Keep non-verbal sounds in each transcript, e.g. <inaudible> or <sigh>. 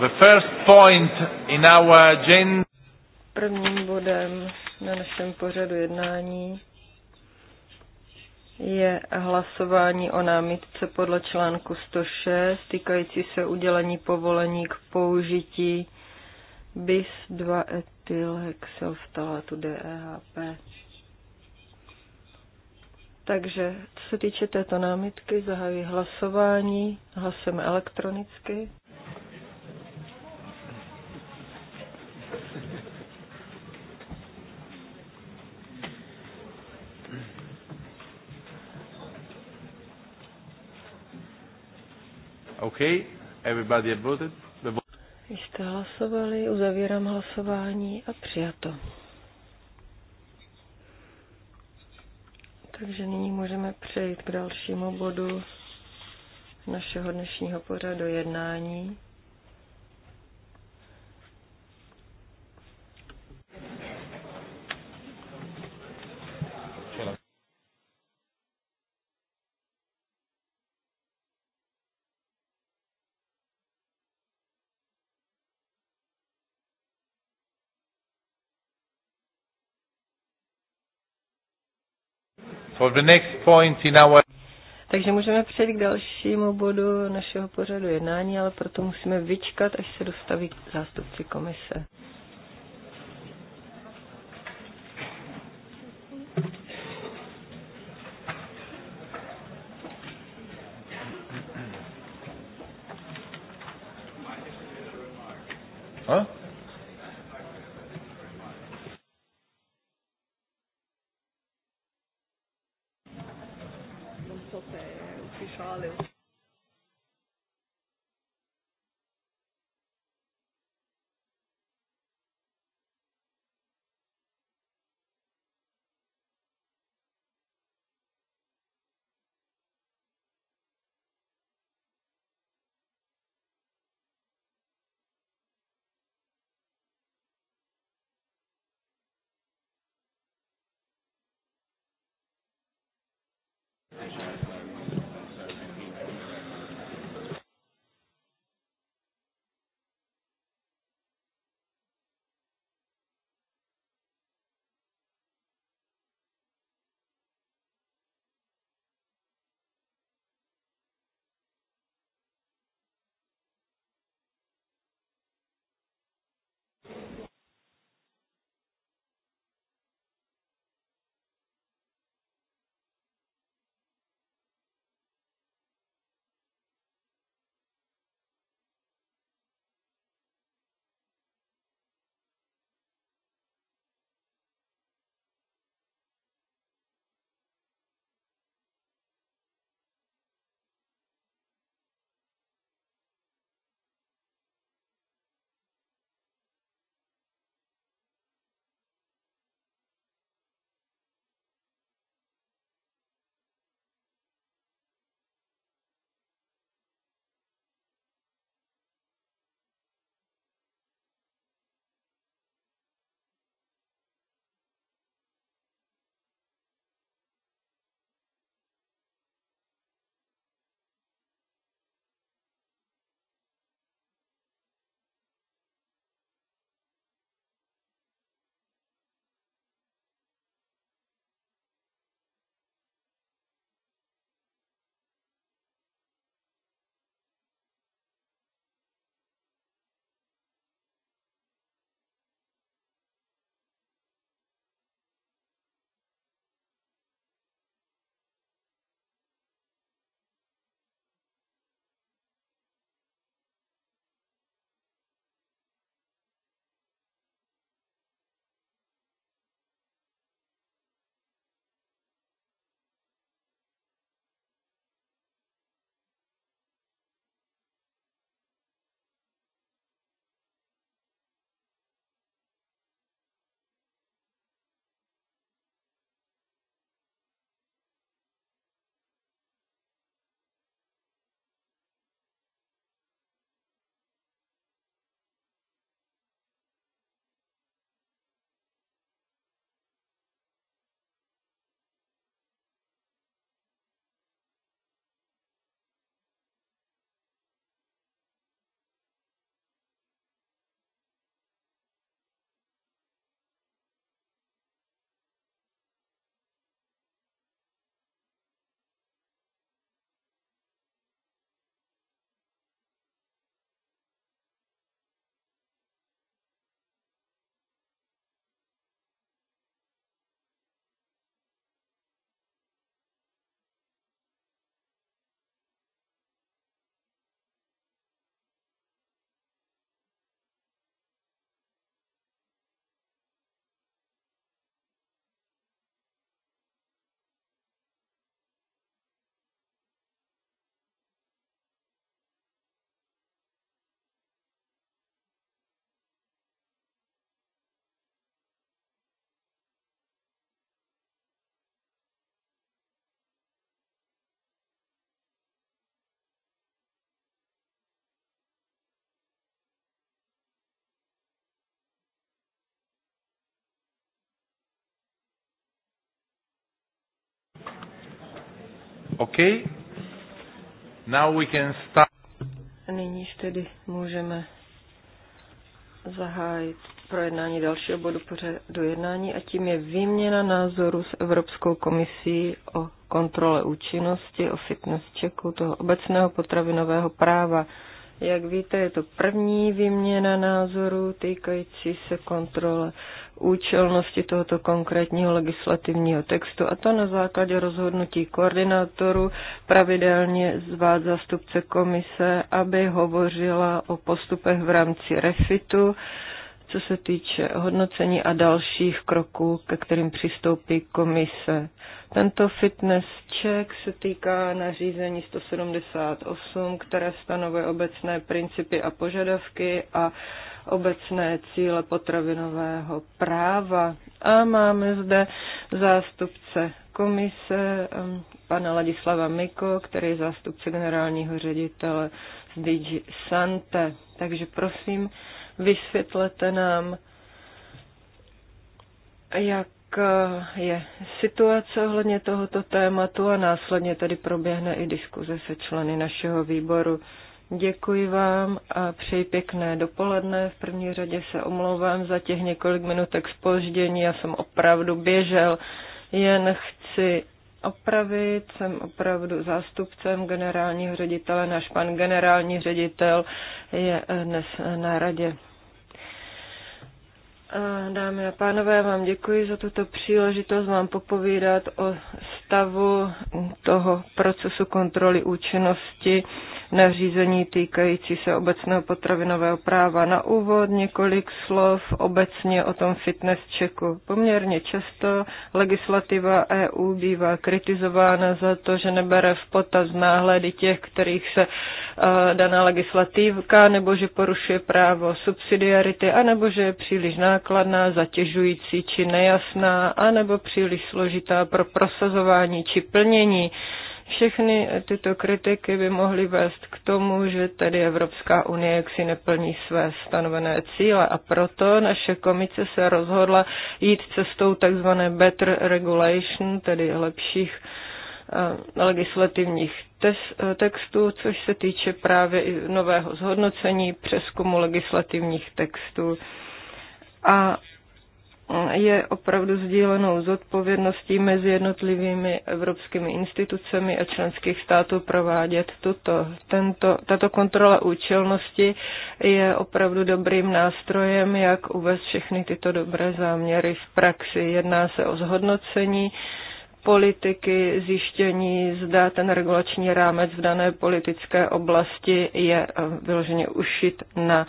The first point in our agenda. Prvním bodem na našem pořadu jednání je hlasování o námitce podle článku 106 týkající se udělení povolení k použití bis 2 etylhexylftalatu DEHP. Takže, co se týče této námitky, zahajuji hlasování. Hlasujeme elektronicky. Okay, everybody voted. Jste hlasovali, uzavírám hlasování a přijato. Takže nyní můžeme přejít k dalšímu bodu našeho dnešního pořadu jednání. For the next point in our... Takže můžeme přejít k dalšímu bodu našeho pořadu jednání, ale proto musíme vyčkat, až se dostaví zástupci komise. Okay. Now we can start. Nyní tedy můžeme zahájit projednání dalšího bodu pořadu jednání a tím je výměna názoru s Evropskou komisí o kontrole účinnosti, o fitness checku toho obecného potravinového práva. Jak víte, je to první výměna názoru týkající se kontrole uh, účelnosti tohoto konkrétního legislativního textu a to na základě rozhodnutí koordinátoru pravidelně zvát zástupce komise, aby hovořila o postupech v rámci refitu, co se týče hodnocení a dalších kroků, ke kterým přistoupí komise. Tento fitness check se týká nařízení 178, které stanovuje obecné principy a požadavky a obecné cíle potravinového práva. A máme zde zástupce komise, pana Ladislava Miko, který je zástupce generálního ředitele z DG Sante. Takže prosím, vysvětlete nám, jak eh, je situace ohledně tohoto tématu a následně tady proběhne i diskuze se členy našeho výboru. Děkuji vám a přeji pěkné dopoledne. V první řadě se omlouvám za těch několik minutek spoždění. Já jsem opravdu běžel, jen chci opravit. Jsem opravdu zástupcem generálního ředitele. Náš pan generální ředitel je eh, dnes eh, na radě. Eh, dámy a pánové, vám děkuji za tuto příležitost vám popovídat o stavu toho procesu kontroly účinnosti nařízení týkající se obecného potravinového práva. Na úvod několik slov obecně o tom fitness checku. Poměrně často legislativa EU bývá kritizována za to, že nebere v potaz náhledy těch, kterých se eh, daná legislativka, nebo že porušuje právo subsidiarity, anebo že je příliš nákladná, zatěžující či nejasná, anebo příliš složitá pro prosazování či plnění. Všechny tyto kritiky by mohly vést k tomu, že tedy Evropská unie jaksi neplní své stanovené cíle a proto naše komice se rozhodla jít cestou tzv. better regulation, tedy lepších eh, legislativních eh, textů, což se týče právě i nového zhodnocení přeskumu legislativních textů. A je opravdu sdílenou zodpovědností mezi jednotlivými evropskými institucemi a členských států provádět tuto. Tento, tato kontrola účelnosti je opravdu dobrým nástrojem, jak uvést všechny tyto dobré záměry v praxi. Jedná se o zhodnocení politiky, zjištění, zda ten regulační rámec v dané politické oblasti je eh, vyloženě ušit na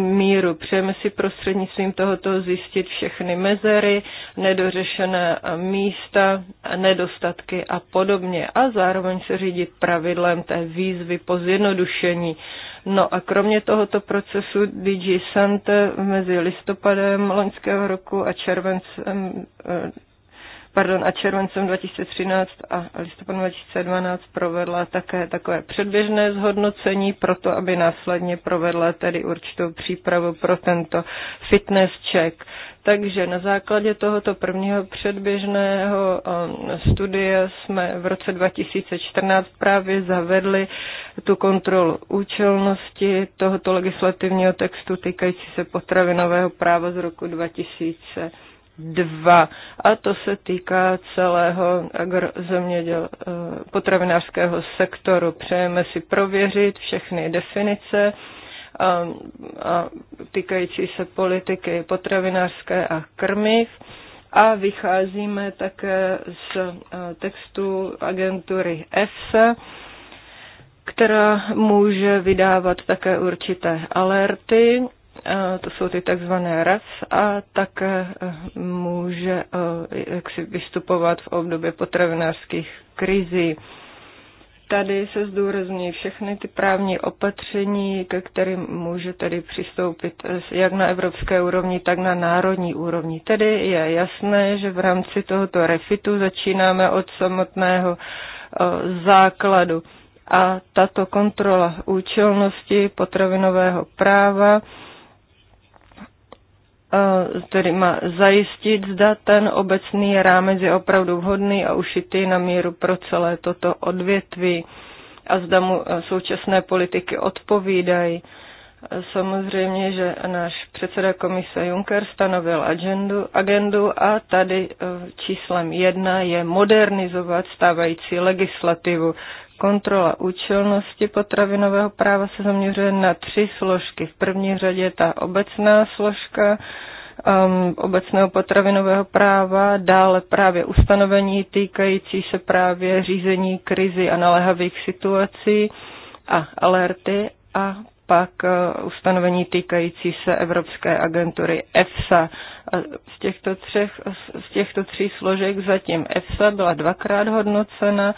míru. Přejeme si prostřednictvím tohoto zjistit všechny mezery, nedořešené eh, místa, nedostatky a podobně a zároveň se řídit pravidlem té výzvy po zjednodušení. No a kromě tohoto procesu DG Sante mezi listopadem loňského roku a červencem eh, pardon, a červencem 2013 a listopadem 2012 provedla také takové předběžné zhodnocení, proto aby následně provedla tedy určitou přípravu pro tento fitness check. Takže na základě tohoto prvního předběžného um, studia jsme v roce 2014 právě zavedli tu kontrolu účelnosti tohoto legislativního textu týkající se potravinového práva z roku 2000. 2. A to se týká celého zeměděl, eh, potravinářského sektoru. Přejeme si prověřit všechny definice a, eh, a týkající se politiky potravinářské a krmiv a vycházíme také z eh, textu agentury EFSA, která může vydávat také určité alerty Eh, to jsou ty takzvané RAS a také eh, může eh, jaksi vystupovat v období potravinářských krizí. Tady se zdůrazní všechny ty právní opatření, ke kterým může tedy přistoupit jak na evropské úrovni, tak na národní úrovni. Tedy je jasné, že v rámci tohoto refitu začínáme od samotného základu a tato kontrola účelnosti potravinového práva Eh, který má zajistit, zda ten obecný rámec je opravdu vhodný a ušitý na míru pro celé toto odvětví a zda mu eh, současné politiky odpovídají. Eh, samozřejmě, že náš předseda komise Juncker stanovil agendu, agendu a tady číslem jedna je modernizovat stávající legislativu. Kontrola účelnosti potravinového práva se zaměřuje na tři složky. V první řadě je ta obecná složka um, obecného potravinového práva, dále právě ustanovení týkající se právě řízení krizi a naléhavých situací a alerty a pak uh, ustanovení týkající se Evropské agentury EFSA. A z, těchto třech, z těchto tří složek zatím EFSA byla dvakrát hodnocena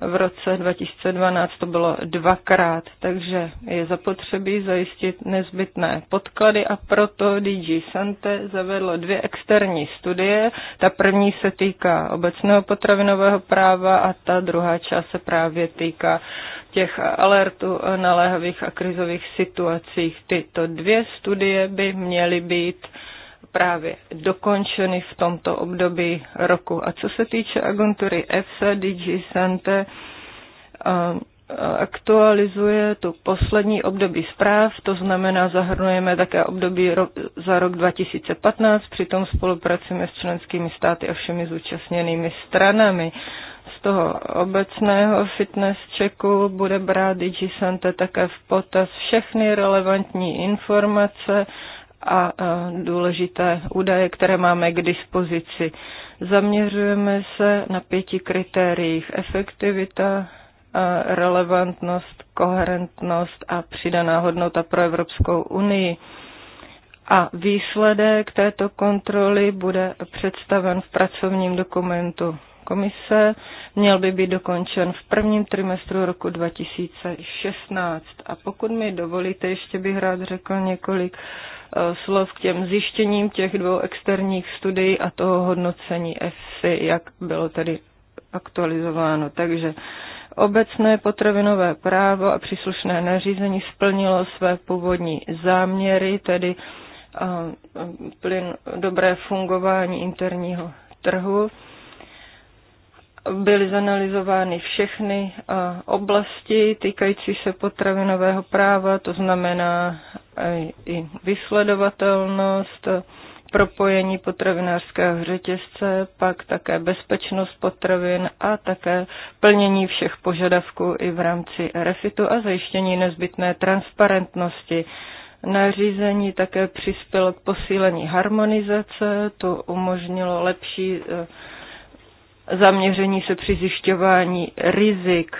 v roce 2012 to bylo dvakrát, takže je zapotřebí zajistit nezbytné podklady a proto DG Sante zavedlo dvě externí studie. Ta první se týká obecného potravinového práva a ta druhá část se právě týká těch alertů naléhavých a krizových situacích. Tyto dvě studie by měly být právě dokončeny v tomto období roku. A co se týče agentury EFSA, DG Sante, aktualizuje tu poslední období zpráv, to znamená zahrnujeme také období ro- za rok 2015, přitom spolupracujeme s členskými státy a všemi zúčastněnými stranami. Z toho obecného fitness checku bude brát DigiSante také v potaz všechny relevantní informace, a důležité údaje, které máme k dispozici. Zaměřujeme se na pěti kritériích efektivita, relevantnost, koherentnost a přidaná hodnota pro Evropskou unii. A výsledek této kontroly bude představen v pracovním dokumentu komise měl by být dokončen v prvním trimestru roku 2016. A pokud mi dovolíte, ještě bych rád řekl několik eh, slov k těm zjištěním těch dvou externích studií a toho hodnocení EFSI, jak bylo tedy aktualizováno. Takže obecné potravinové právo a příslušné nařízení splnilo své původní záměry, tedy eh, plyn dobré fungování interního trhu byly zanalizovány všechny eh, oblasti týkající se potravinového práva, to znamená eh, i vysledovatelnost, propojení potravinářského řetězce, pak také bezpečnost potravin a také plnění všech požadavků i v rámci refitu a zajištění nezbytné transparentnosti. Nařízení také přispělo k posílení harmonizace, to umožnilo lepší eh, zaměření se při zjišťování rizik.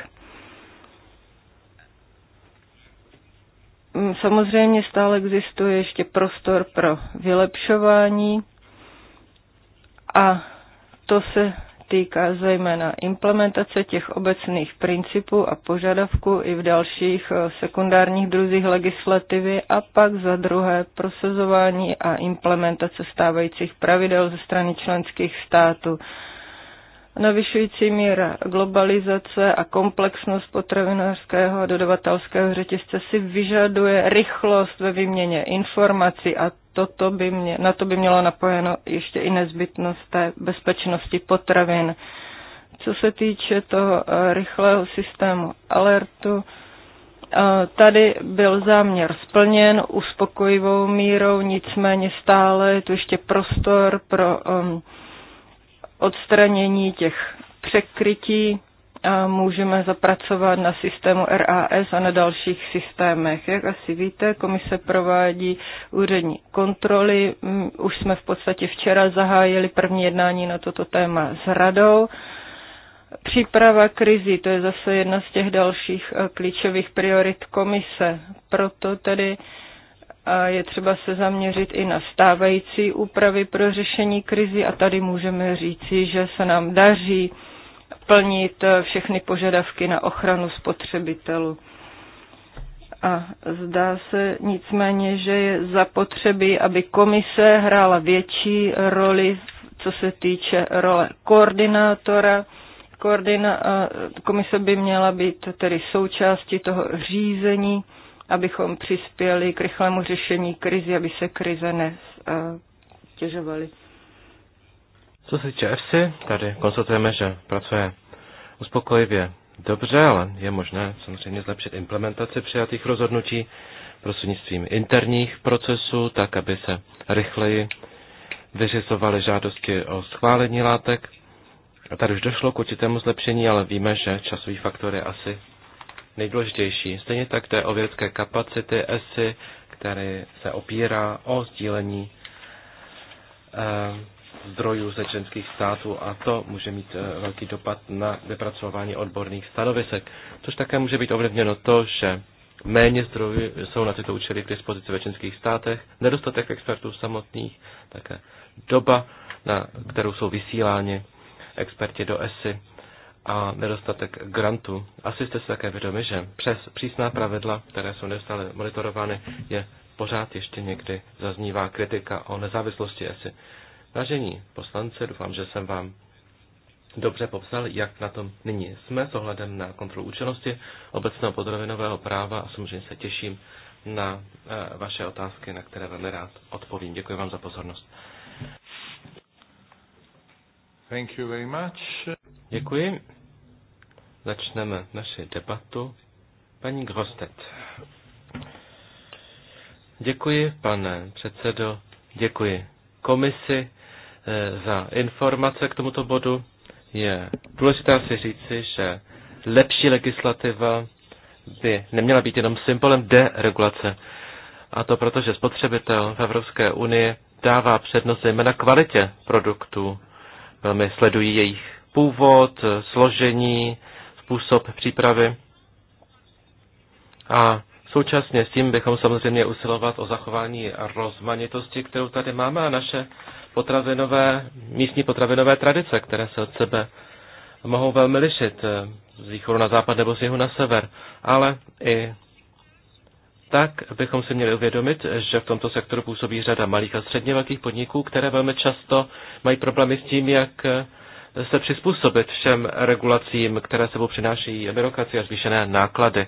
Mm, samozřejmě stále existuje ještě prostor pro vylepšování a to se týká zejména implementace těch obecných principů a požadavků i v dalších eh, sekundárních druzích legislativy a pak za druhé prosazování a implementace stávajících pravidel ze strany členských států. Navyšující míra globalizace a komplexnost potravinářského a dodavatelského řetězce si vyžaduje rychlost ve výměně informací a toto by mě, na to by mělo napojeno ještě i nezbytnost té bezpečnosti potravin. Co se týče toho eh, rychlého systému alertu, eh, Tady byl záměr splněn uspokojivou mírou, nicméně stále je tu ještě prostor pro um, odstranění těch překrytí můžeme zapracovat na systému RAS a na dalších systémech. Jak asi víte, komise provádí úřední kontroly. Už jsme v podstatě včera zahájili první jednání na toto téma s radou. Příprava krizi, to je zase jedna z těch dalších e, klíčových priorit komise. Proto tedy je třeba se zaměřit i na stávající úpravy pro řešení krizi a tady můžeme říci, že se nám daří plnit všechny požadavky na ochranu spotřebitelů. A zdá se nicméně, že je zapotřebí, aby komise hrála větší roli, co se týče role koordinátora. Koordina, komise by měla být tedy součástí toho řízení abychom přispěli k rychlému řešení krizi, aby se krize nestěžovaly. Co se týče FC, tady konstatujeme, že pracuje uspokojivě dobře, ale je možné samozřejmě zlepšit implementaci přijatých rozhodnutí prostřednictvím interních procesů, tak aby se rychleji vyřizovaly žádosti o schválení látek. A tady už došlo k určitému zlepšení, ale víme, že časový faktor je asi nejdůležitější. Stejně tak té o vědecké kapacity ESI, které se opírá o sdílení eh, zdrojů ze členských států a to může mít eh, velký dopad na vypracování odborných stanovisek, což také může být ovlivněno to, že méně zdrojů jsou na tyto účely k dispozici ve členských státech, nedostatek expertů samotných, také doba, na kterou jsou vysíláni experti do ESI a nedostatek grantů. Asi jste si také vědomi, že přes přísná pravidla, které jsou neustále monitorovány, je pořád ještě někdy zaznívá kritika o nezávislosti ESI. Vážení poslanci, doufám, že jsem vám dobře popsal, jak na tom nyní jsme s ohledem na kontrolu účelnosti obecného podrovinového práva a samozřejmě se těším na eh, vaše otázky, na které velmi rád odpovím. Děkuji vám za pozornost. Thank you very much. Děkuji začneme naši debatu. Paní Grostet. Děkuji, pane předsedo, děkuji komisi eh, za informace k tomuto bodu. Je důležité si říci, že lepší legislativa by neměla být jenom symbolem deregulace. A to proto, že spotřebitel v Evropské unii dává přednost zejména kvalitě produktů. Velmi sledují jejich původ, složení, způsob přípravy a současně s tím bychom samozřejmě usilovat o zachování rozmanitosti, kterou tady máme a naše potravinové, místní potravinové tradice, které se od sebe mohou velmi lišit eh, z východu na západ nebo z jihu na sever, ale i tak bychom si měli uvědomit, že v tomto sektoru působí řada malých a středně velkých podniků, které velmi často mají problémy s tím, jak eh, se přizpůsobit všem regulacím, které sebou přináší byrokracie a zvýšené náklady.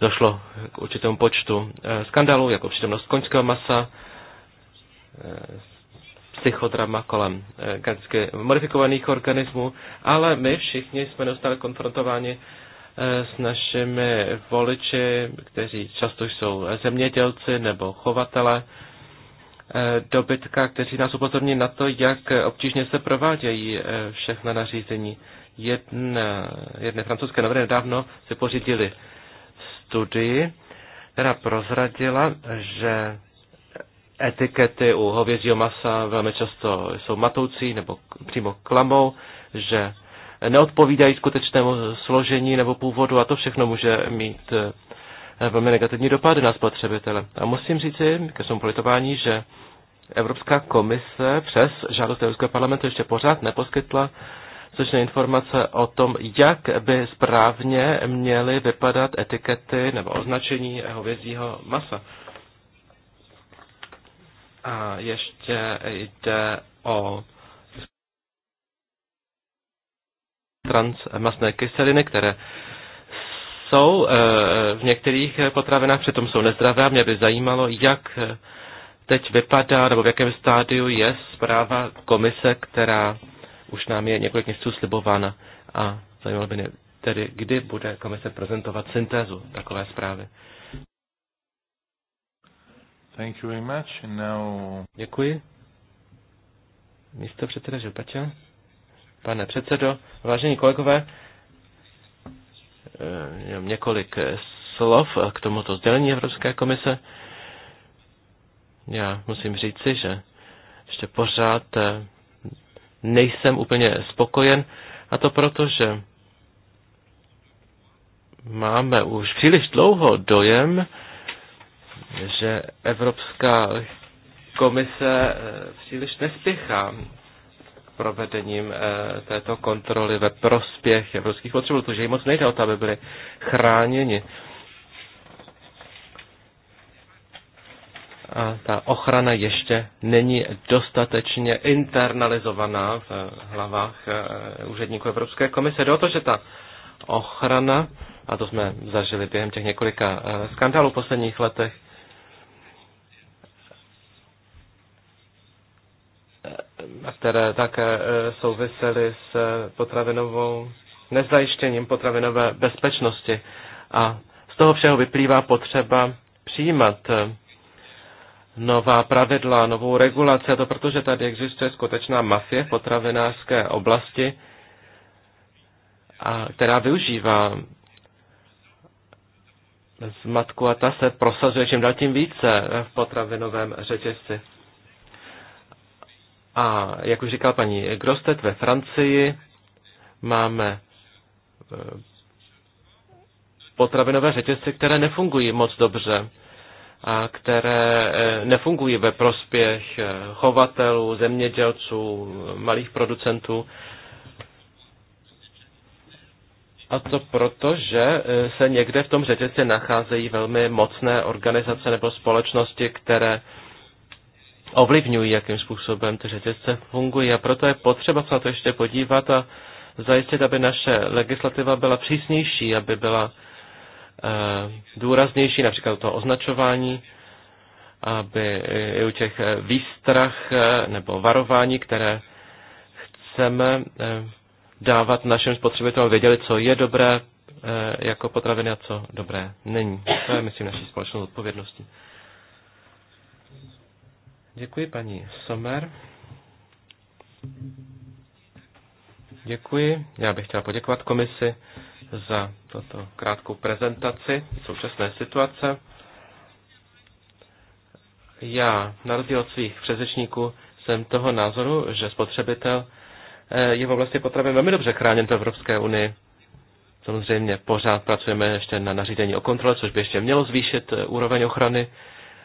Došlo k určitému počtu eh, skandalů, jako přítomnost koňského masa, eh, psychodrama kolem eh, geneticky modifikovaných organismů, ale my všichni jsme dostali konfrontováni s našimi voliči, kteří často jsou zemědělci nebo chovatele, Eh, dobytka, kteří nás upozorní na to, jak obtížně se provádějí eh, všechna nařízení. Jedna jedné francouzské noviny nedávno si pořídili studii, která prozradila, že etikety u hovězího masa velmi často jsou matoucí nebo přímo klamou, že neodpovídají skutečnému složení nebo původu a to všechno může mít eh, velmi negativní dopady na spotřebitele. A musím říci ke svému politování, že Evropská komise přes žádost Evropského parlamentu ještě pořád neposkytla cožné informace o tom, jak by správně měly vypadat etikety nebo označení hovězího masa. A ještě jde o transmasné kyseliny, které jsou eh, v některých eh, potravinách, přitom jsou nezdravé a mě by zajímalo, jak eh, teď vypadá nebo v jakém stádiu je zpráva komise, která už nám je několik měsíců slibována a zajímalo by mě tedy, kdy bude komise prezentovat syntézu takové zprávy. Thank you very much. Now... Děkuji. Místo předseda Žilpača. Pane předsedo, vážení kolegové, Eh, jenom několik eh, slov k tomuto sdělení Evropské komise. Já musím říci, že ještě pořád eh, nejsem úplně spokojen a to proto, že máme už příliš dlouho dojem, že Evropská komise příliš nespěchá provedením eh, této kontroly ve prospěch evropských potřebů, protože jim moc nejde o to, aby byli chráněni. A ta ochrana ještě není dostatečně internalizovaná v hlavách eh, úředníků Evropské komise. Jde o to, že ta ochrana, a to jsme zažili během těch několika eh, skandálů v posledních letech, které také e, souvisely s potravinovou nezajištěním potravinové bezpečnosti. A z toho všeho vyplývá potřeba přijímat e, nová pravidla, novou regulaci, a to protože tady existuje skutečná mafie v potravinářské oblasti, a, která využívá zmatku a ta se prosazuje čím dál tím více v potravinovém řetězci. A jak už říkala paní Grostet, ve Francii máme e, potravinové řetězce, které nefungují moc dobře a které e, nefungují ve prospěch e, chovatelů, zemědělců, malých producentů. A to proto, že se někde v tom řetězci nacházejí velmi mocné organizace nebo společnosti, které ovlivňují, jakým způsobem ty řetězce fungují. A proto je potřeba se na to ještě podívat a zajistit, aby naše legislativa byla přísnější, aby byla e, důraznější, například to toho označování, aby i u těch eh, výstrach eh, nebo varování, které chceme dávat našim spotřebitelům, věděli, co je dobré jako potraviny a co dobré není. To je, myslím, naší společnou odpovědností. Děkuji, paní Somer. Děkuji. Já bych chtěla poděkovat komisi za toto krátkou prezentaci současné situace. Já, na rozdíl od svých přezečníků, jsem toho názoru, že spotřebitel eh, je v oblasti potravin velmi dobře chráněn v Evropské unii. Samozřejmě pořád pracujeme ještě na nařízení o kontrole, což by ještě mělo zvýšit eh, úroveň ochrany.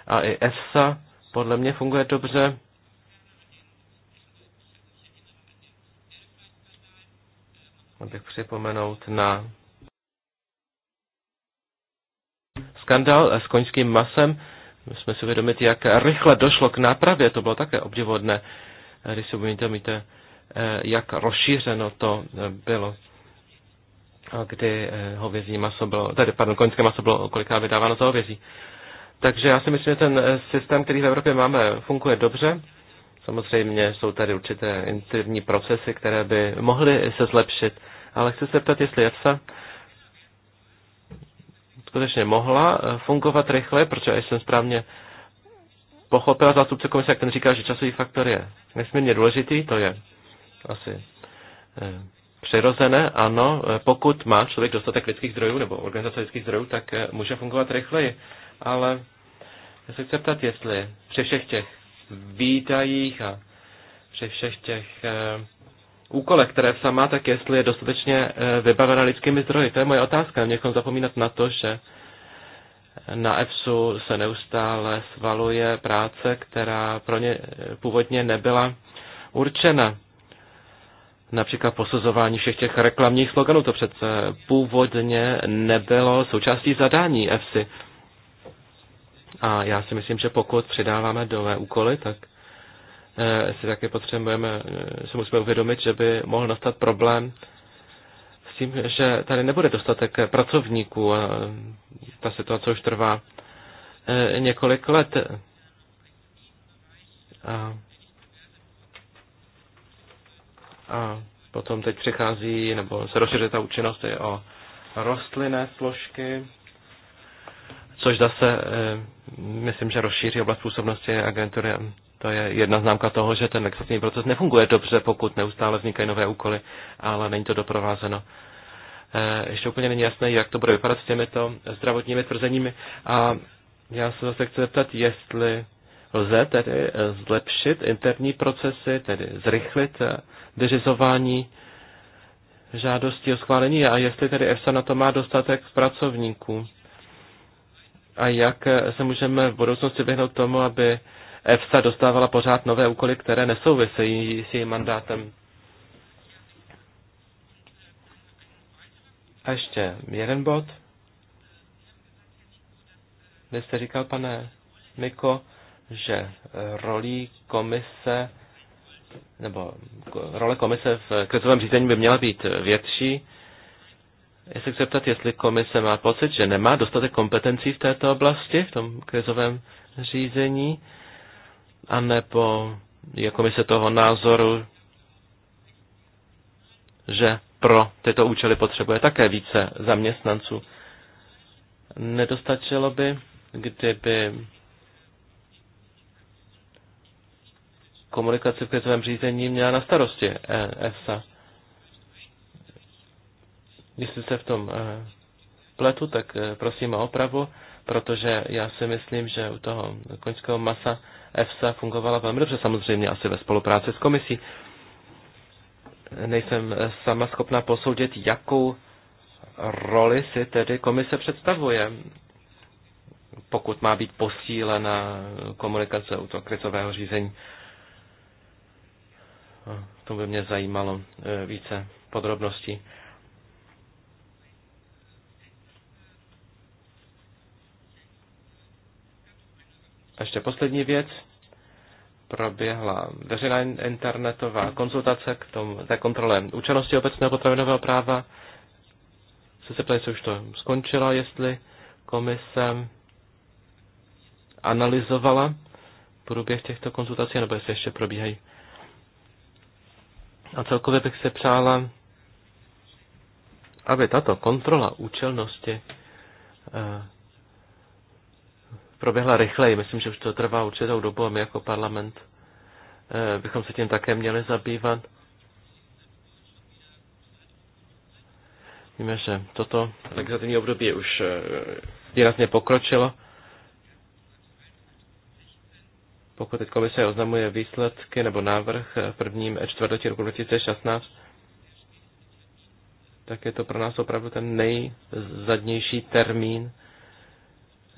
A i EFSA podle mě funguje dobře. Abych připomenout na skandal s koňským masem. My jsme si vědomit, jak rychle došlo k nápravě. To bylo také obdivodné, když si uvědomíte, eh, jak rozšířeno to eh, bylo. Kdy eh, hovězí maso bylo, Tady pardon, koňské maso bylo kolikrát vydáváno za hovězí. Takže já si myslím, že ten eh, systém, který v Evropě máme, funguje dobře. Samozřejmě jsou tady určité interní procesy, které by mohly se zlepšit. Ale chci se ptat, jestli EFSA skutečně mohla eh, fungovat rychle, protože jsem správně pochopila zástupce komise, jak ten říká, že časový faktor je nesmírně důležitý, to je asi eh, přirozené, ano, pokud má člověk dostatek lidských zdrojů nebo organizace lidských zdrojů, tak může fungovat rychleji, ale já se chci ptat, jestli při všech těch výdajích a při všech těch eh, úkolech, které sama, tak jestli je dostatečně eh, vybavena lidskými zdroji. To je moje otázka. Měl zapomínat na to, že na EFSu se neustále svaluje práce, která pro ně eh, původně nebyla určena. Například posuzování všech těch reklamních sloganů, to přece původně nebylo součástí zadání EFSy. A já si myslím, že pokud předáváme nové úkoly, tak eh, si také potřebujeme, eh, se musíme uvědomit, že by mohl nastat problém s tím, že tady nebude dostatek pracovníků. Ta situace už trvá eh, několik let. A, a potom teď přichází, nebo se rozšiřuje ta účinnost i o rostlinné složky což zase eh, myslím, že rozšíří oblast působnosti agentury. To je jedna známka toho, že ten legislativní proces nefunguje dobře, pokud neustále vznikají nové úkoly, ale není to doprovázeno. Eh, ještě úplně není jasné, jak to bude vypadat s těmito zdravotními tvrzeními. A já se zase chci zeptat, jestli lze tedy zlepšit interní procesy, tedy zrychlit eh, vyřizování žádostí o schválení a jestli tedy EFSA na to má dostatek pracovníků a jak se můžeme v budoucnosti vyhnout tomu, aby EFSA dostávala pořád nové úkoly, které nesouvisejí s jejím mandátem. A ještě jeden bod. Vy jste říkal, pane Miko, že rolí komise nebo role komise v krizovém řízení by měla být větší. Já se chci zeptat, jestli komise má pocit, že nemá dostatek kompetencí v této oblasti, v tom krizovém řízení, anebo je komise toho názoru, že pro tyto účely potřebuje také více zaměstnanců. Nedostačilo by, kdyby komunikace v krizovém řízení měla na starosti ESA? jestli se v tom eh, pletu, tak eh, prosím o opravu, protože já si myslím, že u toho koňského masa EFSA fungovala velmi dobře, samozřejmě asi ve spolupráci s komisí. Nejsem eh, sama schopná posoudit, jakou roli si tedy komise představuje, pokud má být posílena komunikace u toho krizového řízení. To by mě zajímalo více podrobností. A ještě poslední věc. Proběhla veřejná internetová konzultace k tomu, té kontrole účelnosti obecného potravinového práva. Se se ptali, co už to skončilo, jestli komise analyzovala průběh těchto konzultací, nebo jestli ještě probíhají. A celkově bych se přála, aby tato kontrola účelnosti eh, proběhla rychleji. Myslím, že už to trvá určitou dobu a my jako parlament eh, bychom se tím také měli zabývat. Víme, že toto legislativní období už eh, výrazně pokročilo. Pokud teď komise oznamuje výsledky nebo návrh eh, v prvním čtvrtletí roku 2016, tak je to pro nás opravdu ten nejzadnější termín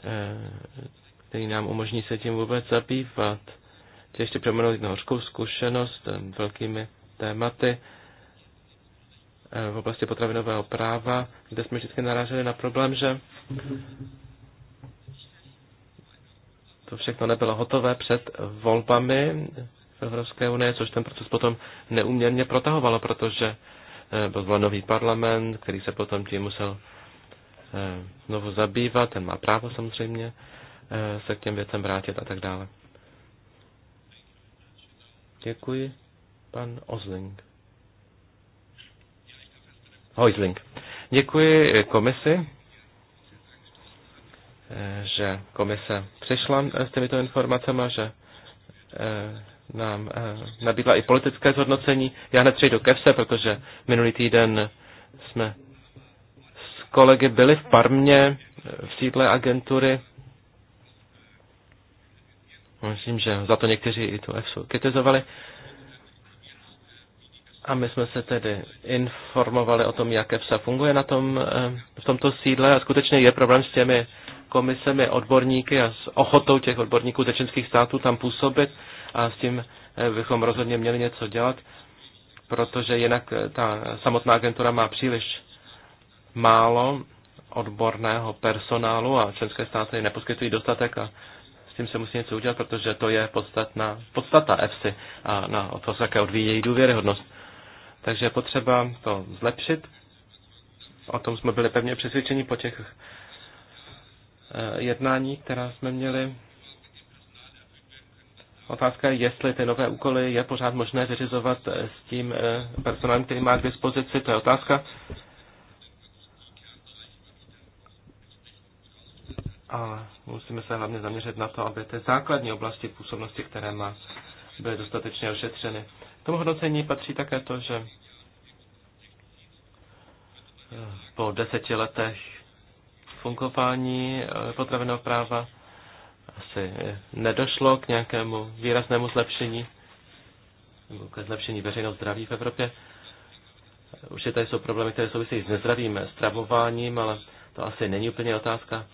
Eh, který nám umožní se tím vůbec zabývat. Chci ještě přeměnout jednu hořkou zkušenost velkými tématy eh, v oblasti potravinového práva, kde jsme vždycky naráželi na problém, že to všechno nebylo hotové před volbami v Evropské unie, což ten proces potom neuměrně protahovalo, protože eh, byl nový parlament, který se potom tím musel Eh, znovu zabývat, ten má právo samozřejmě eh, se k těm věcem vrátit a tak dále. Děkuji. Pan Ozling. Hojzling. Děkuji komisi, eh, že komise přišla s těmito informacemi, že nám nabídla i politické zhodnocení. Já hned přejdu ke vse, protože minulý týden jsme kolegy byli v Parmě, v sídle agentury. Myslím, že za to někteří i tu EFSU kritizovali. A my jsme se tedy informovali o tom, jak EFSA funguje na tom, eh, v tomto sídle a skutečně je problém s těmi komisemi odborníky a s ochotou těch odborníků ze členských států tam působit a s tím eh, bychom rozhodně měli něco dělat, protože jinak eh, ta samotná agentura má příliš málo odborného personálu a členské státy neposkytují dostatek a s tím se musí něco udělat, protože to je podstatná, podstata EFSI a na to se také odvíjí její důvěryhodnost. Takže je potřeba to zlepšit. O tom jsme byli pevně přesvědčeni po těch eh, jednání, která jsme měli. Otázka je, jestli ty nové úkoly je pořád možné vyřizovat eh, s tím eh, personálem, který má k dispozici. To je otázka. A musíme se hlavně zaměřit na to, aby ty základní oblasti působnosti, které má, byly dostatečně ošetřeny. K tomu hodnocení patří také to, že eh, po deseti letech fungování eh, potravinového práva asi eh, nedošlo k nějakému výraznému zlepšení nebo ke zlepšení veřejného zdraví v Evropě. Určitě tady jsou problémy, které souvisí s nezdravým stravováním, ale to asi není úplně otázka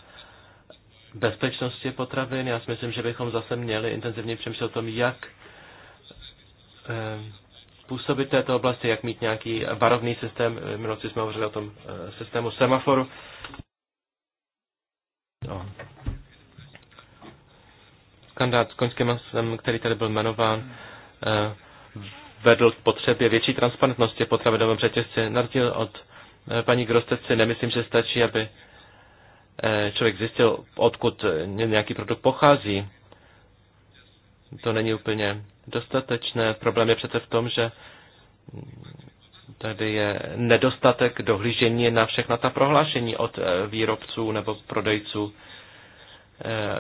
bezpečnosti potravin. Já si myslím, že bychom zase měli intenzivně přemýšlet o tom, jak eh, působit v této oblasti, jak mít nějaký varovný systém. Minulosti jsme hovořili o tom eh, systému semaforu. No. Kandidát s koňským masem, který tady byl jmenován, eh, vedl k potřebě větší transparentnosti potravinovém řetězci. Na rozdíl od paní Grostec si nemyslím, že stačí, aby Eh, člověk zjistil, odkud eh, nějaký produkt pochází. To není úplně dostatečné. Problém je přece v tom, že mm, tady je nedostatek dohlížení na všechna ta prohlášení od eh, výrobců nebo prodejců.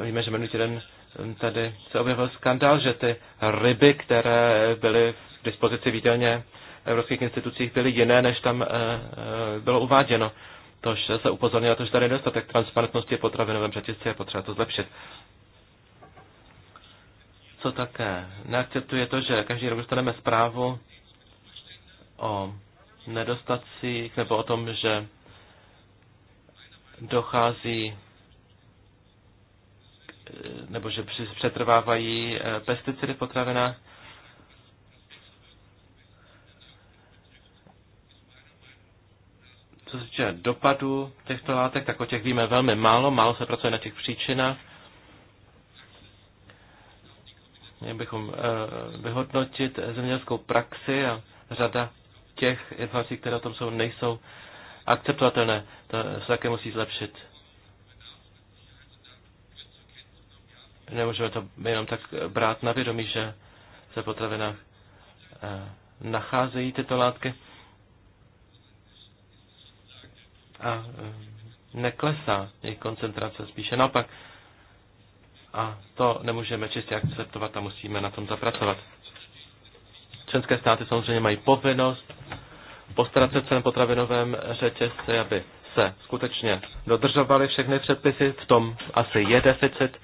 Víme, že minulý týden mm, tady se objevil skandál, že ty ryby, které byly v dispozici v evropských institucích, byly jiné, než tam bylo uváděno to, že se upozornilo to, že tady je transparentnosti potravinovém řetězce je potřeba to zlepšit. Co také neakceptuje to, že každý rok dostaneme zprávu o nedostacích nebo o tom, že dochází nebo že přetrvávají eh, pesticidy v potravinách. Co se týče dopadu těchto látek, tak o těch víme velmi málo, málo se pracuje na těch příčinách. Měli bychom eh, vyhodnotit zemědělskou praxi a řada těch informací, které o tom jsou, nejsou akceptovatelné. To se také musí zlepšit. Nemůžeme to jenom tak brát na vědomí, že se potravinách eh, nacházejí tyto látky. a e, neklesá jejich koncentrace, spíše naopak. A to nemůžeme čistě akceptovat a musíme na tom zapracovat. Členské státy samozřejmě mají povinnost postarat se v celém potravinovém řetězci, aby se skutečně dodržovaly všechny předpisy, v tom asi je deficit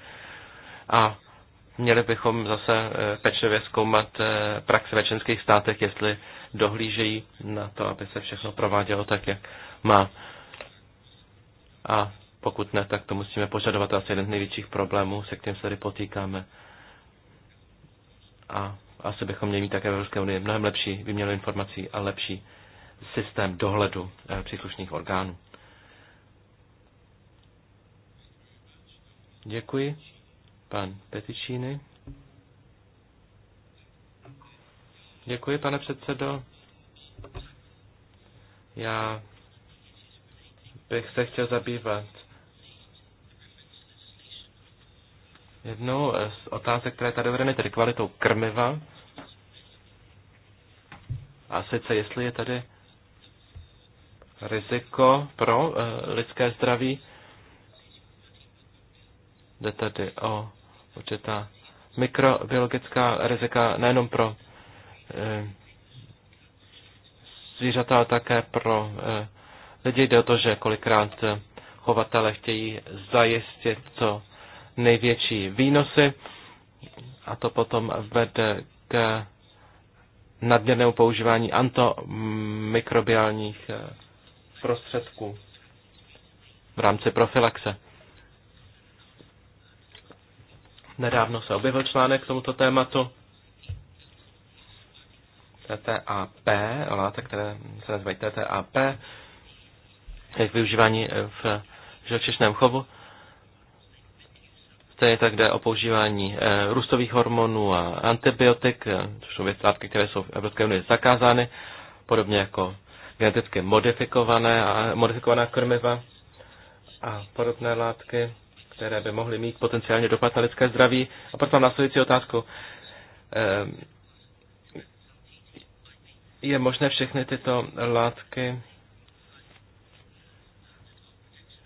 a měli bychom zase e, pečlivě zkoumat e, praxi ve členských státech, jestli dohlížejí na to, aby se všechno provádělo tak, jak má a pokud ne, tak to musíme požadovat. Asi jeden z největších problémů, se kterým se tady potýkáme. A asi bychom měli mít také v Evropské unii mnohem lepší výměnu informací a lepší systém dohledu eh, příslušných orgánů. Děkuji. Pan Petičíny. Děkuji, pane předsedo. Já bych se chtěl zabývat jednou z otázek, které tady vedeme, tedy kvalitou krmiva. A sice, jestli je tady riziko pro uh, lidské zdraví. Jde tady o určitá mikrobiologická rizika nejenom pro uh, zvířata, ale také pro uh, lidi. Jde o to, že kolikrát eh, chovatele chtějí zajistit co největší výnosy a to potom vede k nadměrnému používání antimikrobiálních eh, prostředků v rámci profilaxe. Nedávno se objevil článek k tomuto tématu TTAP, látek, které se nazývají TTAP, jejich využívání eh, v eh, živočišném chovu. Stejně tak jde o používání eh, růstových hormonů a antibiotik, což jsou látky, které jsou v Evropské unii zakázány, podobně jako geneticky modifikované a modifikovaná krmiva a podobné látky, které by mohly mít potenciálně dopad na lidské zdraví. A proto mám následující otázku. Je možné všechny tyto látky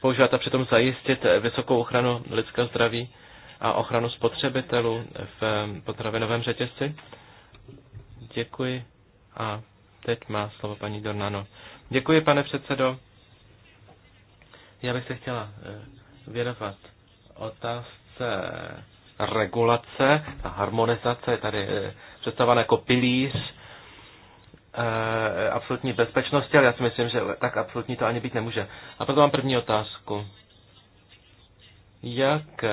používat a přitom zajistit vysokou ochranu lidského zdraví a ochranu spotřebitelů v potravinovém řetězci. Děkuji a teď má slovo paní Dornano. Děkuji, pane předsedo. Já bych se chtěla eh, věnovat otázce regulace a harmonizace je tady eh, představen jako pilíř Eh, absolutní bezpečnosti, ale já si myslím, že tak absolutní to ani být nemůže. A proto mám první otázku. Jak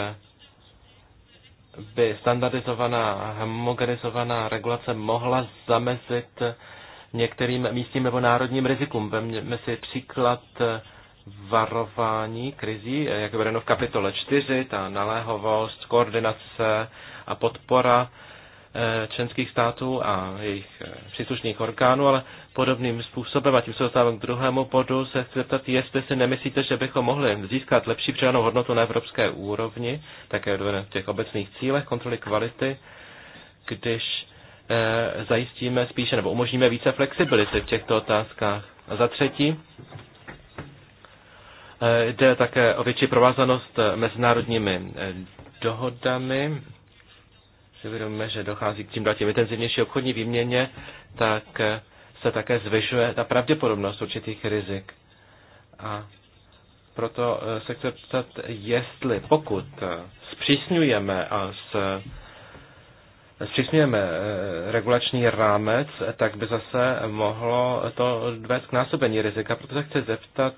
by standardizovaná, homogenizovaná regulace mohla zamezit některým místním nebo národním rizikům. Vemme si příklad varování krizí, jak je vedeno v kapitole 4, ta naléhovost, koordinace a podpora Eh, členských států a jejich eh, příslušných orgánů, ale podobným způsobem, a tím se dostávám k druhému bodu, se chci zeptat, jestli si nemyslíte, že bychom mohli získat lepší přidanou hodnotu na evropské úrovni, také v těch obecných cílech kontroly kvality, když eh, zajistíme spíše nebo umožníme více flexibility v těchto otázkách. A za třetí, jde také o větší provázanost mezinárodními dohodami si uvědomíme, že dochází k tím dál tím intenzivnější obchodní výměně, tak eh, se také zvyšuje ta pravděpodobnost určitých rizik. A proto eh, se chci ptat, jestli pokud eh, zpřísňujeme a s zpřísňujeme regulační rámec, tak by zase mohlo to vést k násobení rizika. Proto se chci zeptat,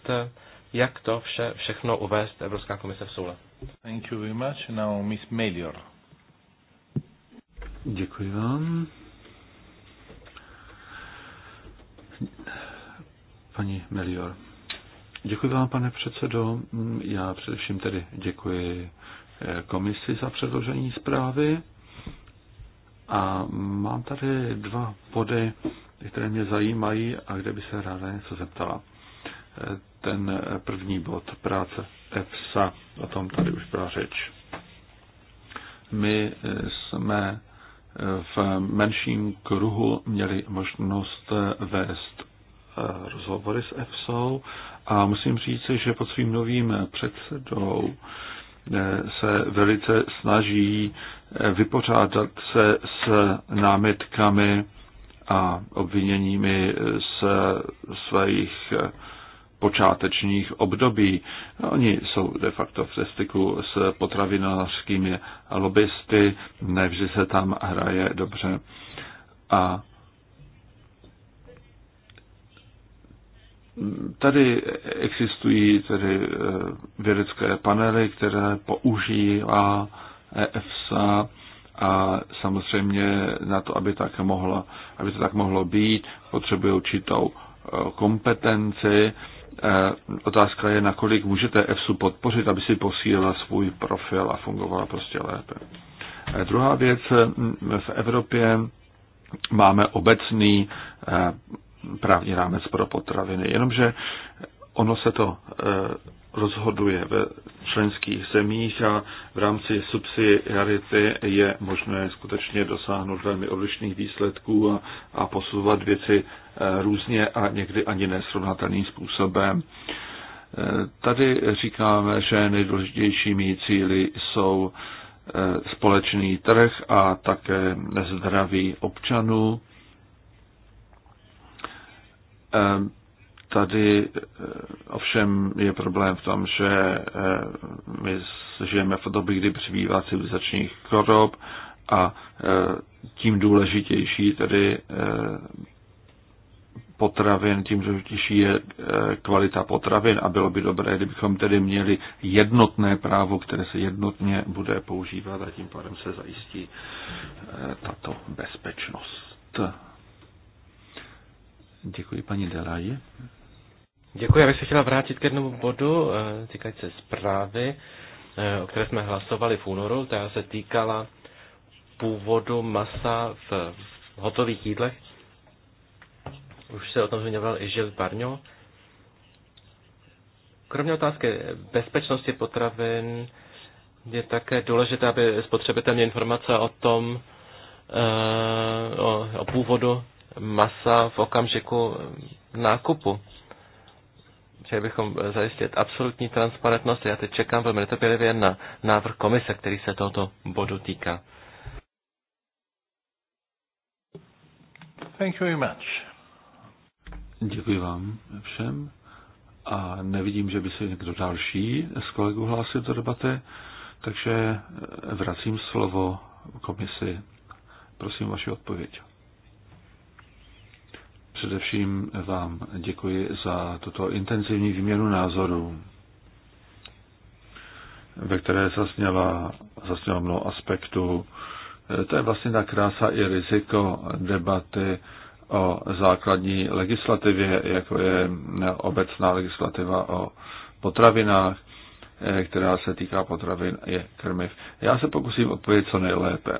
jak to vše, všechno uvést Evropská komise v soule. Thank you very much. Now Miss Melior. Děkuji vám. Paní Melior. Děkuji vám, pane předsedo. Já především tedy děkuji eh, komisi za předložení zprávy. A mám tady dva body, které mě zajímají a kde by se ráda něco zeptala. Eh, ten první bod práce EFSA, o tom tady už byla řeč. My eh, jsme v menším kruhu měli možnost vést eh, rozhovory s EFSO a musím říct, že pod svým novým předsedou eh, se velice snaží eh, vypořádat se s námitkami a obviněními z svých počátečních období. Oni jsou de facto v styku s potravinářskými lobbysty, nevždy se tam hraje dobře. A Tady existují tedy e, vědecké panely, které používá EFSA a samozřejmě na to, aby, tak mohlo, aby to tak mohlo být, potřebuje určitou e, kompetenci Eh, otázka je, nakolik můžete EFSU podpořit, aby si posílila svůj profil a fungovala prostě lépe. Eh, druhá věc, eh, v Evropě máme obecný právní rámec pro potraviny, jenomže Ono se to eh, rozhoduje ve členských zemích a v rámci subsidiarity je možné skutečně dosáhnout velmi odlišných výsledků a, a posouvat věci eh, různě a někdy ani nesrovnatelným způsobem. Eh, tady říkáme, že nejdůležitějšími cíly jsou společný trh a také zdraví občanů Tady eh, ovšem je problém v tom, že eh, my žijeme v době, kdy přibývá civilizačních chorob a eh, tím důležitější tedy potravin, tím důležitější je kvalita potravin a bylo by dobré, kdybychom tedy měli jednotné právo, které se jednotně bude používat a tím pádem se zajistí tato bezpečnost. Děkuji paní Delaji. Děkuji, já bych se chtěla vrátit k jednomu bodu, eh, týkající se zprávy, eh, o které jsme hlasovali v únoru, která se týkala původu masa v hotových jídlech. Už se o tom zmiňoval i Žil Barňo. Kromě otázky bezpečnosti potravin je také důležité, aby spotřebitel měl informace o tom, eh, o, o původu masa v okamžiku nákupu. Chtěli bychom eh, zajistit absolutní transparentnost. Já teď čekám velmi netrpělivě na návrh komise, který se tohoto bodu týká. Thank you very much. Děkuji vám všem. A nevidím, že by se někdo další z kolegů hlásil do debaty, takže eh, vracím slovo komisi. Prosím vaši odpověď. Především vám děkuji za tuto intenzivní výměnu názorů, ve které zasněla, zasněla mnoho aspektů. To je vlastně ta krása i riziko debaty o základní legislativě, jako je obecná legislativa o potravinách, eh, která se týká potravin je krmiv. Já se pokusím odpovědět co nejlépe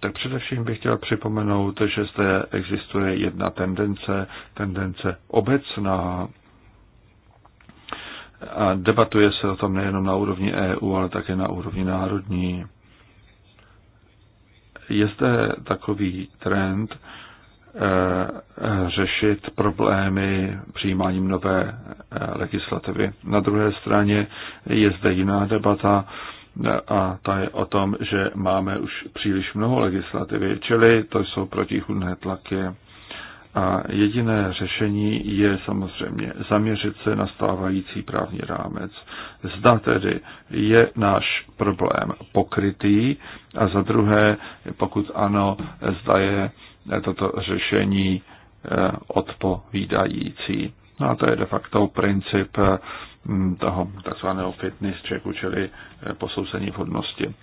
tak především bych chtěl připomenout, že zde existuje jedna tendence, tendence obecná. A debatuje se o tom nejenom na úrovni EU, ale také na úrovni národní. Je zde takový trend eh, řešit problémy přijímáním nové eh, legislativy. Na druhé straně je zde jiná debata, a to je o tom, že máme už příliš mnoho legislativy, čili to jsou protichudné tlaky. A jediné řešení je samozřejmě zaměřit se na stávající právní rámec. Zda tedy je náš problém pokrytý a za druhé, pokud ano, zda je toto řešení eh, odpovídající. No a to je de facto princip eh, Mm, toho takzvaného fitness checku, čili eh, posouzení vhodnosti.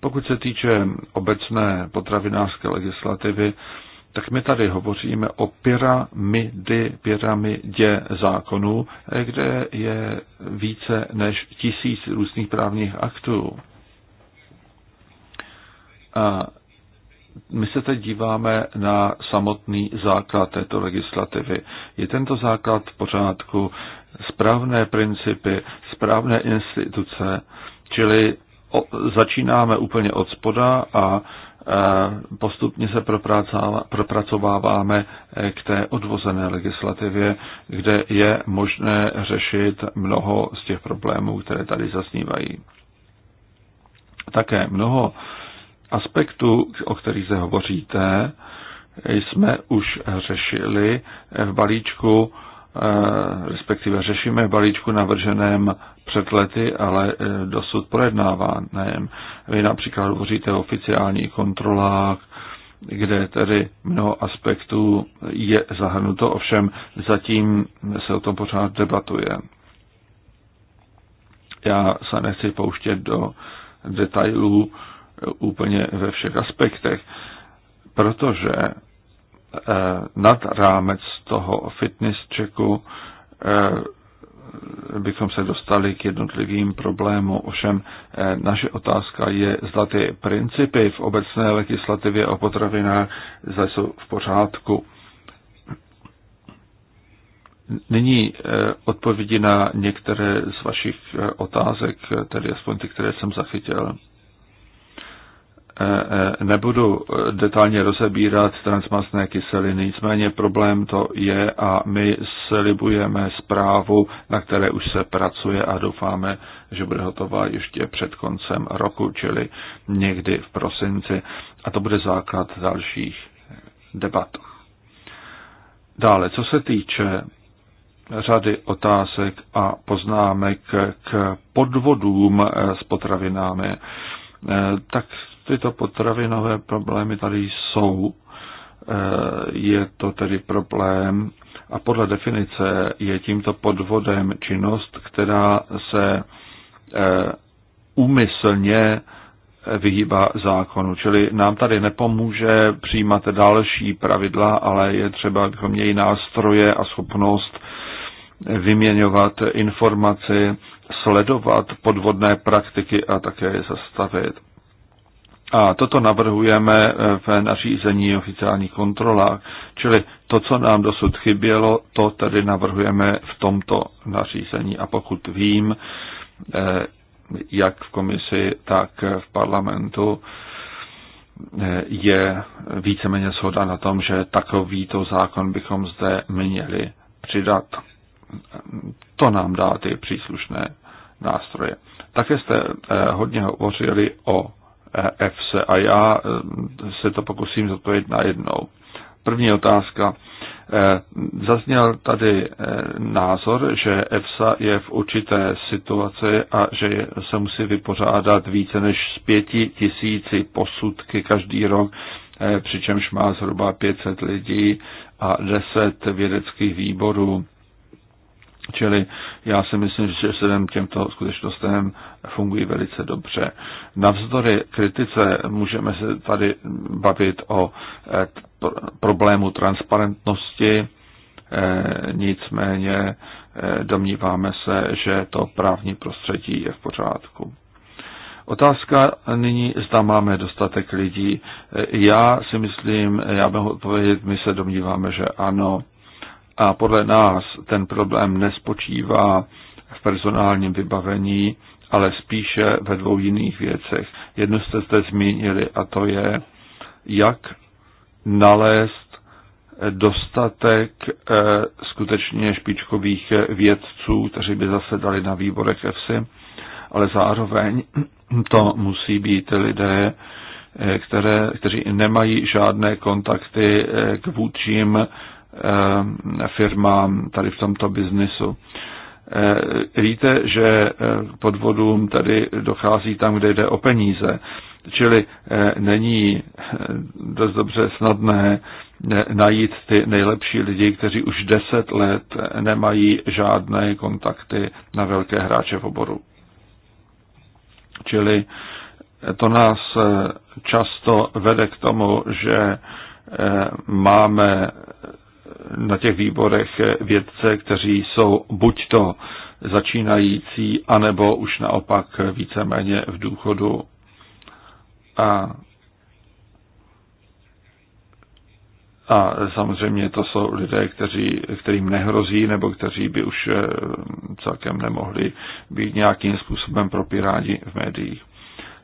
Pokud se týče obecné potravinářské legislativy, tak my tady hovoříme o pyramidy, pyramidě zákonů, eh, kde je více než tisíc různých právních aktů. A my se teď díváme na samotný základ této legislativy. Je tento základ v pořádku? správné principy, správné instituce, čili o, začínáme úplně od spoda a e, postupně se propracováváme k té odvozené legislativě, kde je možné řešit mnoho z těch problémů, které tady zasnívají. Také mnoho aspektů, o kterých se hovoříte, jsme už řešili v balíčku respektive řešíme v balíčku navrženém před lety, ale e, dosud projednávaném. Vy například hovoříte o oficiálních kontrolách, kde tedy mnoho aspektů je zahrnuto, ovšem zatím se o tom pořád debatuje. Já se nechci pouštět do detailů úplně ve všech aspektech, protože Eh, nad rámec toho fitness checku eh, bychom se dostali k jednotlivým problémům. Ovšem eh, naše otázka je, zda ty principy v obecné legislativě o potravinách zda jsou v pořádku. Nyní odpovědi na některé z vašich otázek, tedy aspoň ty, které jsem zachytil. E, e, nebudu e, detailně rozebírat transmasné kyseliny, nicméně problém to je a my slibujeme zprávu, na které už se pracuje a doufáme, že bude hotová ještě před koncem roku, čili někdy v prosinci. A to bude základ dalších debat. Dále, co se týče řady otázek a poznámek k podvodům s potravinami, tak tyto potravinové problémy tady jsou. E, je to tedy problém a podle definice je tímto podvodem činnost, která se e, úmyslně vyhýbá zákonu. Čili nám tady nepomůže přijímat další pravidla, ale je třeba, abychom měli nástroje a schopnost vyměňovat informaci, sledovat podvodné praktiky a také je zastavit. A toto navrhujeme eh, v nařízení oficiálních kontrolách. Čili to, co nám dosud chybělo, to tedy navrhujeme v tomto nařízení. A pokud vím, eh, jak v komisi, tak v parlamentu, eh, je víceméně shoda na tom, že takovýto zákon bychom zde měli přidat. To nám dá ty příslušné nástroje. Také jste hodně hovořili o EFSE a já eh, se to pokusím zodpovědět na jednou. První otázka. Eh, zazněl tady eh, názor, že EFSA je v určité situaci a že se musí vypořádat více než z pěti tisíci posudky každý rok, přičemž má zhruba 500 lidí a 10 vědeckých výborů. Čili já si myslím, že vzhledem k těmto skutečnostem fungují velice dobře. Navzdory kritice můžeme se tady bavit o eh, problému transparentnosti, eh, nicméně eh, domníváme se, že to právní prostředí je v pořádku. Otázka nyní, zda máme dostatek lidí. Já si myslím, já bych odpovědět, my se domníváme, že ano. A podle nás ten problém nespočívá v personálním vybavení, ale spíše ve dvou jiných věcech. Jednu jste zde zmínili a to je, jak nalézt dostatek eh, skutečně špičkových eh, vědců, kteří by zasedali na výborech EFSI, ale zároveň <clears throat> to musí být lidé, eh, které, kteří nemají žádné kontakty k vůdčím Eh, firmám tady v tomto biznisu. Eh, víte, že eh, podvodům tady dochází tam, kde jde o peníze. Čili není dost dobře snadné najít ty nejlepší lidi, kteří už deset let nemají žádné kontakty na velké hráče v oboru. Čili to nás často vede k tomu, že máme na těch výborech vědce, kteří jsou buď to začínající, anebo už naopak víceméně v důchodu. A, a samozřejmě to jsou lidé, kteří, kterým nehrozí, nebo kteří by už eh, celkem nemohli být nějakým způsobem propíráni v médiích.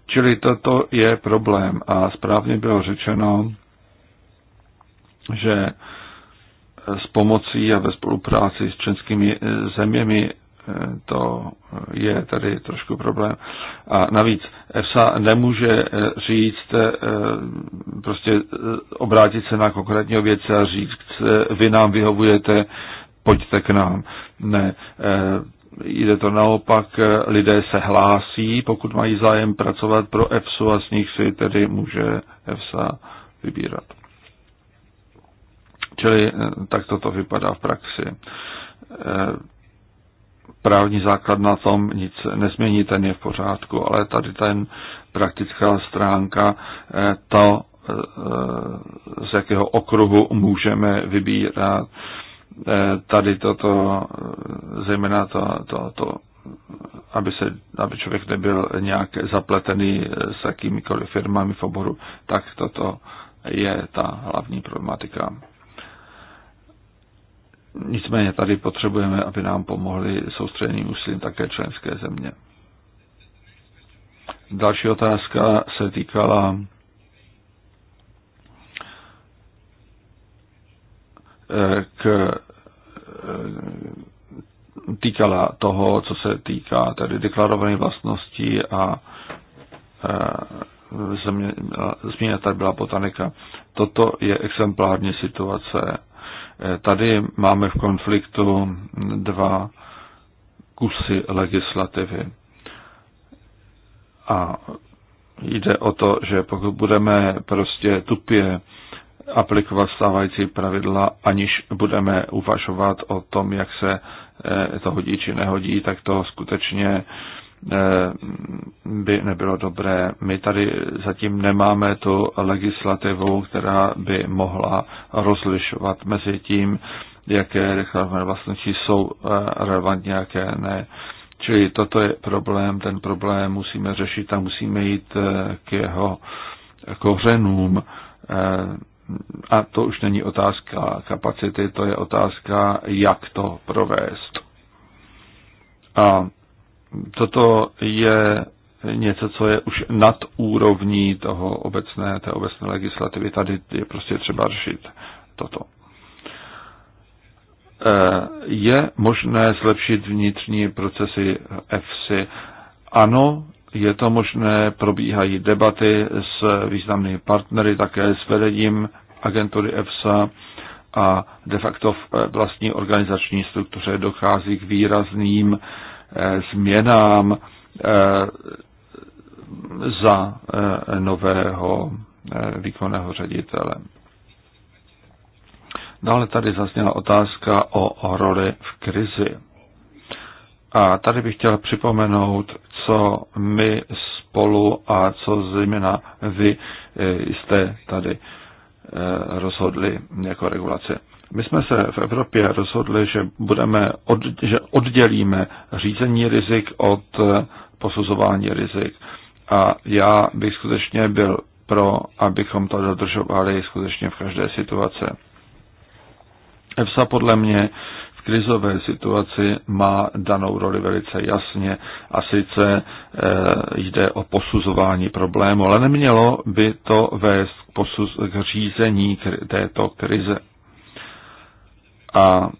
Čili toto je problém a správně bylo řečeno, že s pomocí a ve spolupráci s českými eh, zeměmi eh, to je tady trošku problém. A navíc EFSA nemůže eh, říct, prostě obrátit se na konkrétního věce a říct, vy nám vyhovujete, pojďte k nám. Ne, jde to naopak, lidé se hlásí, pokud mají zájem pracovat pro EFSA a z nich si tedy může EFSA vybírat. Čili eh, tak toto vypadá v praxi. Eh, právní základ na tom nic nezmění, ten je v pořádku, ale tady ten praktická stránka, eh, to, z jakého okruhu můžeme vybírat, tady toto, zejména to, to, to aby, se, aby člověk nebyl nějak zapletený s jakýmikoliv firmami v oboru, tak toto je ta hlavní problematika. Nicméně tady potřebujeme, aby nám pomohli soustředění úsilím také členské země. Další otázka se týkala k, týkala toho, co se týká tedy deklarovaných vlastností a změna tady byla botanika. Toto je exemplární situace Tady máme v konfliktu dva kusy legislativy. A jde o to, že pokud budeme prostě tupě aplikovat stávající pravidla, aniž budeme uvažovat o tom, jak se eh, to hodí či nehodí, tak to skutečně by nebylo dobré. My tady zatím nemáme tu legislativu, která by mohla rozlišovat mezi tím, jaké reklamy vlastnosti jsou eh, relevantní, jaké ne. Čili toto je problém, ten problém musíme řešit a musíme jít eh, k jeho kořenům. Eh, a to už není otázka kapacity, to je otázka, jak to provést. A toto je něco, co je už nad úrovní toho obecné, té obecné legislativy. Tady je prostě třeba řešit toto. Eh, je možné zlepšit vnitřní procesy EFSI? Ano, je to možné, probíhají debaty s významnými partnery, také s vedením agentury EFSA a de facto v eh, vlastní organizační struktuře dochází k výrazným Eh, změnám eh, za eh, nového výkonného ředitele. Dále no, tady zazněla otázka o roli v krizi. A tady bych chtěl připomenout, co my spolu a co zejména vy jste tady rozhodli jako regulace. My jsme se v Evropě rozhodli, že, budeme od, že oddělíme řízení rizik od eh, posuzování rizik. A já bych skutečně byl pro, abychom to dodržovali skutečně v každé situace. EFSA podle mě v krizové situaci má danou roli velice jasně a sice e, jde o posuzování problému, ale nemělo by to vést k, posuz, k řízení kri, této krize. A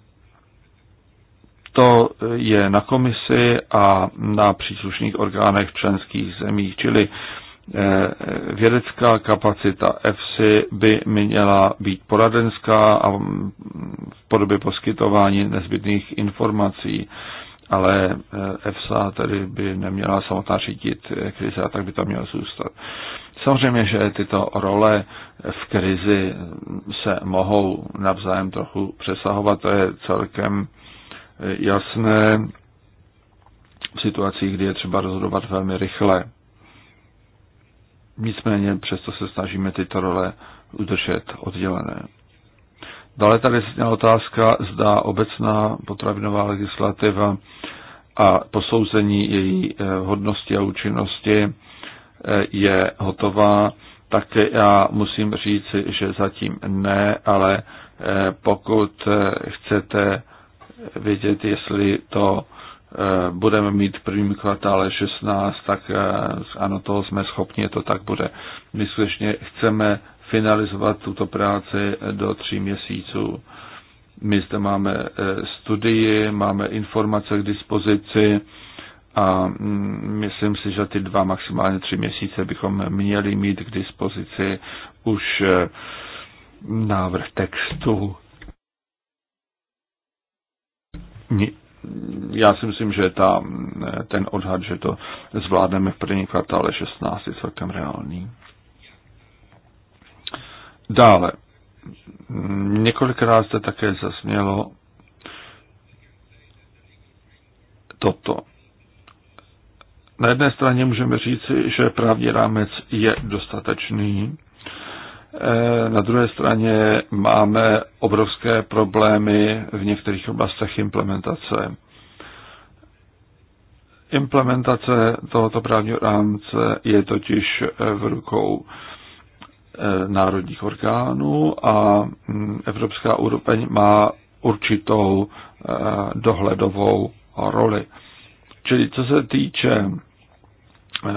to je na komisi a na příslušných orgánech členských zemích, čili eh, vědecká kapacita EFSI by měla být poradenská a v podobě poskytování nezbytných informací, ale EFSA eh, tedy by neměla samotná řídit eh, krize a tak by tam měla zůstat. Samozřejmě, že tyto role v krizi se mohou navzájem trochu přesahovat, to je celkem jasné v situacích, kdy je třeba rozhodovat velmi rychle. Nicméně přesto se snažíme tyto role udržet oddělené. Dále tady zněla otázka, zda obecná potravinová legislativa a posouzení její eh, hodnosti a účinnosti je hotová, tak já musím říci, že zatím ne, ale eh, pokud eh, chcete vědět, jestli to eh, budeme mít v prvním kvartále 16, tak ano, toho jsme schopni, to tak bude. My skutečně chceme finalizovat tuto práci do tří měsíců. My zde máme studii, máme informace k dispozici, a mm, myslím si, že ty dva, maximálně tři měsíce bychom měli mít k dispozici už e, návrh textu. Já si myslím, že ta, e, ten odhad, že to zvládneme v první kvartále 16, je celkem reálný. Dále. Několikrát jste také zasmělo toto na jedné straně můžeme říci, že právní rámec je dostatečný, e, na druhé straně máme obrovské problémy v některých oblastech implementace. Implementace tohoto právního rámce je totiž v rukou e, národních orgánů a mm, Evropská úroveň má určitou e, dohledovou roli. Čili co se týče eh,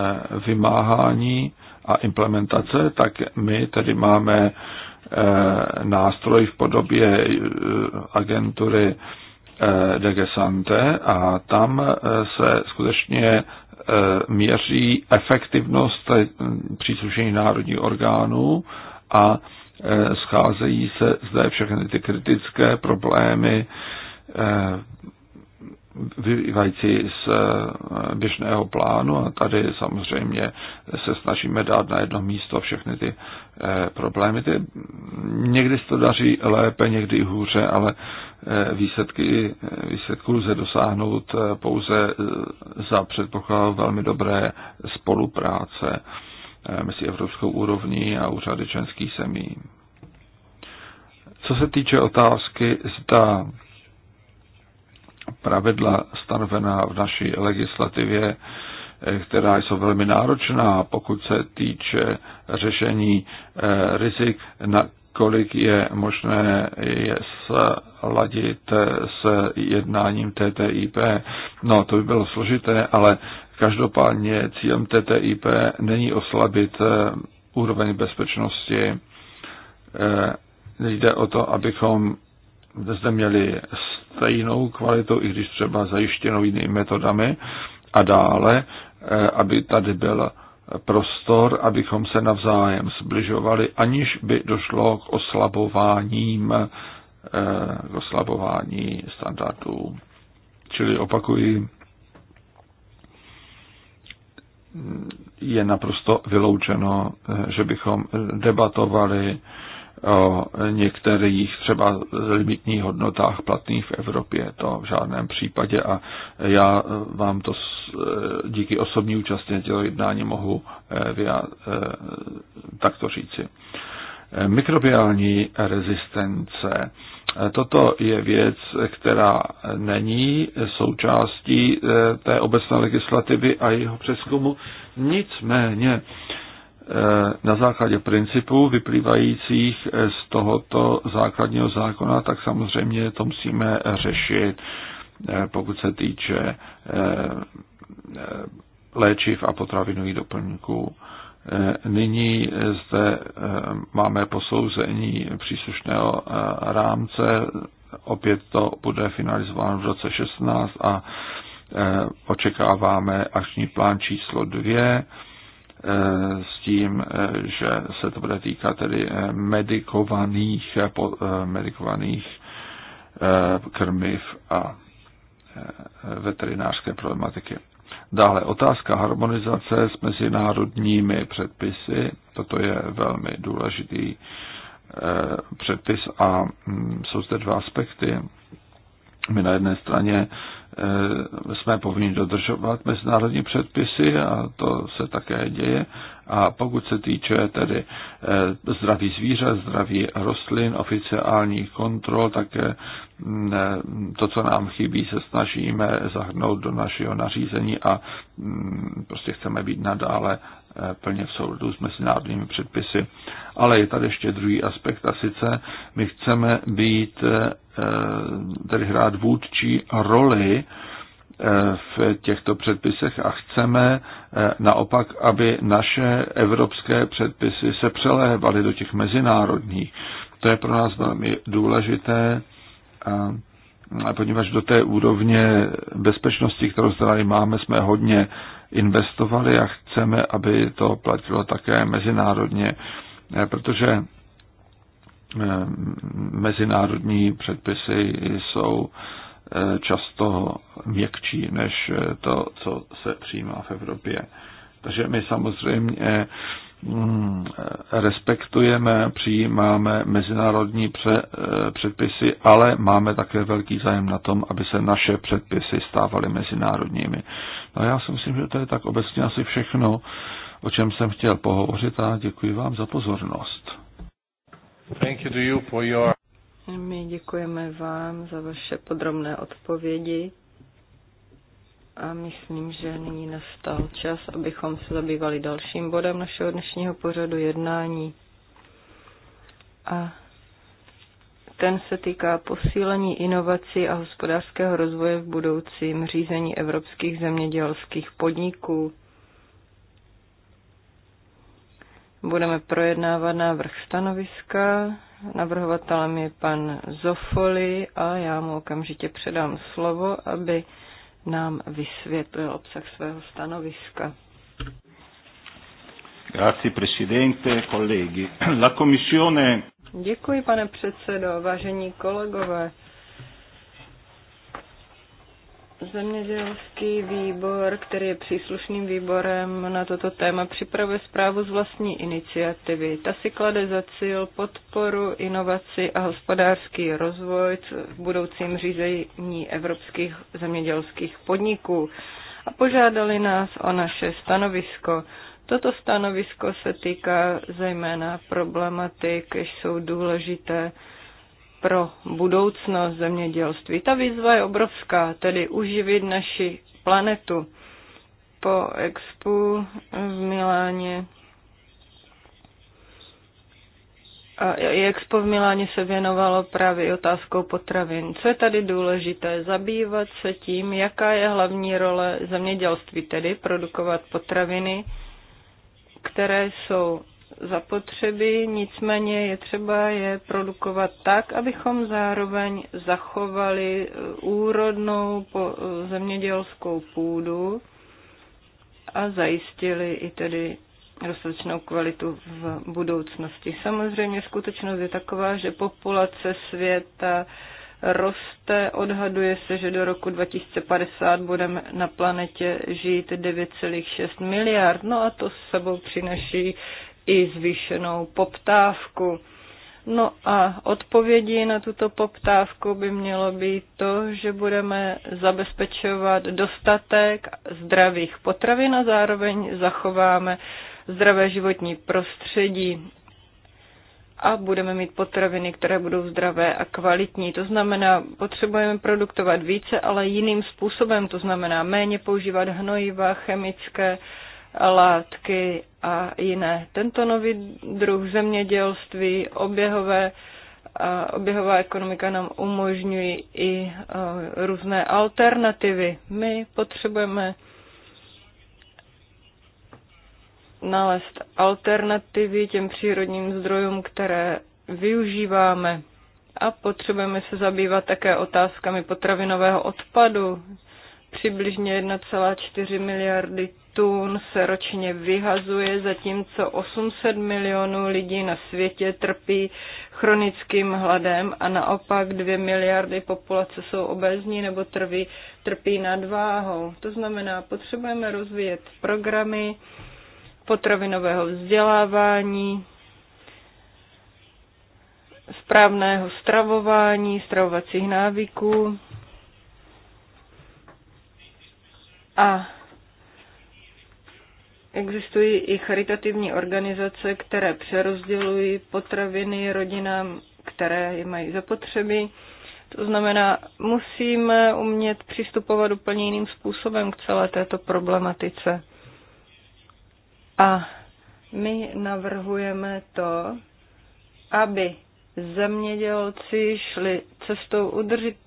vymáhání a implementace, tak my tady máme eh, nástroj v podobě eh, agentury Degesante a tam se skutečně měří efektivnost hm, příslušení národních orgánů a scházejí se zde všechny ty kritické problémy vyvývající z eh, běžného plánu a tady samozřejmě se snažíme dát na jedno místo všechny ty eh, problémy. Ty, někdy se to daří lépe, někdy hůře, ale eh, výsledky, výsledky lze dosáhnout pouze za předpokladu velmi dobré spolupráce mezi evropskou úrovní a úřady členských zemí. Co se týče otázky, zda pravidla stanovená v naší legislativě, eh, která jsou velmi náročná, pokud se týče řešení eh, rizik, na kolik je možné je sladit eh, s jednáním TTIP. No, to by bylo složité, ale každopádně cílem TTIP není oslabit úroveň bezpečnosti. Jde o to, abychom zde měli stejnou kvalitou, i když třeba zajištěnou jinými metodami. A dále, eh, aby tady byl prostor, abychom se navzájem zbližovali, aniž by došlo k oslabováním, eh, k oslabování standardů. Čili opakuji, je naprosto vyloučeno, eh, že bychom debatovali o některých třeba limitních hodnotách platných v Evropě. To v žádném případě a já vám to e, díky osobní účasti na tělo jednání mohu e, e, takto říci. Mikrobiální rezistence. Toto je věc, která není součástí té obecné legislativy a jeho přeskumu. Nicméně, na základě principů vyplývajících z tohoto základního zákona, tak samozřejmě to musíme řešit, pokud se týče eh, eh, léčiv a potravinových doplňků. Eh, nyní zde máme posouzení příslušného rámce, opět to bude finalizováno v roce 16 a očekáváme akční plán číslo 2 Eh, s tím, eh, že se to bude týkat tedy eh, medikovaných, medikovaných krmiv a veterinářské problematiky. Dále otázka harmonizace s mezinárodními předpisy. Toto je velmi důležitý předpis a mm, jsou zde dva aspekty. My na jedné straně Eh, jsme povinni dodržovat mezinárodní předpisy a to se také děje. A pokud se týče tedy eh, zdraví zvířat, zdraví rostlin, oficiálních kontrol, tak eh, to, co nám chybí, se snažíme zahrnout do našeho nařízení a mm, prostě chceme být nadále plně v souladu s mezinárodními předpisy. Ale je tady ještě druhý aspekt a sice my chceme být, eh, tedy hrát vůdčí roli eh, v těchto předpisech a chceme eh, naopak, aby naše evropské předpisy se přelévaly do těch mezinárodních. To je pro nás velmi důležité, poněvadž do té úrovně bezpečnosti, kterou tady máme, jsme hodně investovali a chceme, aby to platilo také mezinárodně, eh, protože eh, mezinárodní předpisy jsou eh, často měkčí než to, co se přijímá v Evropě. Takže my samozřejmě Hmm, respektujeme, přijímáme mezinárodní eh, předpisy, ale máme také velký zájem na tom, aby se naše předpisy stávaly mezinárodními. No já si myslím, že to je tak obecně asi všechno, o čem jsem chtěl pohovořit a děkuji vám za pozornost. Thank you to you for your... My děkujeme vám za vaše podrobné odpovědi. A myslím, že nyní nastal čas, abychom se zabývali dalším bodem našeho dnešního pořadu jednání. A ten se týká posílení inovací a hospodářského rozvoje v budoucím řízení evropských zemědělských podniků. Budeme projednávat návrh stanoviska. Navrhovatelem je pan Zofoli a já mu okamžitě předám slovo, aby nám vysvětlil obsah svého stanoviska. Grazie Presidente, colleghi. La Commissione... Děkuji, pane předsedo, vážení kolegové. Zemědělský výbor, který je příslušným výborem na toto téma, připravuje zprávu z vlastní iniciativy. Ta si klade za cíl podporu, inovaci a hospodářský rozvoj v budoucím řízení evropských zemědělských podniků a požádali nás o naše stanovisko. Toto stanovisko se týká zejména problematik, jež jsou důležité pro budoucnost zemědělství. Ta výzva je obrovská, tedy uživit naši planetu. Po expu v Miláně a i Expo v Miláně se věnovalo právě otázkou potravin. Co je tady důležité? Zabývat se tím, jaká je hlavní role zemědělství, tedy produkovat potraviny, které jsou zapotřebí, nicméně je třeba je produkovat tak, abychom zároveň zachovali eh, úrodnou eh, zemědělskou půdu a zajistili i tedy dostatečnou kvalitu v budoucnosti. Samozřejmě skutečnost je taková, že populace světa roste. Odhaduje se, že do roku 2050 budeme na planetě žít 9,6 miliard. No a to s sebou přinaší i zvýšenou poptávku. No a odpovědí na tuto poptávku by mělo být to, že budeme zabezpečovat dostatek zdravých potravin a zároveň zachováme zdravé životní prostředí a budeme mít potraviny, které budou zdravé a kvalitní. To znamená, potřebujeme produktovat více, ale jiným způsobem, to znamená méně používat hnojiva, chemické uh, látky a jiné. Tento nový druh zemědělství, oběhové, oběhová ekonomika nám umožňují i e, různé alternativy. My potřebujeme nalézt alternativy těm přírodním zdrojům, které využíváme. A potřebujeme se zabývat také otázkami potravinového odpadu, Přibližně 1,4 miliardy tun se ročně vyhazuje, zatímco 800 milionů lidí na světě trpí chronickým hladem a naopak 2 miliardy populace jsou obezní nebo trví, trpí nadváhou. To znamená, potřebujeme rozvíjet programy potravinového vzdělávání, správného stravování, stravovacích návyků, A existují i charitativní organizace, které přerozdělují potraviny rodinám, které je mají zapotřeby. To znamená, musíme umět přistupovat úplně jiným způsobem k celé této problematice. A my navrhujeme to, aby zemědělci šli cestou udržit,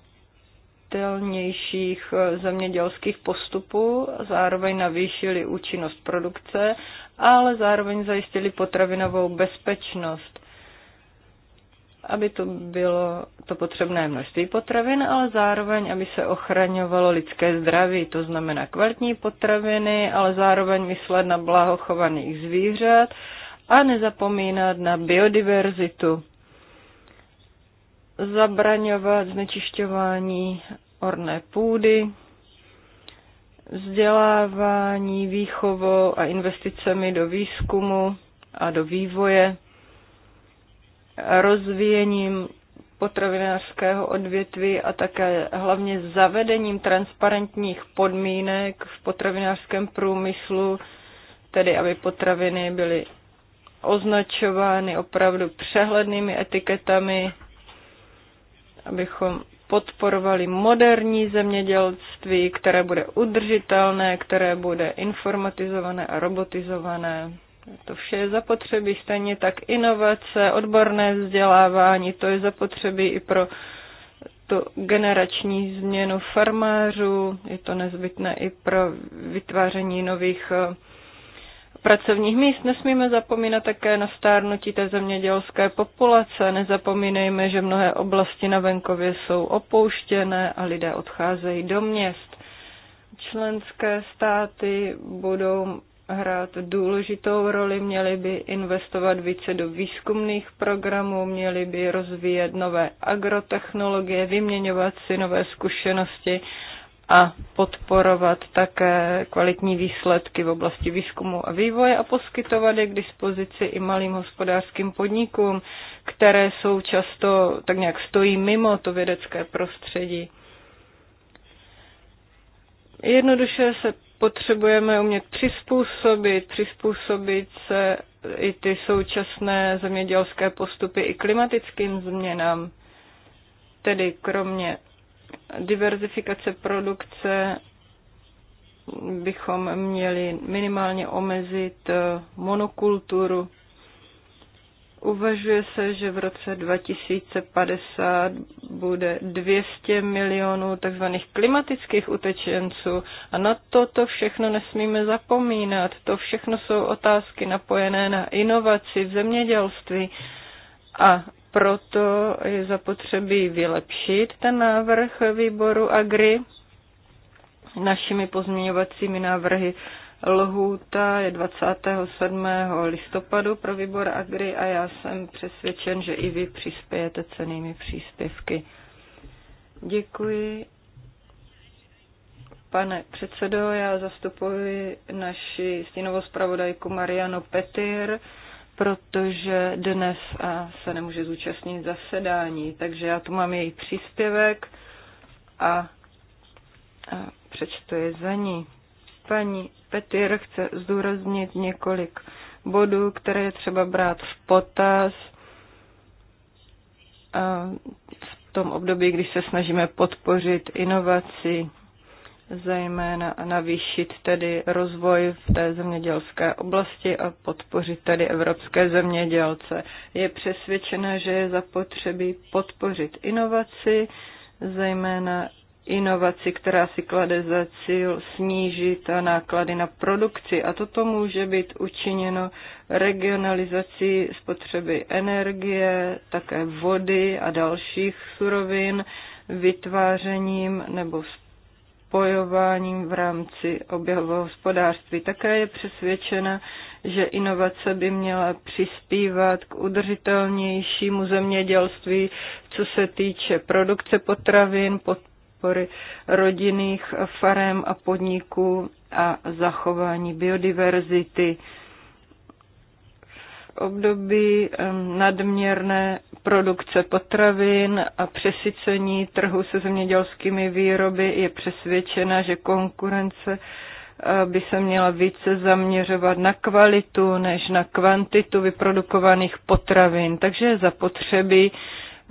udržitelnějších eh, zemědělských postupů, zároveň navýšili účinnost produkce, ale zároveň zajistili potravinovou bezpečnost aby to bylo to potřebné množství potravin, ale zároveň, aby se ochraňovalo lidské zdraví, to znamená kvalitní potraviny, ale zároveň myslet na blahochovaných zvířat a nezapomínat na biodiverzitu zabraňovat znečišťování orné půdy, vzdělávání, výchovou a investicemi do výzkumu a do vývoje, rozvíjením potravinářského odvětví a také hlavně zavedením transparentních podmínek v potravinářském průmyslu, tedy aby potraviny byly označovány opravdu přehlednými etiketami, abychom podporovali moderní zemědělství, které bude udržitelné, které bude informatizované a robotizované. To vše je zapotřebí, stejně tak inovace, odborné vzdělávání, to je zapotřebí i pro tu generační změnu farmářů, je to nezbytné i pro vytváření nových eh, pracovních míst. Nesmíme zapomínat také na stárnutí té zemědělské populace. Nezapomínejme, že mnohé oblasti na venkově jsou opouštěné a lidé odcházejí do měst. Členské státy budou hrát důležitou roli, měli by investovat více do výzkumných programů, měli by rozvíjet nové agrotechnologie, vyměňovat si nové zkušenosti a podporovat také kvalitní výsledky v oblasti výzkumu a vývoje a poskytovat je k dispozici i malým hospodářským podnikům, které jsou často tak nějak stojí mimo to vědecké prostředí. Jednoduše se potřebujeme umět přizpůsobit, přizpůsobit se i ty současné zemědělské postupy i klimatickým změnám. Tedy kromě diverzifikace produkce bychom měli minimálně omezit eh, monokulturu. Uvažuje se, že v roce 2050 bude 200 milionů tzv. klimatických utečenců a na toto všechno nesmíme zapomínat. To všechno jsou otázky napojené na inovaci v zemědělství a proto je zapotřebí vylepšit ten návrh výboru Agri našimi pozměňovacími návrhy. Lhůta je 27. listopadu pro výbor Agri a já jsem přesvědčen, že i vy přispějete cenými příspěvky. Děkuji. Pane předsedo, já zastupuji naši stínovou zpravodajku Mariano Petir protože dnes se nemůže zúčastnit zasedání. Takže já tu mám její příspěvek a, a přečtu je za ní. Paní Petir chce zdůraznit několik bodů, které je třeba brát v potaz v tom období, když se snažíme podpořit inovaci zejména navýšit tedy rozvoj v té zemědělské oblasti a podpořit tedy evropské zemědělce. Je přesvědčena, že je zapotřebí podpořit inovaci, zejména inovaci, která si klade za cíl snížit náklady na produkci. A toto může být učiněno regionalizací spotřeby energie, také vody a dalších surovin, vytvářením nebo spojováním v rámci oběhového hospodářství. Také je přesvědčena, že inovace by měla přispívat k udržitelnějšímu zemědělství, co se týče produkce potravin, podpory rodinných farem a podniků a zachování biodiverzity období nadměrné produkce potravin a přesycení trhu se zemědělskými výroby je přesvědčena, že konkurence eh, by se měla více zaměřovat na kvalitu než na kvantitu vyprodukovaných potravin. Takže je zapotřebí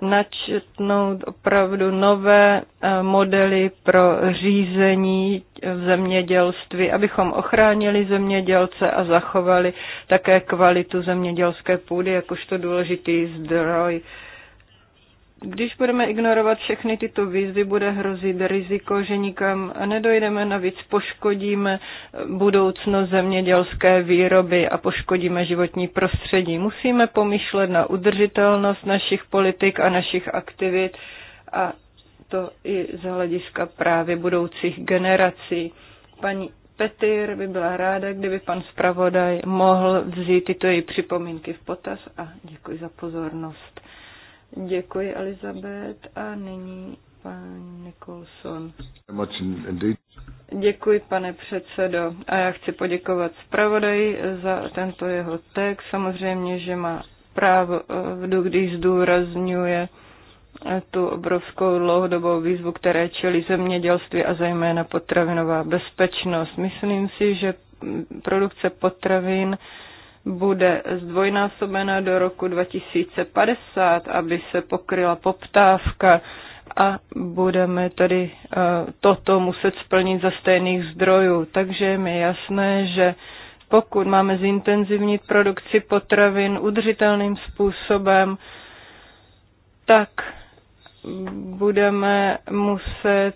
načetnout opravdu nové eh, modely pro řízení v zemědělství, abychom ochránili zemědělce a zachovali také kvalitu zemědělské půdy jakožto důležitý zdroj když budeme ignorovat všechny tyto výzvy, bude hrozit riziko, že nikam nedojdeme, navíc poškodíme budoucnost zemědělské výroby a poškodíme životní prostředí. Musíme pomýšlet na udržitelnost našich politik a našich aktivit a to i z hlediska právě budoucích generací. Paní Petir by byla ráda, kdyby pan zpravodaj mohl vzít tyto její připomínky v potaz a děkuji za pozornost. Děkuji, Elizabeth. A nyní pan Nicholson. Děkuji, pane předsedo. A já chci poděkovat zpravodaji za tento jeho text. Samozřejmě, že má právo, když zdůrazňuje tu obrovskou dlouhodobou výzvu, které čelí zemědělství a zejména potravinová bezpečnost. Myslím si, že produkce potravin bude zdvojnásobena do roku 2050, aby se pokryla poptávka a budeme tedy eh, toto muset splnit za stejných zdrojů. Takže je mi jasné, že pokud máme zintenzivnit produkci potravin udržitelným způsobem, tak budeme muset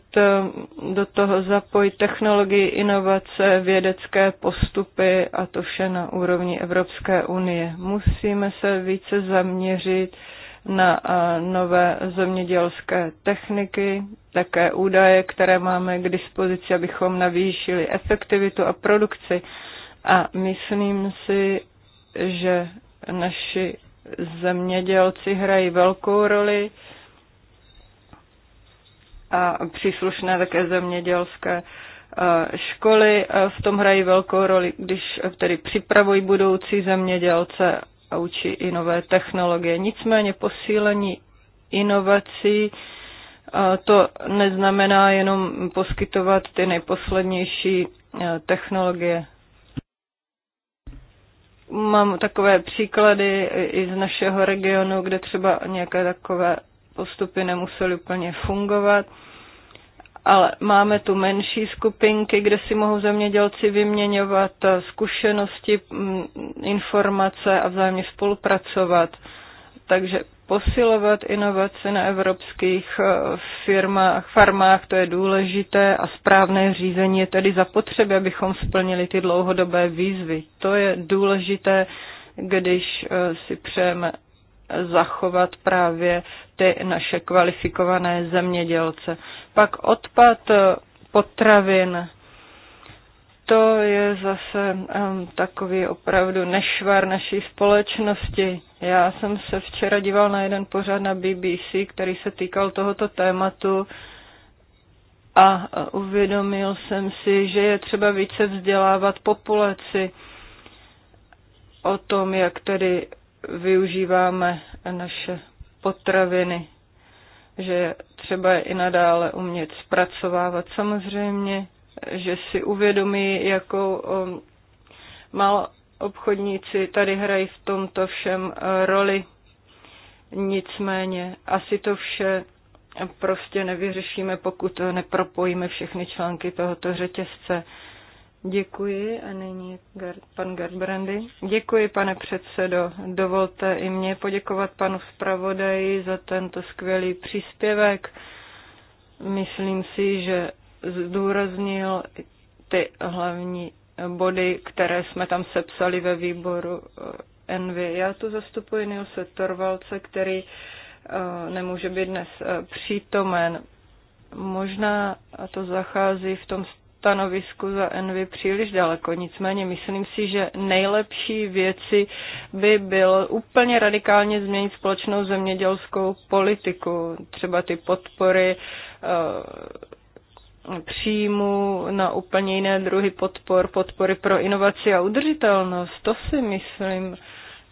do toho zapojit technologii, inovace, vědecké postupy a to vše na úrovni Evropské unie. Musíme se více zaměřit na nové zemědělské techniky, také údaje, které máme k dispozici, abychom navýšili efektivitu a produkci. A myslím si, že naši zemědělci hrají velkou roli a příslušné také zemědělské e, školy e, v tom hrají velkou roli, když tedy připravují budoucí zemědělce a učí i nové technologie. Nicméně posílení inovací e, to neznamená jenom poskytovat ty nejposlednější technologie. Mám takové příklady i z našeho regionu, kde třeba nějaké takové postupy nemusely úplně fungovat. Ale máme tu menší skupinky, kde si mohou zemědělci vyměňovat eh, zkušenosti, mm, informace a vzájemně spolupracovat. Takže posilovat inovace na evropských eh, firmách, farmách, to je důležité a správné řízení je tedy zapotřebí, abychom splnili ty dlouhodobé výzvy. To je důležité, když eh, si přejeme zachovat právě ty naše kvalifikované zemědělce. Pak odpad potravin, to je zase um, takový opravdu nešvar naší společnosti. Já jsem se včera díval na jeden pořad na BBC, který se týkal tohoto tématu a uvědomil jsem si, že je třeba více vzdělávat populaci o tom, jak tedy využíváme naše potraviny, že třeba je i nadále umět zpracovávat. Samozřejmě, že si uvědomí, jakou um, mal obchodníci tady hrají v tomto všem uh, roli. Nicméně, asi to vše prostě nevyřešíme, pokud nepropojíme všechny články tohoto řetězce. Děkuji a nyní pan Garbrandy. Děkuji, pane předsedo. Dovolte i mě poděkovat panu zpravodaji za tento skvělý příspěvek. Myslím si, že zdůraznil ty hlavní body, které jsme tam sepsali ve výboru eh, NV. Já tu zastupuji Nilse Torvalce, který eh, nemůže být dnes eh, přítomen. Možná to zachází v tom stanovisku za Envy příliš daleko. Nicméně myslím si, že nejlepší věci by bylo úplně radikálně změnit společnou zemědělskou politiku. Třeba ty podpory eh, příjmu na úplně jiné druhy podpor, podpory pro inovaci a udržitelnost. To si myslím,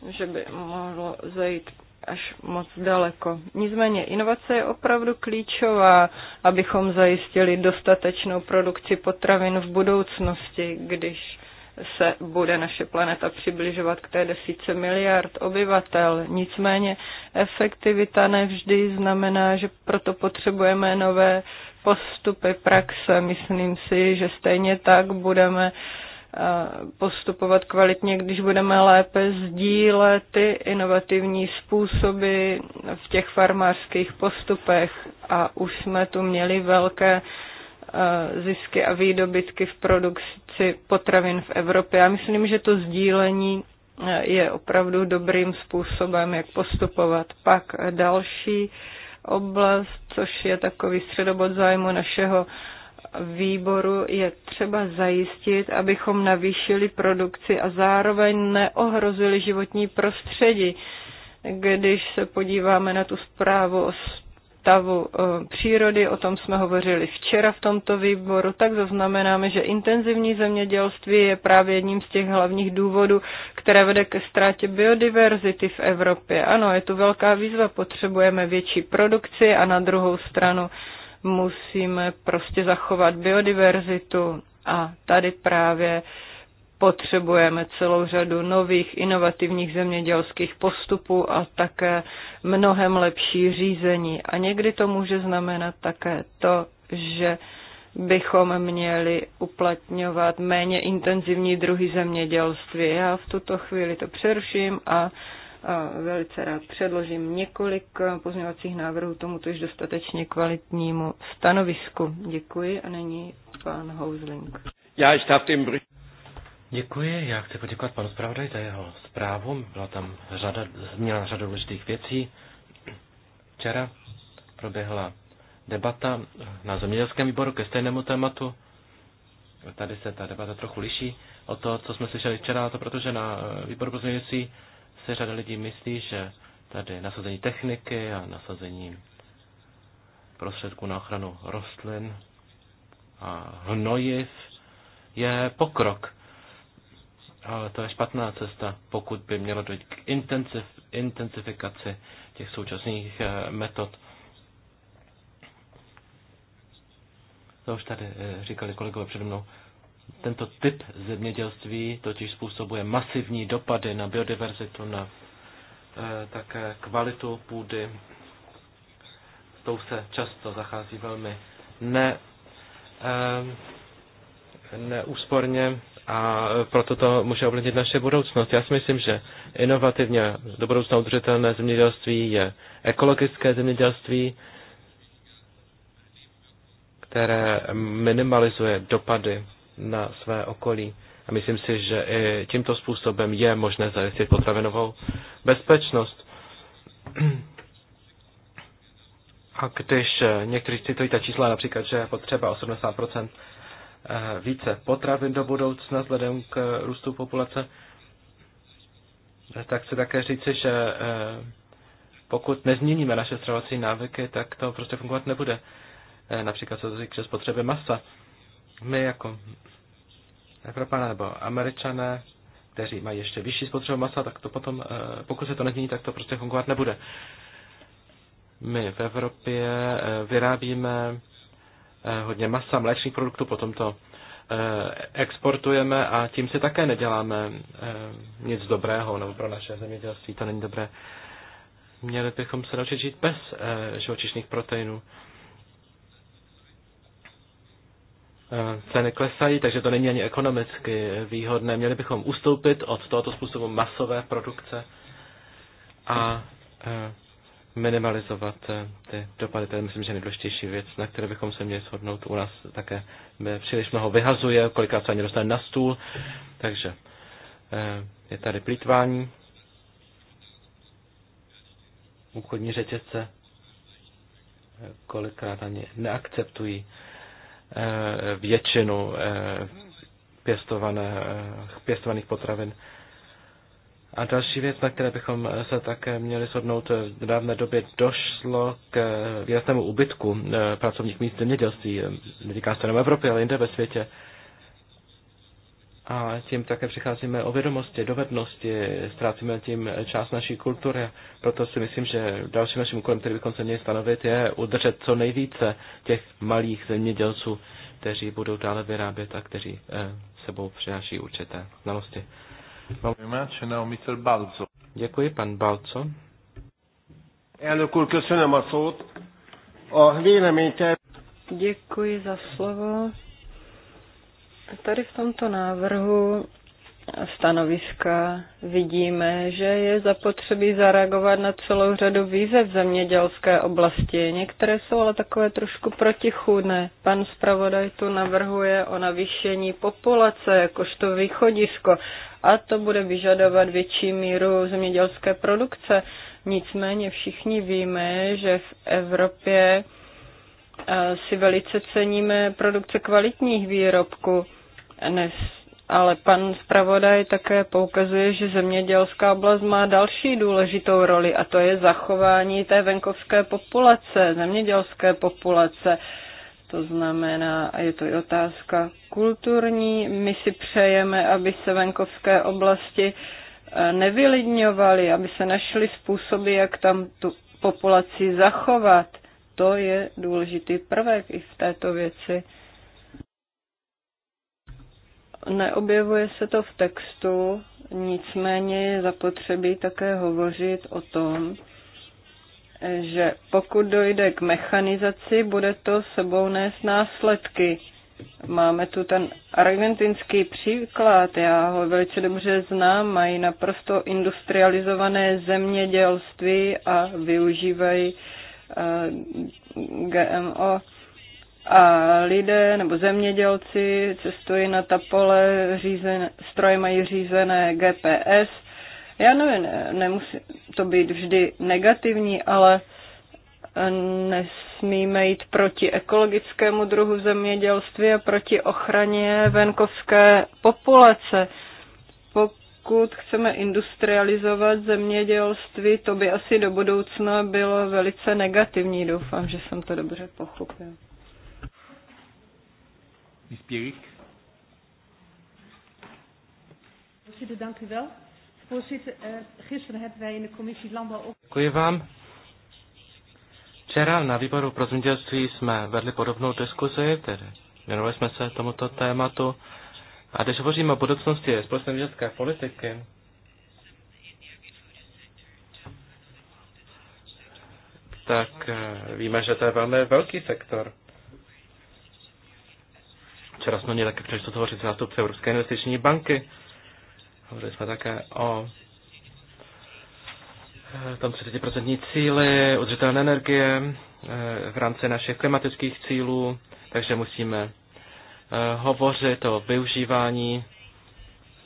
že by mohlo zajít až moc daleko. Nicméně inovace je opravdu klíčová, abychom zajistili dostatečnou produkci potravin v budoucnosti, když se bude naše planeta přibližovat k té desíce miliard obyvatel. Nicméně efektivita nevždy znamená, že proto potřebujeme nové postupy praxe. Myslím si, že stejně tak budeme uh, Eh, postupovat kvalitně, když budeme lépe sdílet ty inovativní způsoby v těch farmářských postupech. A už jsme tu měli velké eh, zisky a výdobytky v produkci potravin v Evropě. Já myslím, že to sdílení eh, je opravdu dobrým způsobem, jak postupovat. Pak další oblast, což je takový středobod zájmu našeho výboru je třeba zajistit, abychom navýšili produkci a zároveň neohrozili životní prostředí. Když se podíváme na tu zprávu o stavu eh, přírody, o tom jsme hovořili včera v tomto výboru, tak zaznamenáme, že intenzivní zemědělství je právě jedním z těch hlavních důvodů, které vede ke ztrátě biodiverzity v Evropě. Ano, je tu velká výzva, potřebujeme větší produkci a na druhou stranu musíme prostě zachovat biodiverzitu a tady právě potřebujeme celou řadu nových inovativních zemědělských postupů a také mnohem lepší řízení. A někdy to může znamenat také to, že bychom měli uplatňovat méně intenzivní druhy zemědělství. Já v tuto chvíli to přeruším a velice rád předložím několik pozměňovacích návrhů tomuto již dostatečně kvalitnímu stanovisku. Děkuji a není pan Housling. Já ich darf dem Děkuji, já chci poděkovat panu zpravodaji za jeho zprávu. Byla tam řada, měla řadu důležitých věcí. Včera proběhla debata na zemědělském výboru ke stejnému tématu. Tady se ta debata trochu liší od toho, co jsme slyšeli včera, to protože na eh, výboru pro zemědělství si řada lidí myslí, že tady nasazení techniky a nasazení prostředků na ochranu rostlin a hnojiv je pokrok. Ale to je špatná cesta, pokud by mělo dojít k intensiv, intensifikaci těch současných eh, metod. To už tady eh, říkali kolegové přede mnou. Tento typ zemědělství totiž způsobuje masivní dopady na biodiverzitu, na eh, také kvalitu půdy. S tou se často zachází velmi ne, eh, neúsporně a proto to může ovlivnit naše budoucnost. Já si myslím, že inovativně do budoucna udržitelné zemědělství je ekologické zemědělství, které minimalizuje dopady na své okolí. A myslím si, že i tímto způsobem je možné zajistit potravinovou bezpečnost. <clears throat> A když někteří citují ta čísla, například, že je potřeba 80% eh, více potravin do budoucna vzhledem k růstu populace, eh, tak se také říci, že eh, pokud nezměníme naše stravovací návyky, tak to prostě fungovat nebude. Například se to že spotřeby masa my jako Evropané nebo Američané, kteří mají ještě vyšší spotřebu masa, tak to potom, eh, pokud se to nezmění, tak to prostě fungovat nebude. My v Evropě eh, vyrábíme eh, hodně masa, mléčných produktů, potom to exportujeme a tím si také neděláme nic dobrého, nebo pro naše zemědělství to není dobré. Měli bychom se naučit žít bez živočišných proteinů. Eh, ceny klesají, takže to není ani ekonomicky výhodné. Měli bychom ustoupit od tohoto způsobu masové produkce a eh, minimalizovat eh, ty dopady. To je, myslím, že nejdůležitější věc, na které bychom se měli shodnout. U nás také příliš mnoho vyhazuje, kolikrát se ani dostane na stůl, takže je tady plítvání, obchodní řetězce kolikrát ani neakceptují Eh, většinu eh, eh, pěstovaných potravin. A další věc, na které bychom se také měli shodnout, v dávné době došlo k výraznému ubytku pracovních míst v zemědělství. Netýká se jenom Evropě, ale jinde ve světě a tím také přicházíme o vědomosti, dovednosti, ztrácíme tím část naší kultury. Proto si myslím, že dalším naším úkolem, který bychom se měli stanovit, je udržet co nejvíce těch malých zemědělců, kteří budou dále vyrábět a kteří eh, sebou přináší určité znalosti. Děkuji, pan Balco. Děkuji za slovo. Tady v tomto návrhu stanoviska vidíme, že je zapotřebí zareagovat na celou řadu výzev v zemědělské oblasti. Některé jsou ale takové trošku protichůdné. Pan zpravodaj tu navrhuje o navýšení populace jakožto východisko a to bude vyžadovat větší míru zemědělské produkce. Nicméně všichni víme, že v Evropě eh, si velice ceníme produkce kvalitních výrobků Nes, ale pan zpravodaj také poukazuje, že zemědělská oblast má další důležitou roli a to je zachování té venkovské populace, zemědělské populace. To znamená, a je to i otázka kulturní, my si přejeme, aby se venkovské oblasti eh, nevylidňovaly, aby se našly způsoby, jak tam tu populaci zachovat. To je důležitý prvek i v této věci neobjevuje se to v textu, nicméně je zapotřebí také hovořit o tom, že pokud dojde k mechanizaci, bude to sebou nést následky. Máme tu ten argentinský příklad, já ho velice dobře znám, mají naprosto industrializované zemědělství a využívají eh, GMO a lidé nebo zemědělci cestují na ta pole, řízen, stroje mají řízené GPS. Já nevím, ne, nemusí to být vždy negativní, ale nesmíme jít proti ekologickému druhu zemědělství a proti ochraně venkovské populace. Pokud chceme industrializovat zemědělství, to by asi do budoucna bylo velice negativní. Doufám, že jsem to dobře pochopil. Ms. Pierik. Voorzitter, dank u wel. Voorzitter, uh, gisteren hebben wij in de commissie Landbouw ook... Dank u wel. Včera na výboru pro zemědělství jsme vedli podobnou diskuzi, tedy věnovali jsme se tomuto tématu. A když hovoříme o budoucnosti společné zemědělské politiky, tak eh, víme, že to je velmi velký sektor. Včera jsme měli také příležitost hovořit s nástupci Evropské investiční banky. Hovořili jsme také o eh, tom 30% cíli udržitelné energie eh, v rámci našich klimatických cílů, takže musíme eh, hovořit o využívání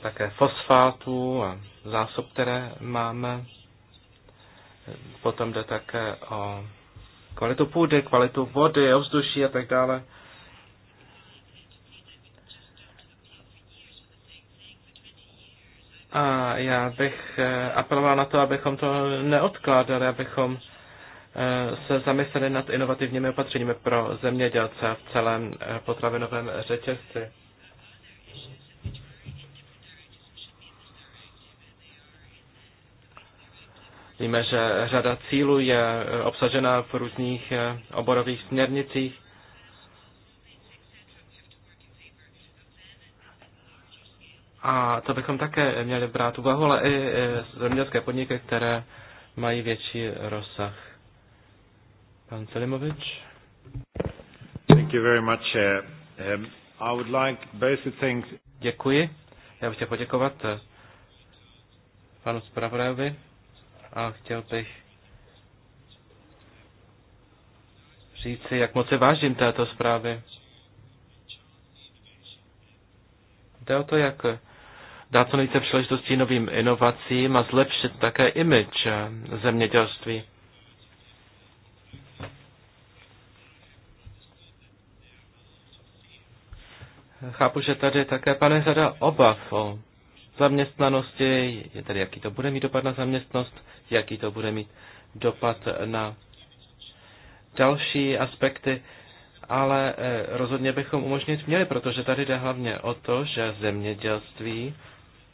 také fosfátů a zásob, které máme. Potom jde také o kvalitu půdy, kvalitu vody, ovzduší a tak dále. A já bych eh, apeloval na to, abychom to neodkládali, abychom eh, se zamysleli nad inovativními opatřeními pro zemědělce v celém eh, potravinovém řetězci. Víme, že řada cílů je obsažena v různých oborových směrnicích A to bychom také měli brát úvahu, ale i zemědělské podniky, které mají větší rozsah. Pan Celimovič. Thank you very much. Um, I would like basic things. Děkuji. Já bych chtěl poděkovat eh, panu zpravodajovi a chtěl bych říci, jak moc se vážím této zprávy. Jde o to, jak dát co nejvíce příležitostí novým inovacím a zlepšit také image eh, zemědělství. Chápu, že tady také pane řada obav o zaměstnanosti, je tady, jaký to bude mít dopad na zaměstnost, jaký to bude mít dopad na další aspekty, ale eh, rozhodně bychom umožnit měli, protože tady jde hlavně o to, že zemědělství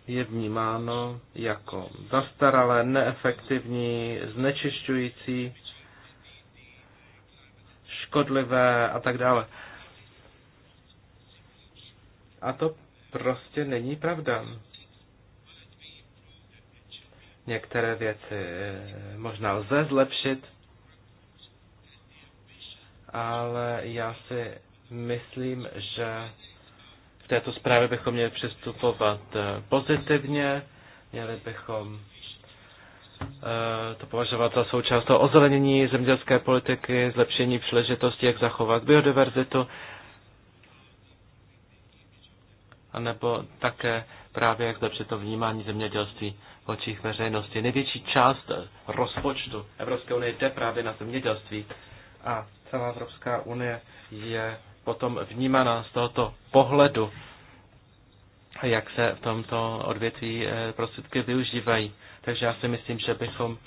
je vnímáno jako zastaralé, neefektivní, znečišťující, škodlivé a tak dále. A to prostě není pravda. Některé věci eh, možná lze zlepšit, ale já si myslím, že v této zprávě bychom měli přistupovat eh, pozitivně, měli bychom eh, to považovat za součást toho ozelenění zemědělské politiky, zlepšení příležitosti, jak zachovat biodiverzitu, anebo také právě jak zlepšit to vnímání zemědělství v očích veřejnosti. Největší část rozpočtu Evropské unie jde právě na zemědělství a celá Evropská unie je potom vnímána z tohoto pohledu, jak se v tomto odvětví eh, prostředky využívají. Takže já si myslím, že bychom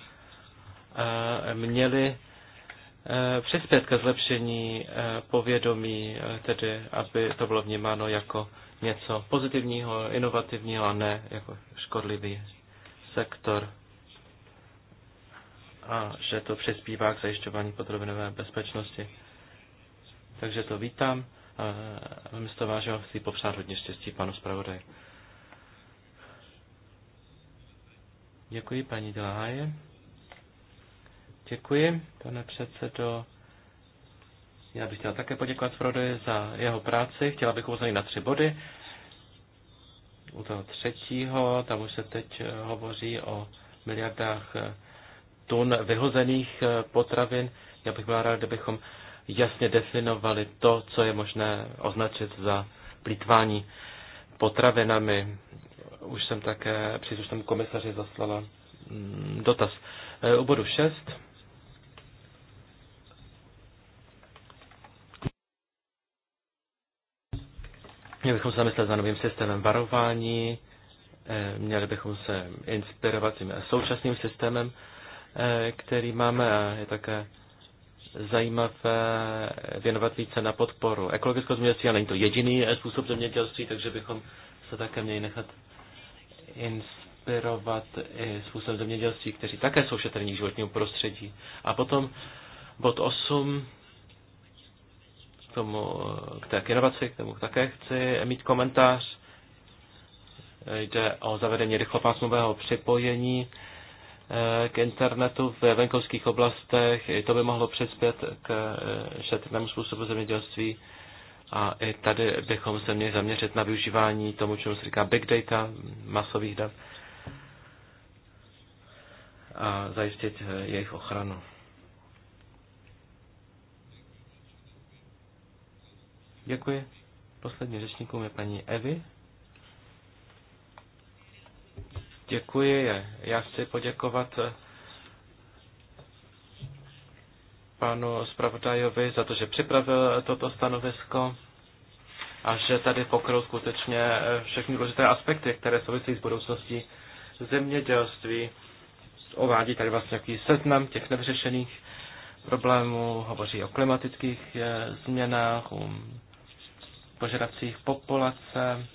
eh, měli eh, přispět ke zlepšení povědomí, tedy aby to bylo vnímáno jako něco pozitivního, inovativního a ne jako škodlivý sektor a že to přispívá k zajišťování potravinové bezpečnosti takže to vítám. Velmi eh, to vážím chci popřát hodně štěstí panu zpravodaji. Děkuji, paní Deláje. Děkuji, pane předsedo. Já bych chtěl také poděkovat Frodovi za jeho práci. Chtěla bych upozornit na tři body. U toho třetího, tam už se teď eh, hovoří o miliardách eh, tun vyhozených potravin. Já bych byla rád, kdybychom jasně definovali to, co je možné označit za plítvání potravinami. Už jsem také příslušnému komisaři zaslala mm, dotaz. E, u bodu 6 Měli bychom se zamyslet za novým systémem varování, e, měli bychom se inspirovat tím současným systémem, e, který máme a je také zajímavé věnovat více na podporu ekologického zemědělství, ale není to jediný způsob zemědělství, takže bychom se také měli nechat inspirovat i způsobem zemědělství, kteří také jsou šetrní k životnímu prostředí. A potom bod 8, k, tomu, k té inovaci, k tomu také chci mít komentář. Jde o zavedení rychlopásmového připojení Eh, k internetu v venkovských oblastech. I to by mohlo přispět k šetrnému eh, způsobu zemědělství. A i tady bychom se měli zaměřit na využívání tomu, čemu se říká big data, masových dat a zajistit eh, jejich ochranu. Děkuji. Poslední řečníkům je paní Evy. Děkuji. Já chci poděkovat panu zpravodajovi za to, že připravil toto stanovisko a že tady pokryl skutečně všechny důležité aspekty, které souvisí s budoucností zemědělství. Ovádí tady vlastně nějaký seznam těch nevyřešených problémů, hovoří o klimatických eh, změnách, o požadavcích populace,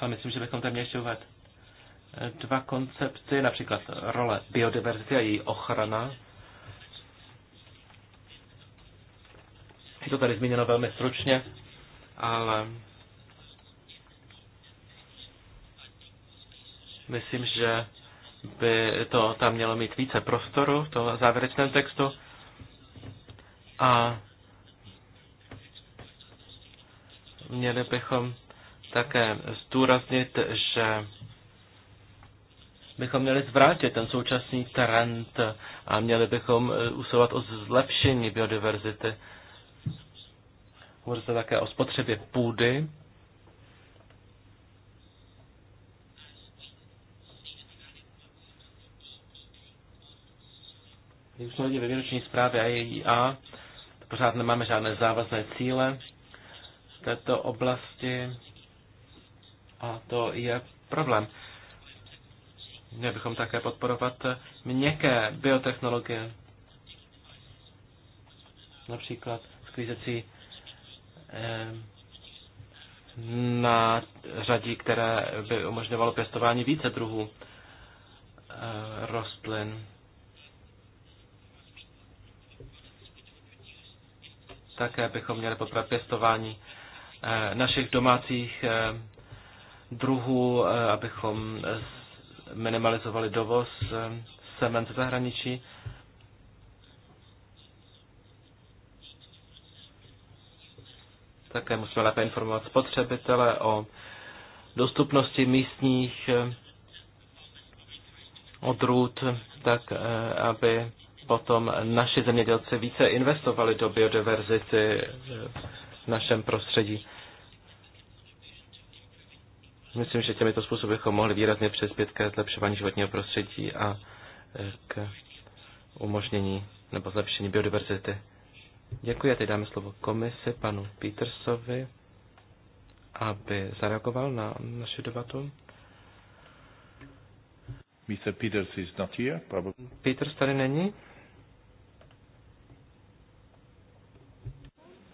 ale myslím, že bychom tam měli ještě uvést eh, dva koncepty, například role biodiverzity a její ochrana. Je to tady zmíněno velmi stručně, ale myslím, že by to tam mělo mít více prostoru v tom závěrečném textu. A měli bychom také zdůraznit, že bychom měli zvrátit ten současný trend a měli bychom e, usilovat o zlepšení biodiverzity. Hovoří se také o spotřebě půdy. Když jsme lidi ve výroční zprávě IEA, pořád nemáme žádné závazné cíle v této oblasti. A to je problém. Měli bychom také podporovat měkké biotechnologie. Například sklízecí eh, na řadí, které by umožňovalo pěstování více druhů eh, rostlin. Také bychom měli podporovat pěstování eh, našich domácích eh, druhů, eh, abychom minimalizovali dovoz semen eh, ze zahraničí. Také musíme lépe informovat spotřebitele o dostupnosti místních eh, odrůd, tak aby potom naši zemědělci více investovali do biodiverzity v našem prostředí. Myslím, že těmito způsoby bychom mohli výrazně přispět ke zlepšování životního prostředí a e, k umožnění nebo zlepšení biodiverzity. Děkuji a teď dáme slovo komisi panu Petersovi, aby zareagoval na naši debatu. Mr. Peters is not here, probably. Peters tady není.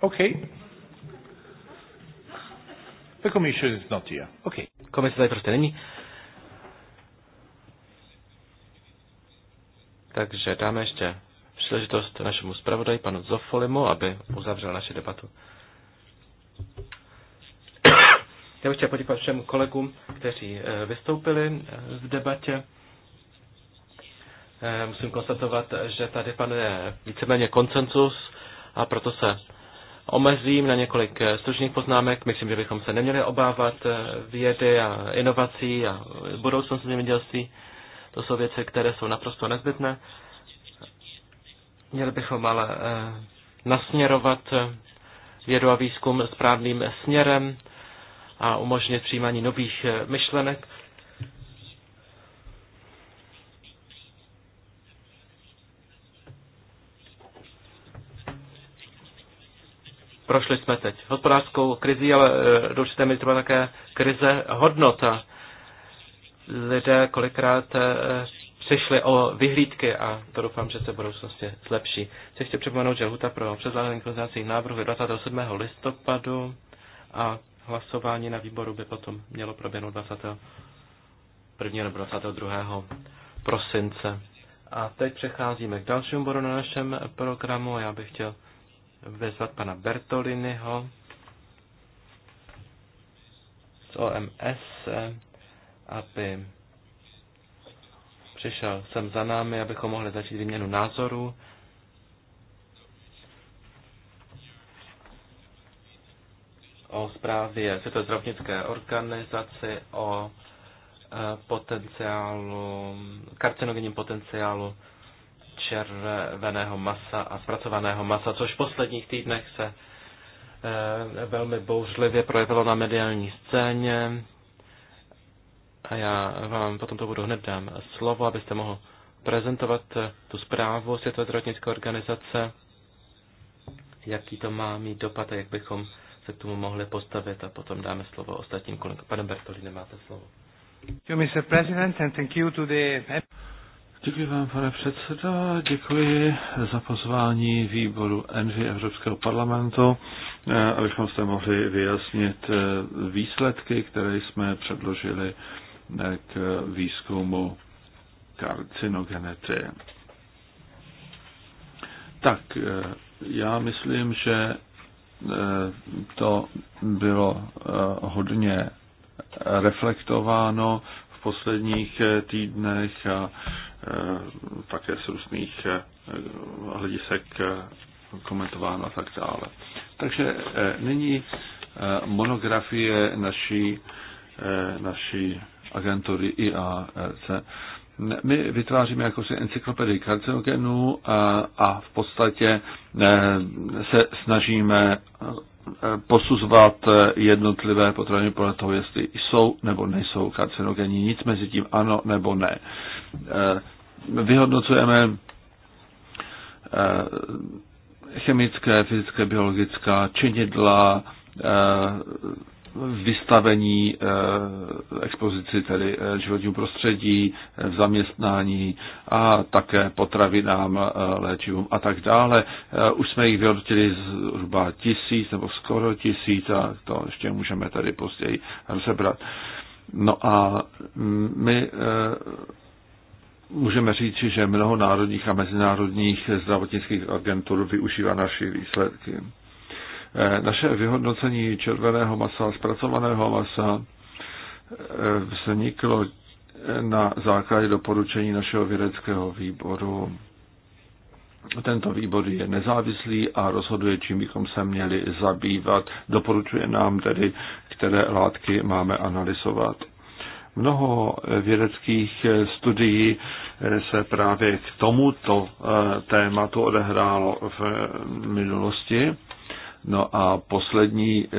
Okay. The commission is not here. Okay komise tady prostě není. Takže dáme ještě příležitost našemu zpravodaji, panu Zofolimu, aby uzavřel naši debatu. Já bych chtěl poděkovat všem kolegům, kteří eh, vystoupili eh, v debatě. Eh, musím konstatovat, že tady panuje víceméně koncensus a proto se omezím na několik eh, stručných poznámek. Myslím, že bychom se neměli obávat eh, vědy a inovací a budoucnost zemědělství. To jsou věci, které jsou naprosto nezbytné. Měli bychom ale eh, nasměrovat vědu a výzkum správným směrem a umožnit přijímání nových myšlenek. Prošli jsme teď hospodářskou krizi, ale e, do určité míry třeba také krize hodnota. Lidé kolikrát e, přišli o vyhlídky a to doufám, že se v budoucnosti zlepší. Chci ještě připomenout, že huta pro předkládání pozměňovacích návrhu je 27. listopadu a hlasování na výboru by potom mělo proběhnout 21. nebo 22. prosince. A teď přecházíme k dalšímu bodu na našem programu. Já bych chtěl vezvat pana Bertoliniho z OMS, aby přišel sem za námi, abychom mohli začít výměnu názorů. o zprávě Světové zdravotnické organizaci, o eh, potenciálu, karcinogenním potenciálu červeného masa a zpracovaného masa, což v posledních týdnech se eh, velmi bouřlivě projevilo na mediální scéně. A já vám potom to budu hned dám slovo, abyste mohl prezentovat eh, tu zprávu Světové zdravotnické organizace, jaký to má mít dopad a jak bychom se k tomu mohli postavit a potom dáme slovo ostatním kolegům. Pane Bertolini, máte slovo. Děkuji vám, pane předsedo, děkuji za pozvání výboru ENVI Evropského parlamentu, eh, abychom se mohli vyjasnit eh, výsledky, které jsme předložili eh, k výzkumu karcinogenety. Tak, já myslím, že to bylo hodně reflektováno posledních eh, týdnech a eh, také z různých eh, hledisek komentováno a tak dále. Takže nyní monografie naší, naší agentury IAC. My vytváříme jakousi encyklopedii karcinogenů a, a v podstatě se snažíme Eh, posuzovat eh, jednotlivé potraviny podle toho, jestli jsou nebo nejsou karcinogenní. Nic mezi tím ano nebo ne. Eh, vyhodnocujeme chemické, fyzické, biologická činidla, vystavení eh, expozici tedy eh, životnímu prostředí, eh, v zaměstnání a také potravinám, léčivům a tak dále. Už jsme jich vyhodnotili zhruba tisíc nebo skoro tisíc a to ještě můžeme tady později rozebrat. No a mm, my můžeme říct, že mnoho národních a mezinárodních zdravotnických agentur využívá naše výsledky. Eh, naše vyhodnocení červeného masa, zpracovaného masa eh, vzniklo eh, na základě doporučení našeho vědeckého výboru. Tento výbor je nezávislý a rozhoduje, čím bychom se měli zabývat. Doporučuje nám tedy, které látky máme analyzovat. Mnoho vědeckých studií se právě k tomuto tématu odehrálo v minulosti No a poslední eh,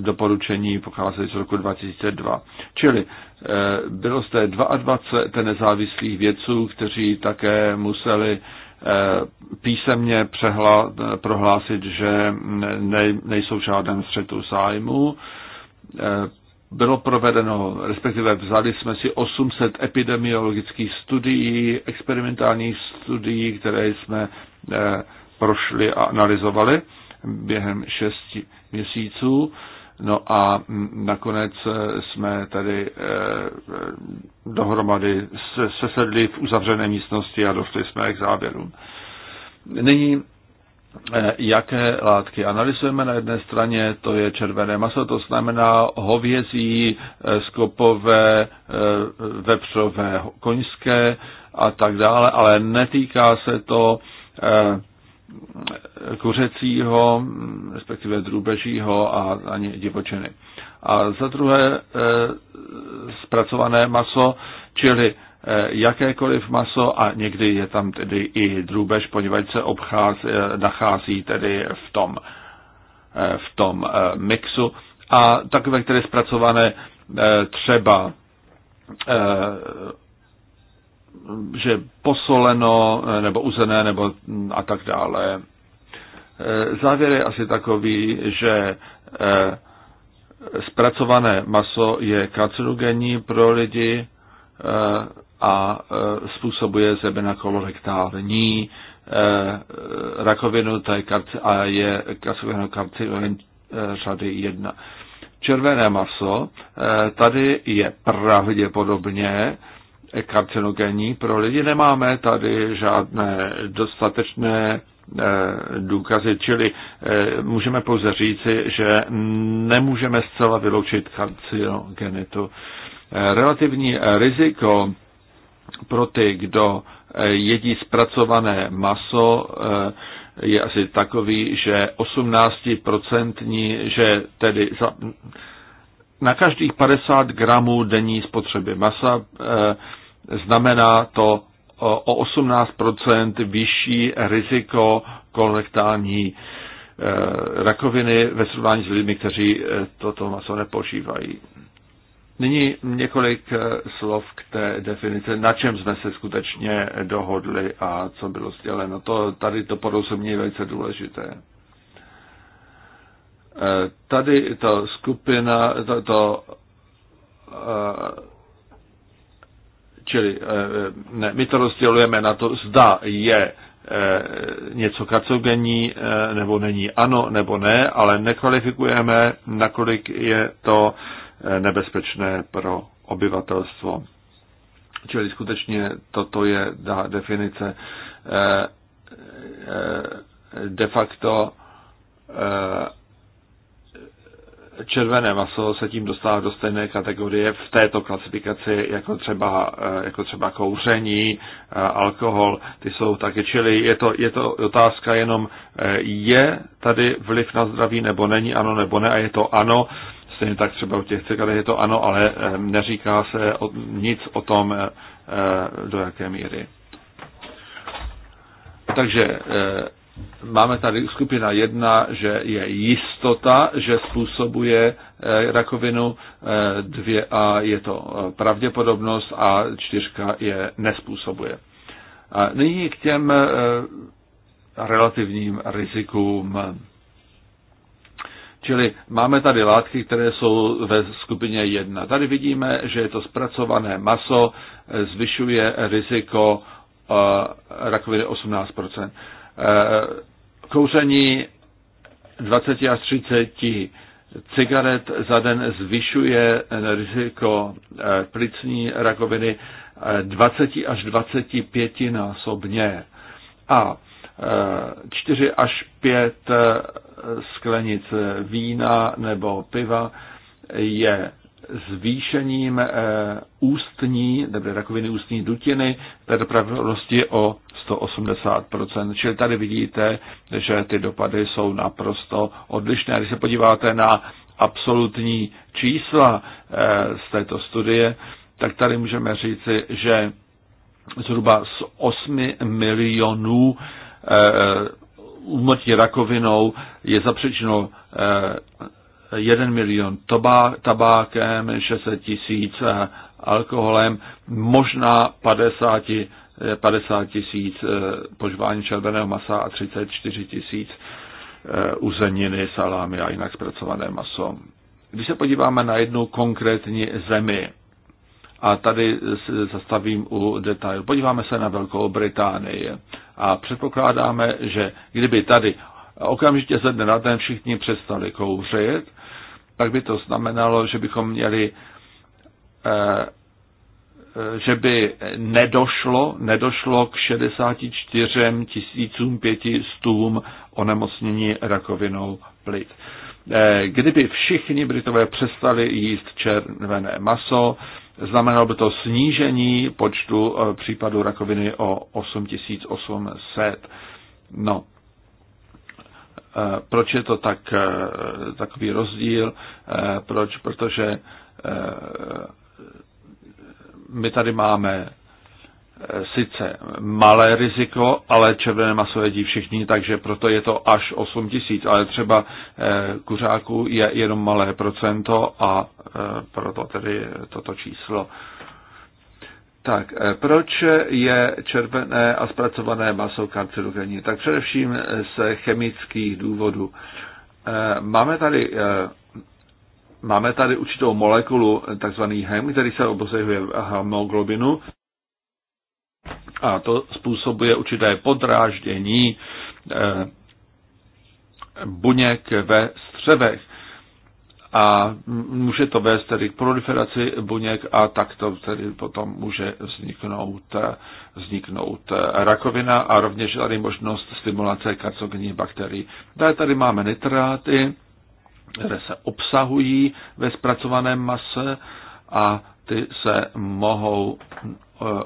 doporučení pochází z roku 2002. Čili eh, bylo zde 22 nezávislých vědců, kteří také museli eh, písemně přehla, prohlásit, že ne, nejsou v žádném střetu zájmu. Bylo provedeno, respektive vzali jsme si 800 epidemiologických studií, experimentálních studií, které jsme prošli a analyzovali během šesti měsíců. No a nakonec jsme tady eh, eh, dohromady sesedli v uzavřené místnosti a došli jsme k závěru. Nyní eh, jaké látky analyzujeme. Na jedné straně to je červené maso, to znamená hovězí, skopové, vepřové, koňské a tak dále, ale netýká se to kuřecího, respektive drůbežího a ani divočiny. A za druhé e, zpracované maso, čili e, jakékoliv maso a někdy je tam tedy i drůbež, poněvadž se obchází, e, nachází tedy v tom, v tom mixu. A takové, které zpracované třeba že posoleno eh, nebo uzené nebo mm, a tak dále. Eh, závěr je asi takový, že eh, zpracované maso je karcinogenní pro lidi a způsobuje zejména kolorektální rakovinu a je karcinogen řady 1. Červené maso, tady je pravděpodobně karcinogenní pro lidi. Nemáme tady žádné dostatečné eh, důkazy, čili eh, můžeme pouze říci, že nemůžeme zcela vyloučit karcinogenitu. Eh, relativní riziko pro ty, kdo jedí zpracované maso, je asi takový, že 18%, že tedy za na každých 50 gramů denní spotřeby masa eh, znamená to o 18 vyšší riziko kolektální eh, rakoviny ve srovnání s lidmi, kteří eh, toto maso nepožívají. Nyní několik slov k té definici, na čem jsme se skutečně dohodli a co bylo sděleno. To, tady to porozumění je velice důležité. Eh, tady to skupina, to, to eh, čili eh, ne, my to rozdělujeme na to, zda je něco kacogení, nebo není ano nebo ne, ale nekvalifikujeme, nakolik je to nebezpečné pro obyvatelstvo. Čili skutečně toto je ta definice de facto červené maso se tím dostává do stejné kategorie v této klasifikaci jako třeba, eh, jako třeba kouření, eh, alkohol, ty jsou taky, čili je to, je to otázka jenom, eh, je tady vliv na zdraví nebo není, ano nebo ne, a je to ano, stejně tak třeba u těch cigaret je to ano, ale neříká se nic o tom, do jaké míry. Takže máme tady skupina jedna, že je jistota, že způsobuje eh, rakovinu, eh, dvě a je to eh, pravděpodobnost a čtyřka je nespůsobuje. A nyní k těm relativním rizikům. Čili máme tady látky, které jsou ve skupině 1. Tady vidíme, že je to zpracované maso, zvyšuje riziko rakoviny 18 Eh, kouření 20 až 30 cigaret za den zvyšuje riziko eh, plicní rakoviny 20 eh, až 25 násobně. A 4 až 5 sklenic vína nebo piva je zvýšením ústní, nebo rakoviny ústní dutiny, tedy pravděpodobnosti o 180 Čili tady vidíte, že ty dopady jsou naprosto odlišné. když se podíváte na absolutní čísla eh, z této studie, tak tady můžeme říci, že zhruba z 8 milionů eh, úmrtí rakovinou je zapřečeno 1 eh, milion tabákem, 600 tisíc alkoholem, možná 50 50 tisíc eh, požvání červeného masa a 34 tisíc eh, uzeniny, salámy a jinak zpracované maso. Když se podíváme na jednu konkrétní zemi, a tady se zastavím u detailu. Podíváme se na Velkou Británii a předpokládáme, že kdyby tady okamžitě ze dne na den všichni přestali kouřit, tak by to znamenalo, že bychom měli eh, že by nedošlo, nedošlo k 64 500 onemocnění rakovinou plic. Eh, kdyby všichni Britové přestali jíst červené maso, znamenalo by to snížení počtu eh, případů rakoviny o 8800. No, eh, proč je to tak, takový rozdíl? Proč? Protože my tady máme e, sice malé riziko, ale červené maso jedí všichni, takže proto je to až 8 tisíc, ale třeba e, kuřáků je jenom malé procento a e, proto tedy toto číslo. Tak, proč je červené a zpracované maso karcinogenní? Tak především z chemických důvodů. Máme tady máme tady určitou molekulu, eh, takzvaný hem, který se obsahuje v hemoglobinu a to způsobuje určité podráždění eh, buněk ve střevech a může to vést tedy k proliferaci buněk a tak to tedy potom může vzniknout, eh, vzniknout rakovina a rovněž tady možnost stimulace karcogenních bakterií. Tady, tady máme nitráty, které se obsahují ve zpracovaném mase a ty se mohou eh,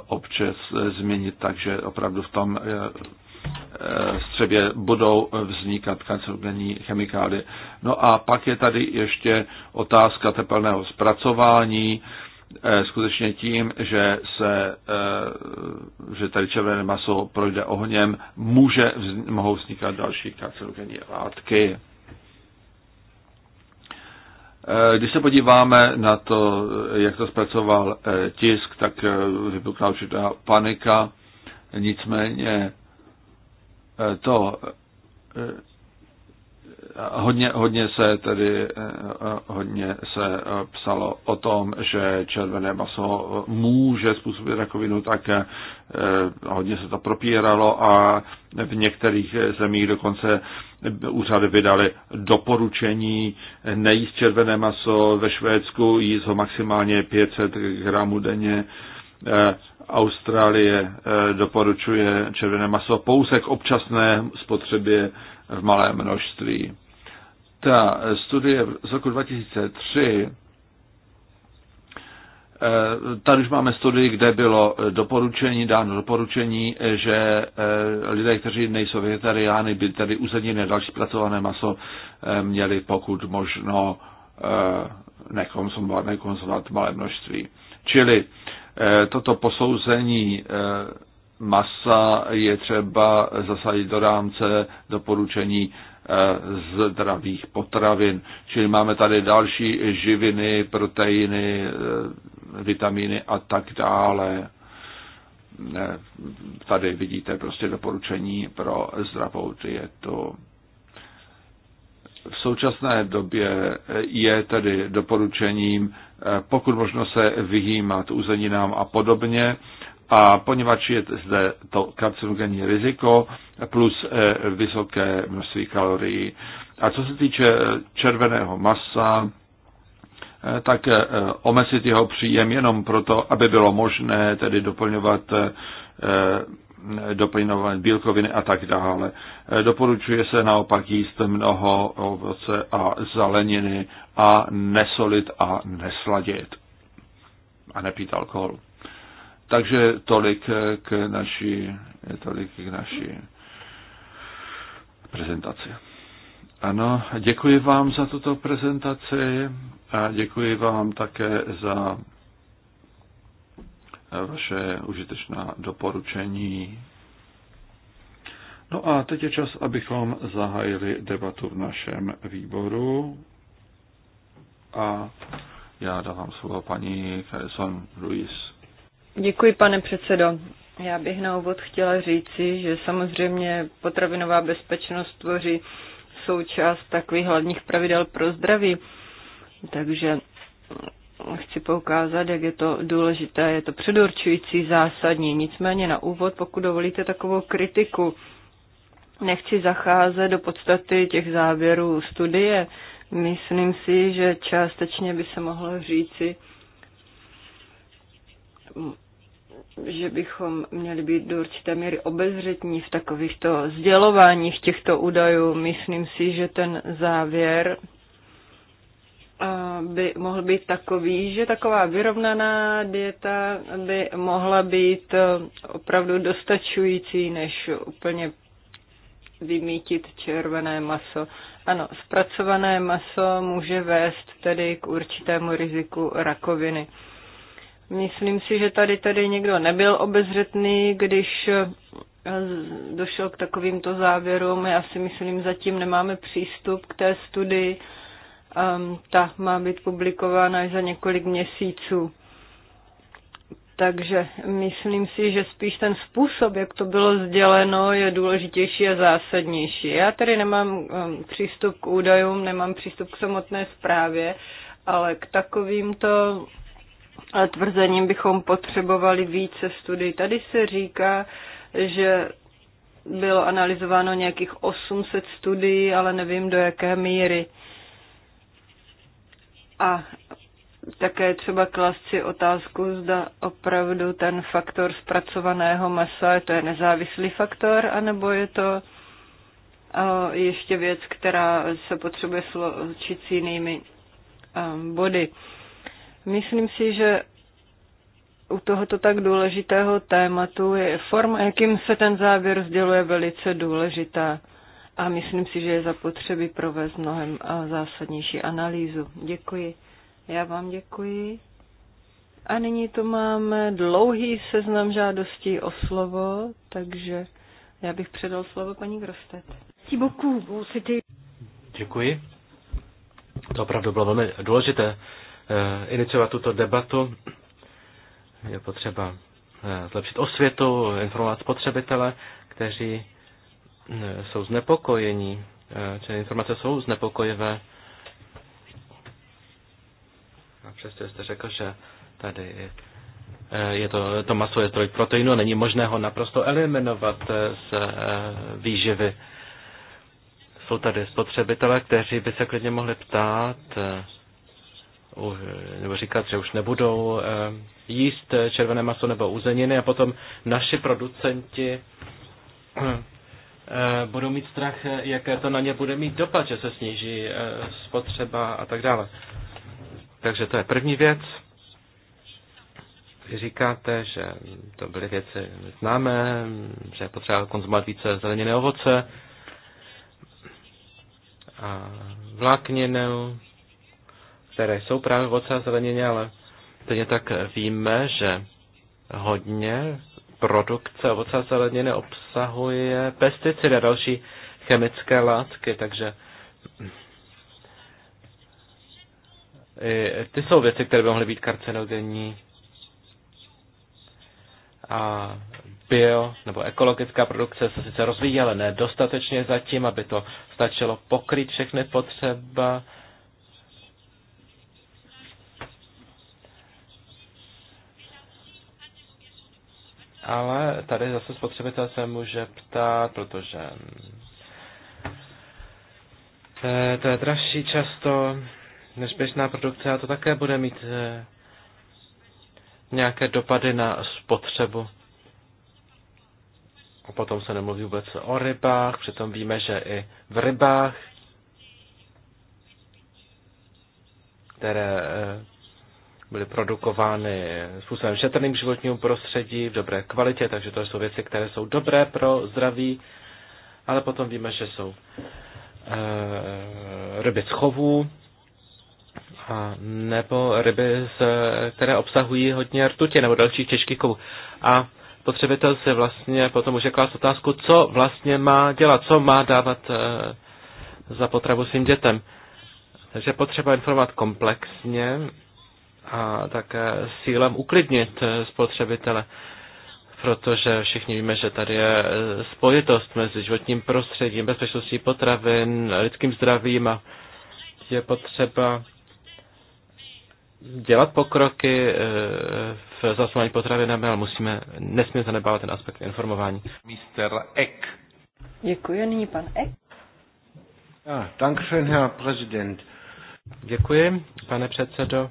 občas změnit, takže opravdu v tom eh, eh, střevě budou vznikat kancerogenní chemikálie. No a pak je tady ještě otázka tepelného zpracování, skutečně tím, že, se, že tady červené maso projde ohněm, může, mohou vznikat další kancerogenní látky. Eh, když se podíváme na to, eh, jak to zpracoval eh, tisk, tak vypukla určitá panika. Nicméně to, hodně, hodně se tedy eh, hodně se eh, psalo o tom, že červené maso může způsobit rakovinu, tak eh, hodně se to propíralo a v některých zemích dokonce úřady vydali doporučení nejíst červené maso ve Švédsku, jíst ho maximálně 500 gramů denně. Austrálie doporučuje červené maso pouze k občasné spotřebě v malé množství. Ta studie z roku 2003, eh, tady už máme studii, kde bylo doporučení, dáno doporučení, že eh, lidé, kteří nejsou vegetariány, by tady uzeniny a další pracované maso eh, měli pokud možno nekonzumovat, nekonsumovat malé množství. Čili toto posouzení masa je třeba zasadit do rámce doporučení eh, zdravých potravin. Čili máme tady další živiny, proteiny, eh, vitamíny a tak dále. Eh, tady vidíte prostě doporučení pro zdravou dietu. V současné době je tedy doporučením pokud možno se vyhýmat uzeninám a podobně a poněvadž je zde to karcinogenní riziko plus eh, vysoké množství kalorií. A co se týče eh, červeného masa, eh, tak omezit jeho příjem jenom proto, aby bylo možné tedy doplňovat doplňovat bílkoviny a tak dále. Doporučuje se naopak jíst mnoho ovoce a zeleniny a nesolit a nesladit a nepít alkohol. Takže tolik k naší, tolik k naší prezentaci. Ano, děkuji vám za tuto prezentaci a děkuji vám také za vaše užitečná doporučení. No a teď je čas, abychom zahájili debatu v našem výboru. A já dávám slovo paní Carson Ruiz. Děkuji, pane předsedo. Já bych na úvod chtěla říci, že samozřejmě potravinová bezpečnost tvoří součást takových hlavních pravidel pro zdraví. Takže chci poukázat, jak je to důležité, je to předurčující zásadní. Nicméně na úvod, pokud dovolíte takovou kritiku, nechci zacházet do podstaty těch závěrů studie. Myslím si, že částečně by se mohlo říci, že bychom měli být do určité míry obezřetní v takovýchto sdělováních těchto údajů. Myslím si, že ten závěr by mohl být takový, že taková vyrovnaná dieta by mohla být opravdu dostačující, než úplně vymítit červené maso. Ano, zpracované maso může vést tedy k určitému riziku rakoviny. Myslím si, že tady tady někdo nebyl obezřetný, když eh, došel k takovýmto závěrům. Já si myslím, zatím nemáme přístup k té studii. Ehm, ta má být publikována až za několik měsíců. Takže myslím si, že spíš ten způsob, jak to bylo sděleno, je důležitější a zásadnější. Já tady nemám ehm, přístup k údajům, nemám přístup k samotné zprávě, ale k takovýmto tvrzením bychom potřebovali více studií. Tady se říká, že bylo analyzováno nějakých 800 studií, ale nevím do jaké míry. A také třeba klást si otázku, zda opravdu ten faktor zpracovaného masa, je to je nezávislý faktor, anebo je to ještě věc, která se potřebuje sločit s jinými body. Myslím si, že u tohoto tak důležitého tématu je forma, jakým se ten závěr sděluje, velice důležitá. A myslím si, že je zapotřebí provést mnohem zásadnější analýzu. Děkuji. Já vám děkuji. A nyní tu máme dlouhý seznam žádostí o slovo, takže já bych předal slovo paní Grostet. Děkuji. To opravdu bylo velmi důležité Eh, iniciovat tuto debatu. Je potřeba eh, zlepšit osvětu, informovat spotřebitele, kteří eh, jsou znepokojení, či informace jsou znepokojivé. A přesto jste řekl, že tady je to, to maso je zdroj proteinu, není možné ho naprosto eliminovat z výživy. Jsou tady spotřebitelé, kteří by se klidně mohli ptát, Uh, nebo říkat, že už nebudou uh, jíst červené maso nebo uzeniny a potom naši producenti uh, budou mít strach, jaké to na ně bude mít dopad, že se sníží spotřeba a tak dále. Takže to je první věc. Vy říkáte, že to byly věci známé, že je potřeba konzumovat více zeleniny ovoce a vlákninu, které jsou právě v a zelenině, ale stejně tak víme, že hodně produkce ovoce a zeleniny obsahuje pesticidy a další chemické látky, takže ty jsou věci, které by mohly být karcinogenní. A bio nebo ekologická produkce se sice rozvíjí, ale nedostatečně zatím, aby to stačilo pokryt všechny potřeba, Ale tady zase spotřebitel se může ptát, protože eh, to je dražší často než běžná produkce a to také bude mít eh, nějaké dopady na spotřebu. A potom se nemluví vůbec o rybách, přitom víme, že i v rybách, které eh, byly produkovány způsobem šetrným životním prostředí, v dobré kvalitě, takže to jsou věci, které jsou dobré pro zdraví, ale potom víme, že jsou e, ryby z chovů, a nebo ryby, z, které obsahují hodně rtutě nebo dalších těžkých kovů. A potřebitel se vlastně potom může klást otázku, co vlastně má dělat, co má dávat e, za potravu svým dětem. Takže potřeba informovat komplexně a také s cílem uklidnit spotřebitele, protože všichni víme, že tady je spojitost mezi životním prostředím, bezpečností potravin, lidským zdravím a je potřeba dělat pokroky eh, v zasování potravinami, ale musíme nesmírně zanebávat ten aspekt informování. Mr. Eck. Děkuji, nyní pan Eck. Ja, ah, dankeschön, Herr Präsident. Děkuji, pane předsedo.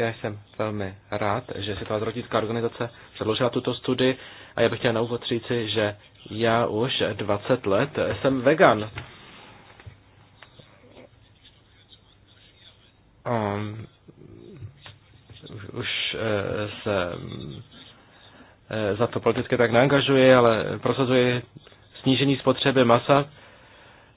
Já jsem velmi rád, že Světová zdravotnická organizace předložila tuto studii a já bych chtěl na úvod říci, že já už 20 let jsem vegan. Um, už eh, se eh, za to politicky tak neangažuji, ale prosazuji snížení spotřeby masa,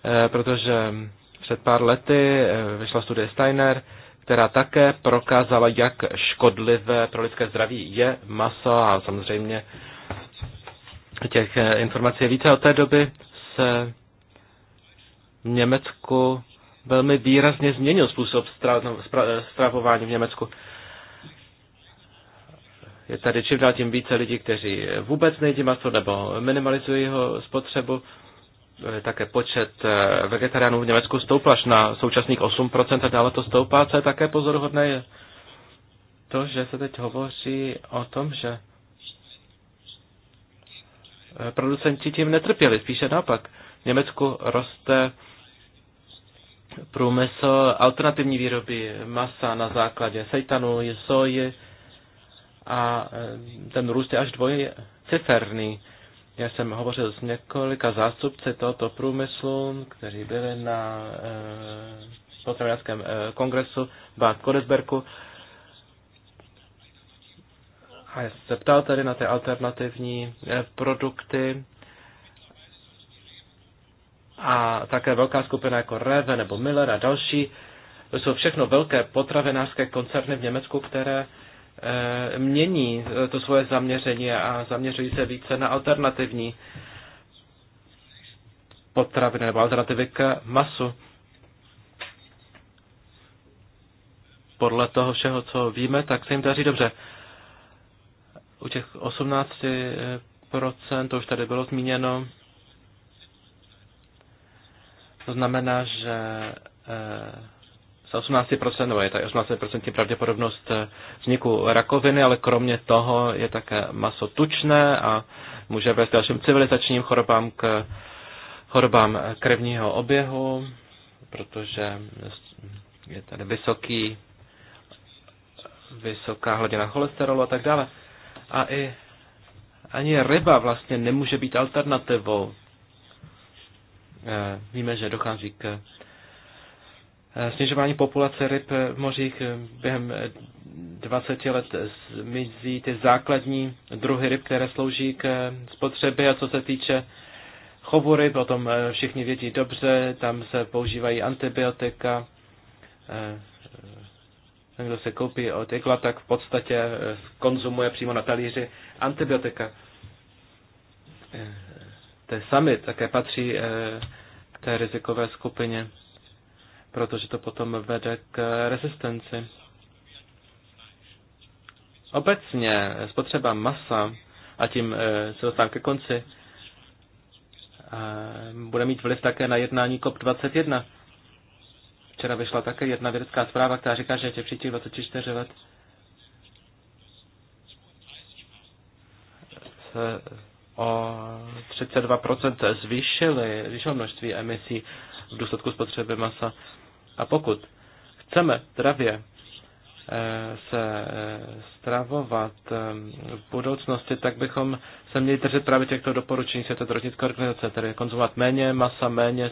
eh, protože před pár lety vyšla studie Steiner, která také prokázala, jak škodlivé pro lidské zdraví je maso a samozřejmě těch eh, informací je více. Od té doby se v Německu velmi výrazně změnil způsob no, eh, stravování v Německu. Je tady čím dál tím více lidí, kteří vůbec nejdí maso nebo minimalizují jeho spotřebu. Eh, také počet eh, vegetariánů v Německu stoupl až na současných 8% a dále to stoupá, co je také pozoruhodné, je to, že se teď hovoří o tom, že eh, producenti tím netrpěli, spíše naopak. V Německu roste průmysl alternativní výroby masa na základě sejtanu, soji a ten růst je až dvojciferný. Já jsem hovořil s několika zástupci tohoto průmyslu, kteří byli na e, potravinářském e, kongresu v Kodesberku. A já jsem se ptal tady na ty alternativní e, produkty. A také velká skupina jako Reve nebo Miller a další. To jsou všechno velké potravinářské koncerny v Německu, které e, Eh, mění eh, to svoje zaměření a zaměřují se více na alternativní potraviny nebo alternativy k masu. Podle toho všeho, co víme, tak se jim daří dobře. U těch 18%, to už tady bylo zmíněno, to znamená, že eh, 18%, je tak 18% pravděpodobnost eh, vzniku rakoviny, ale kromě toho je také maso tučné a může vést dalším civilizačním chorobám k chorobám krevního oběhu, protože je tady vysoký, vysoká hladina cholesterolu a tak dále. A i ani ryba vlastně nemůže být alternativou. Eh, víme, že dochází k snižování populace ryb v mořích eh, během 20 eh, let zmizí ty základní druhy ryb, které slouží k eh, spotřebě a co se týče chovu ryb, o tom všichni vědí dobře, tam se používají antibiotika, ten, kdo se koupí od igla, tak v podstatě konzumuje přímo na talíři antibiotika. Ty samy také patří k té rizikové skupině protože to potom vede k rezistenci. Obecně spotřeba masa, a tím eh, se dostávám ke konci, eh, bude mít vliv také na jednání COP21. Včera vyšla také jedna vědecká zpráva, která říká, že je těch 24 let se o 32% zvýšily, zvýšilo množství emisí v důsledku spotřeby masa. A pokud chceme zdravě eh, se eh, stravovat eh, v budoucnosti, tak bychom se měli držet právě těchto doporučení Světové zdravotnické organizace, tedy konzumovat méně masa, méně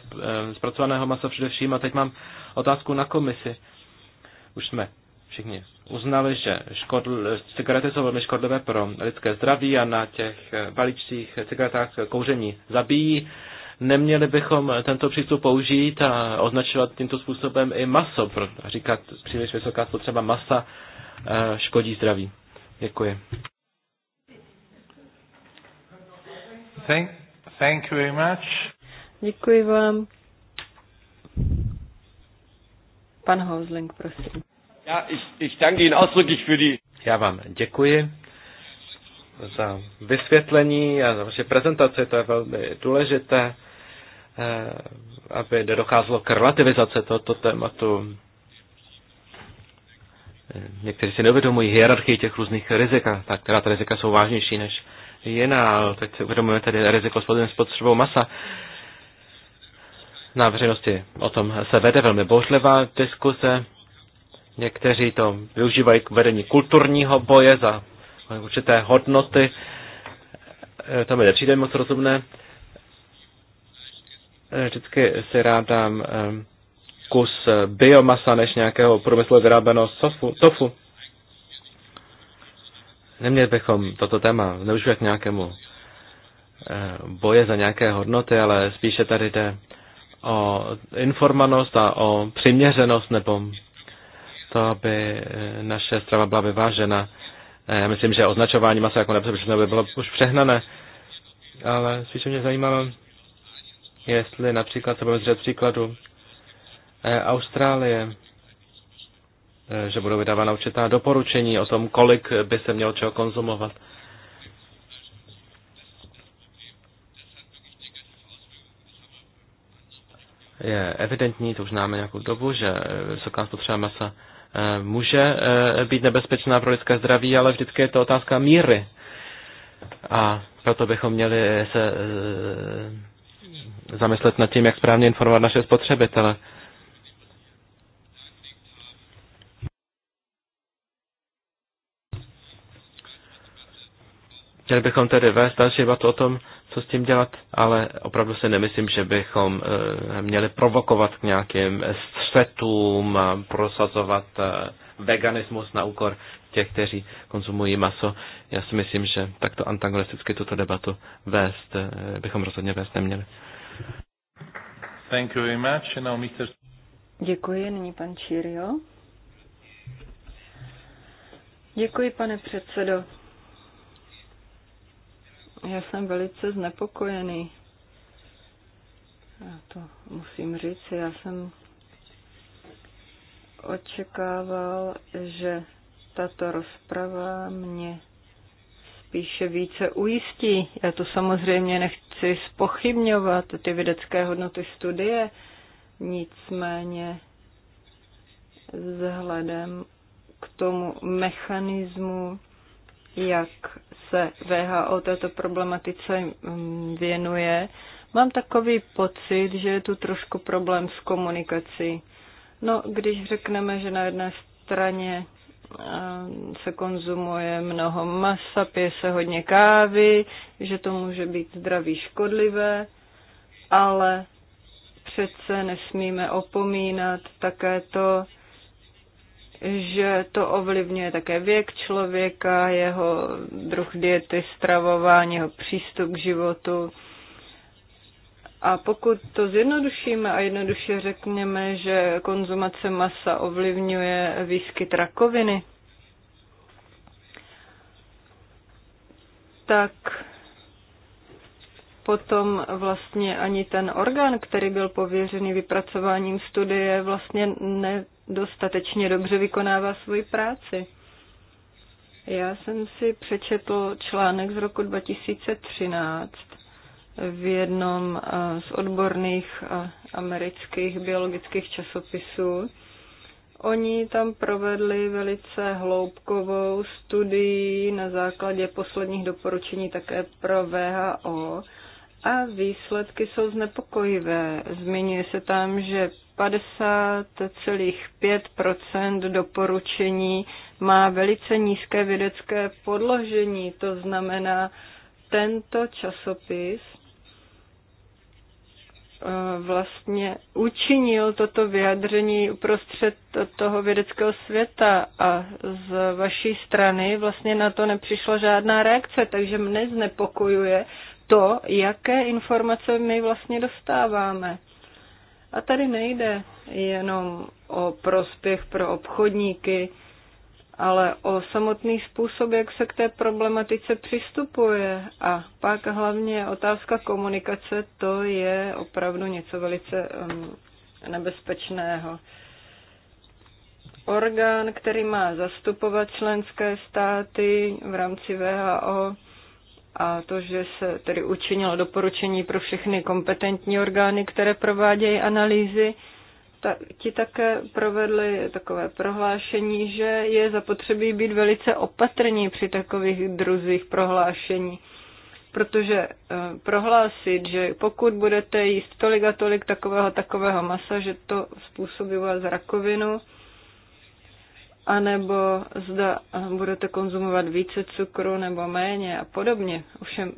zpracovaného masa především. A teď mám otázku na komisi. Už jsme všichni uznali, že škodl, cigarety jsou velmi škodlivé pro lidské zdraví a na těch balíčcích cigaretách kouření zabíjí neměli bychom tento přístup použít a označovat tímto způsobem i maso, a říkat příliš vysoká spotřeba masa eh, škodí zdraví. Děkuji. Thank, thank you very much. Děkuji vám. Pan Housling, prosím. Ja, ich, ich danke Ihnen ausdrücklich für die... Já vám děkuji za vysvětlení a za vaše prezentace, to je velmi důležité. Eh, aby nedocházelo k relativizaci tohoto tématu. Eh, někteří si neuvědomují hierarchii těch různých rizik, a tak která ta rizika jsou vážnější než jiná. Teď si uvědomujeme tedy riziko s potřebou masa. Na veřejnosti o tom se vede velmi bouřlivá diskuse. Někteří to využívají k vedení kulturního boje za určité hodnoty. Eh, to mi nepřijde moc rozumné. Eh, vždycky si rád dám eh, kus eh, biomasa než nějakého průmyslu vyráběného tofu. Neměli bychom toto téma neužívat nějakému boje za nějaké hodnoty, ale spíše tady jde o informanost a o přiměřenost nebo to, aby naše strava byla vyvážena. Já myslím, že označování masa jako nepřepřečné by bylo už přehnané, ale spíše mě zajímalo, jestli například se budeme příkladu příkladu eh, Austrálie, eh, že budou vydávána určitá doporučení o tom, kolik by se mělo čeho konzumovat. Je evidentní, to už známe nějakou dobu, že eh, vysoká spotřeba masa může být nebezpečná pro lidské zdraví, ale vždycky je to otázka míry. A proto bychom měli se zamyslet nad tím, jak správně informovat naše spotřebitele. Chtěli bychom tedy vést další debatu o tom, co s tím dělat, ale opravdu si nemyslím, že bychom eh, měli provokovat k nějakým střetům a prosazovat eh, veganismus na úkor těch, kteří konzumují maso. Já si myslím, že takto antagonisticky tuto debatu vést eh, bychom rozhodně vést neměli. Thank you very much. Now, Mr. Děkuji, nyní pan Čírio. Děkuji, pane předsedo. Já jsem velice znepokojený. Já to musím říct. Já jsem očekával, že tato rozprava mě spíše více ujistí. Já to samozřejmě nechci spochybňovat, ty vědecké hodnoty studie, nicméně vzhledem k tomu mechanismu, jak se VHO této problematice mm, věnuje, mám takový pocit, že je tu trošku problém s komunikací. No, když řekneme, že na jedné straně Eh, se konzumuje mnoho masa, pije se hodně kávy, že to může být zdraví škodlivé, ale přece nesmíme opomínat také to, že to ovlivňuje také věk člověka, jeho druh diety, stravování, jeho přístup k životu a pokud to zjednodušíme a jednoduše řekněme, že konzumace masa ovlivňuje výskyt rakoviny, tak potom vlastně ani ten orgán, který byl pověřený vypracováním studie, vlastně nedostatečně dobře vykonává svoji práci. Já jsem si přečetl článek z roku 2013, v jednom eh, z odborných eh, amerických biologických časopisů. Oni tam provedli velice hloubkovou studii na základě posledních doporučení také pro VHO a výsledky jsou znepokojivé. Zmiňuje se tam, že 50,5 doporučení má velice nízké vědecké podložení. To znamená, tento časopis Eh, vlastně učinil toto vyjadření uprostřed toho vědeckého světa a z vaší strany vlastně na to nepřišla žádná reakce, takže mne znepokojuje to, jaké informace my vlastně dostáváme. A tady nejde jenom o prospěch pro obchodníky, ale o samotný způsob, jak se k té problematice přistupuje. A pak hlavně otázka komunikace, to je opravdu něco velice um, nebezpečného. Orgán, který má zastupovat členské státy v rámci VHO, a to, že se tedy učinilo doporučení pro všechny kompetentní orgány, které provádějí analýzy, ta, ti také provedli takové prohlášení, že je zapotřebí být velice opatrní při takových druzích prohlášení. Protože eh, prohlásit, že pokud budete jíst tolik a tolik takového takového masa, že to způsobí vás rakovinu, anebo zda eh, budete konzumovat více cukru nebo méně a podobně. Ovšem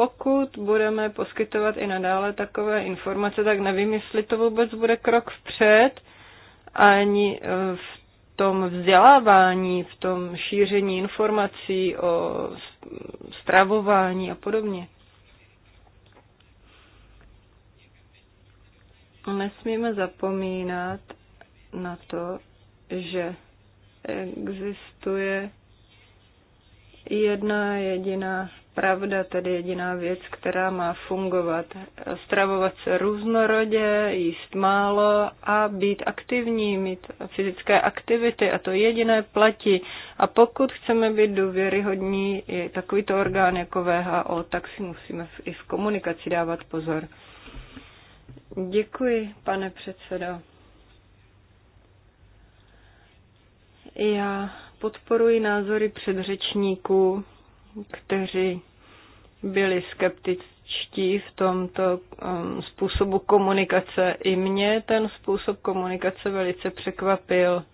pokud budeme poskytovat i nadále takové informace, tak nevím, jestli to vůbec bude krok vpřed, ani eh, v tom vzdělávání, v tom šíření informací o stravování a podobně. Nesmíme zapomínat na to, že existuje jedna jediná pravda tedy jediná věc, která má fungovat. Stravovat se různorodě, jíst málo a být aktivní, mít fyzické aktivity a to jediné platí. A pokud chceme být důvěryhodní, i takovýto orgán jako VHO, tak si musíme v, i v komunikaci dávat pozor. Děkuji, pane předsedo. Já podporuji názory předřečníků kteří byli skeptičtí v tomto um, způsobu komunikace. I mě ten způsob komunikace velice překvapil.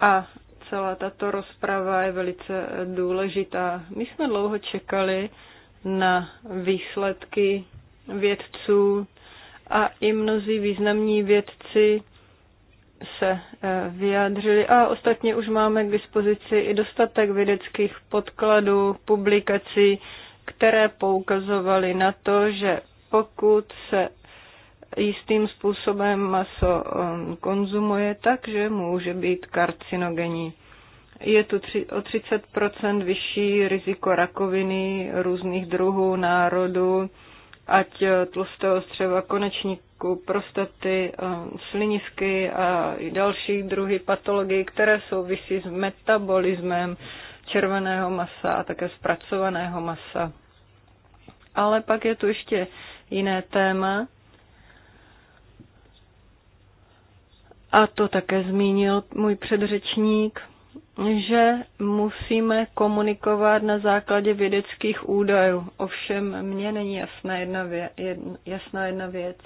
A celá tato rozprava je velice důležitá. My jsme dlouho čekali na výsledky vědců a i mnozí významní vědci se eh, vyjádřili a ostatně už máme k dispozici i dostatek vědeckých podkladů, publikací, které poukazovaly na to, že pokud se jistým způsobem maso ehm, konzumuje, takže může být karcinogenní. Je tu o 30 vyšší riziko rakoviny různých druhů, národů, ať eh, tlustého střeva konečník raku prostaty, eh, slinivky a i další druhy patologií, které souvisí s metabolismem červeného masa a také zpracovaného masa. Ale pak je tu ještě jiné téma, a to také zmínil můj předřečník, že musíme komunikovat na základě vědeckých údajů. Ovšem mně není jasná jedna, věc. jasná jedna věc.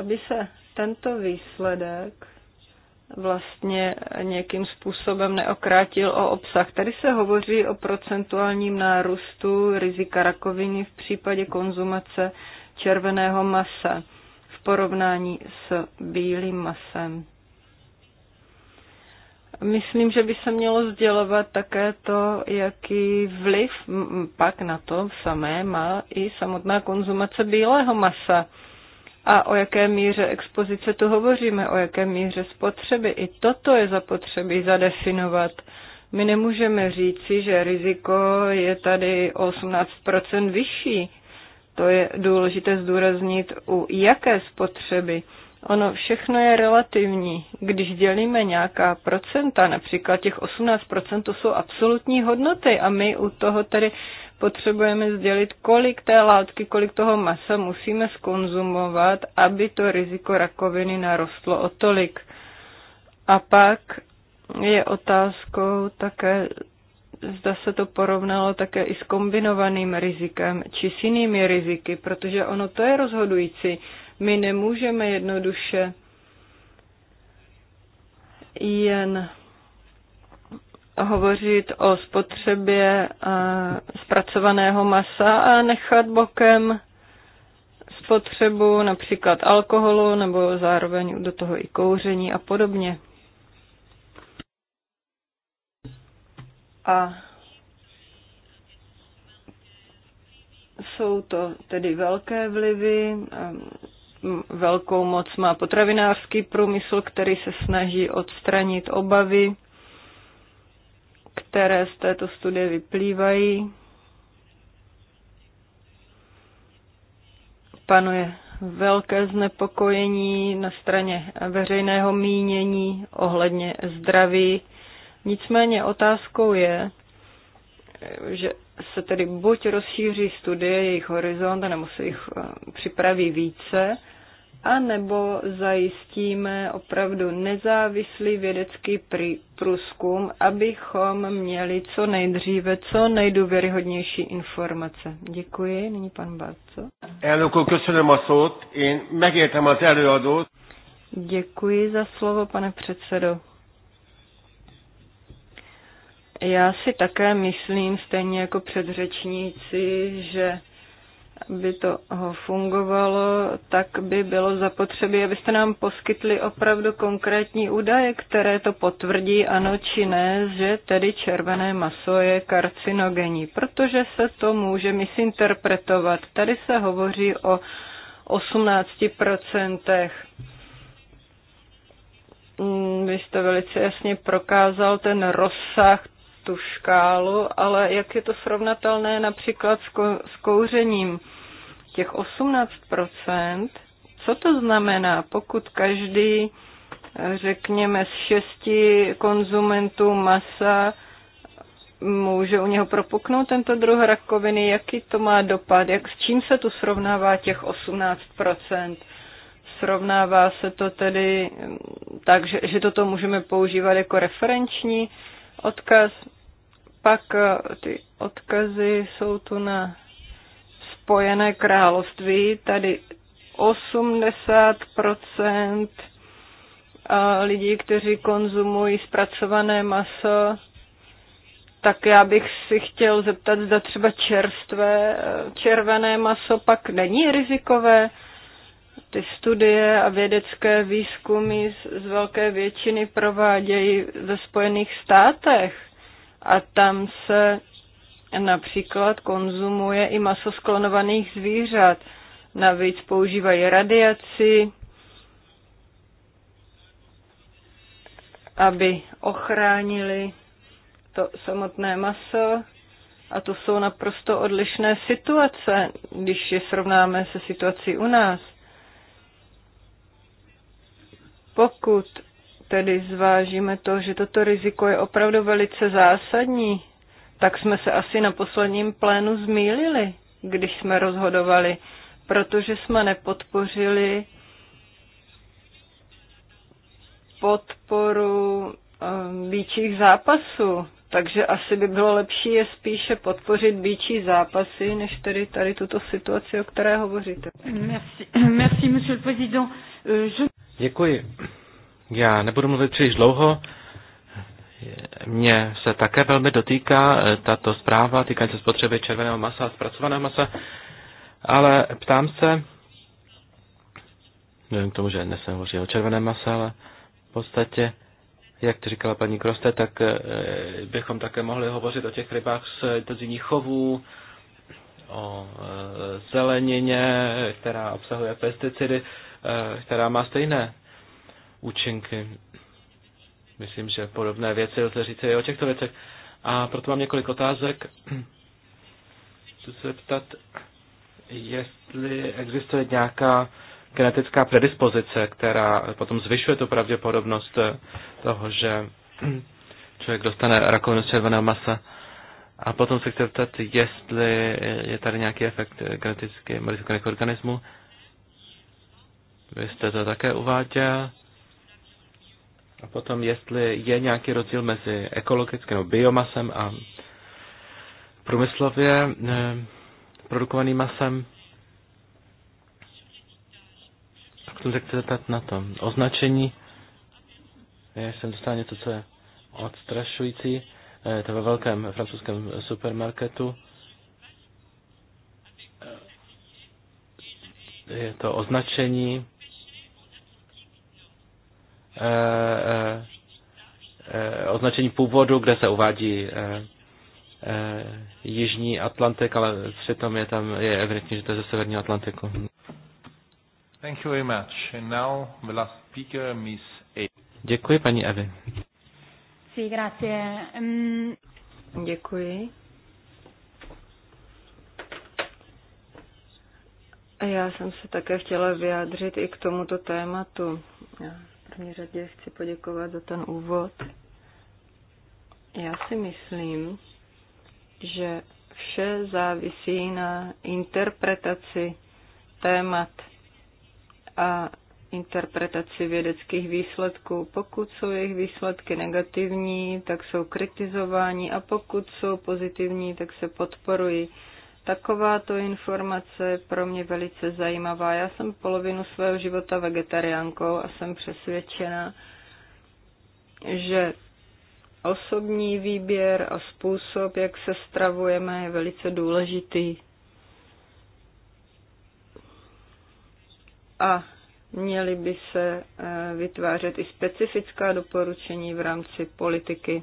aby se tento výsledek vlastně nějakým způsobem neokrátil o obsah. Tady se hovoří o procentuálním nárůstu rizika rakoviny v případě konzumace červeného masa v porovnání s bílým masem. Myslím, že by se mělo sdělovat také to, jaký vliv pak na to samé má i samotná konzumace bílého masa a o jaké míře expozice tu hovoříme, o jaké míře spotřeby. I toto je zapotřebí zadefinovat. My nemůžeme říci, že riziko je tady 18% vyšší. To je důležité zdůraznit, u jaké spotřeby. Ono všechno je relativní. Když dělíme nějaká procenta, například těch 18%, to jsou absolutní hodnoty a my u toho tedy potřebujeme sdělit, kolik té látky, kolik toho masa musíme skonzumovat, aby to riziko rakoviny narostlo o tolik. A pak je otázkou také, zda se to porovnalo také i s kombinovaným rizikem či s jinými riziky, protože ono to je rozhodující. My nemůžeme jednoduše jen hovořit o spotřebě eh, zpracovaného masa a nechat bokem spotřebu například alkoholu nebo zároveň do toho i kouření a podobně. A jsou to tedy velké vlivy. Eh, velkou moc má potravinářský průmysl, který se snaží odstranit obavy které z této studie vyplývají. Panuje velké znepokojení na straně veřejného mínění ohledně zdraví. Nicméně otázkou je, že se tedy buď rozšíří studie, jejich horizont, nebo se jich eh, připraví více, a nebo zajistíme opravdu nezávislý vědecký průzkum, abychom měli co nejdříve, co nejdůvěryhodnější informace. Děkuji. Nyní pan Barco. Děkuji za slovo, pane předsedo. Já si také myslím, stejně jako předřečníci, že aby to fungovalo, tak by bylo zapotřebí, abyste nám poskytli opravdu konkrétní údaje, které to potvrdí ano či ne, že tedy červené maso je karcinogenní, protože se to může misinterpretovat. Tady se hovoří o 18%. Mm, vy jste velice jasně prokázal ten rozsah tu škálu, ale jak je to srovnatelné například s, kouřením? Těch 18%, co to znamená, pokud každý, eh, řekněme, z šesti konzumentů masa může u něho propuknout tento druh rakoviny, jaký to má dopad, jak, s čím se tu srovnává těch 18%. Srovnává se to tedy mm, tak, že, že toto můžeme používat jako referenční odkaz. Pak eh, ty odkazy jsou tu na Spojené království. Tady 80 eh, lidí, kteří konzumují zpracované maso, tak já bych si chtěl zeptat, zda třeba čerstvé, eh, červené maso pak není rizikové. Ty studie a vědecké výzkumy z velké většiny provádějí ve Spojených státech a tam se například konzumuje i maso sklonovaných zvířat. Navíc používají radiaci, aby ochránili to samotné maso. A to jsou naprosto odlišné situace, když je srovnáme se situací u nás. Pokud tedy zvážíme to, že toto riziko je opravdu velice zásadní, tak jsme se asi na posledním plénu zmýlili, když jsme rozhodovali, protože jsme nepodpořili podporu eh, býčích zápasů. Takže asi by bylo lepší je spíše podpořit býčí zápasy, než tedy tady tuto situaci, o které hovoříte. Merci, Merci monsieur le président. Euh, je... Děkuji, já nebudu mluvit příliš dlouho. Mně se také velmi dotýká eh, tato zpráva týkající se spotřeby červeného masa a zpracovaného masa, ale ptám se, nevím k tomu, že dnes hovoří o červeném masa, ale v podstatě, jak to říkala paní Kroste, tak eh, bychom také mohli hovořit o těch rybách z intenzivních chovů, o eh, zelenině, která obsahuje pesticidy, která má stejné účinky. Myslím, že podobné věci lze říct i o těchto věcech. A proto mám několik otázek. Chci se ptat, jestli existuje nějaká genetická predispozice, která potom zvyšuje tu pravděpodobnost toho, že člověk dostane rakovinu červeného masa. A potom se chci ptat, jestli je tady nějaký efekt genetické, modifikovaných organismů. Vy jste to také uváděl. A potom, jestli je nějaký rozdíl mezi ekologickým nebo biomasem a průmyslově eh, produkovaným masem. Tak to se chci zeptat na to. Označení. Já jsem dostal něco, co je odstrašující. Eh, to ve velkém francouzském supermarketu. Eh, je to označení Eh, eh, eh, označení původu, kde se uvádí Jižní Atlantik, ale přitom je tam je evidentní, že to je ze Severního Atlantiku. Thank you very much. And now the last speaker, Miss A. Děkuji, paní Evy. Sí, grazie. Um... Mm. Děkuji. Já jsem se také chtěla vyjádřit i k tomuto tématu první řadě chci poděkovat za ten úvod. Já si myslím, že vše závisí na interpretaci témat a interpretaci vědeckých výsledků. Pokud jsou jejich výsledky negativní, tak jsou kritizováni a pokud jsou pozitivní, tak se podporují. Takováto informace je pro mě velice zajímavá. Já jsem polovinu svého života vegetariánkou a jsem přesvědčena, že osobní výběr a způsob, jak se stravujeme, je velice důležitý. A měly by se eh, vytvářet i specifická doporučení v rámci politiky.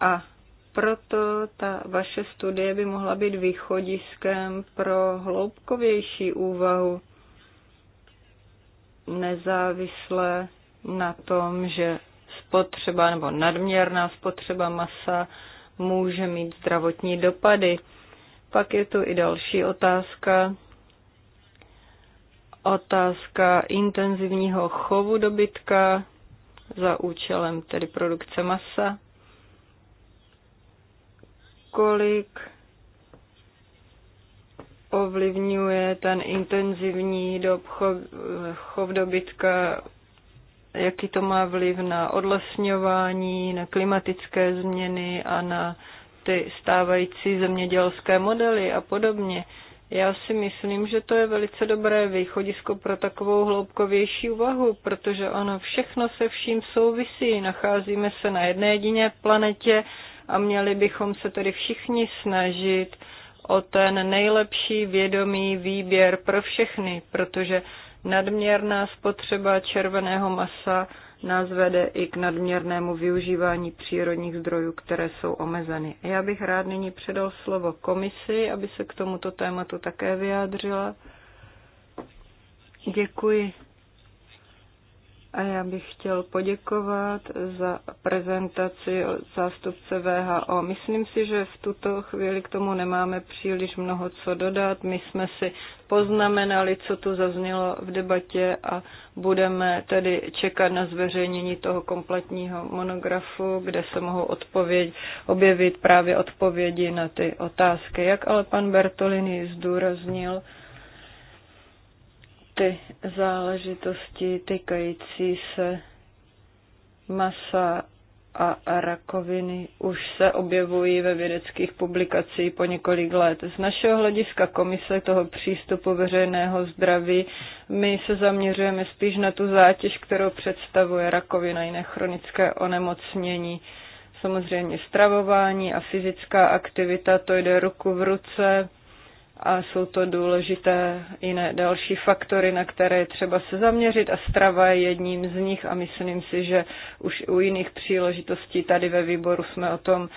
A proto ta vaše studie by mohla být východiskem pro hloubkovější úvahu nezávisle na tom, že spotřeba nebo nadměrná spotřeba masa může mít zdravotní dopady. Pak je tu i další otázka. Otázka intenzivního chovu dobytka za účelem tedy produkce masa kolik ovlivňuje ten intenzivní dob chov, chov dobytka, jaký to má vliv na odlesňování, na klimatické změny a na ty stávající zemědělské modely a podobně. Já si myslím, že to je velice dobré východisko pro takovou hloubkovější úvahu, protože ono všechno se vším souvisí. Nacházíme se na jedné jediné planetě a měli bychom se tedy všichni snažit o ten nejlepší vědomý výběr pro všechny, protože nadměrná spotřeba červeného masa nás vede i k nadměrnému využívání přírodních zdrojů, které jsou omezeny. Já bych rád nyní předal slovo komisi, aby se k tomuto tématu také vyjádřila. Děkuji. A já bych chtěl poděkovat za prezentaci zástupce VHO. Myslím si, že v tuto chvíli k tomu nemáme příliš mnoho co dodat. My jsme si poznamenali, co tu zaznělo v debatě a budeme tedy čekat na zveřejnění toho kompletního monografu, kde se mohou odpověď, objevit právě odpovědi na ty otázky. Jak ale pan Bertolini zdůraznil, ty záležitosti týkající se masa a rakoviny už se objevují ve vědeckých publikacích po několik let. Z našeho hlediska komise toho přístupu veřejného zdraví my se zaměřujeme spíš na tu zátěž, kterou představuje rakovina, jiné chronické onemocnění. Samozřejmě stravování a fyzická aktivita, to jde ruku v ruce, a jsou to důležité jiné další faktory, na které je třeba se zaměřit a strava je jedním z nich a myslím si, že už u jiných příležitostí tady ve výboru jsme o tom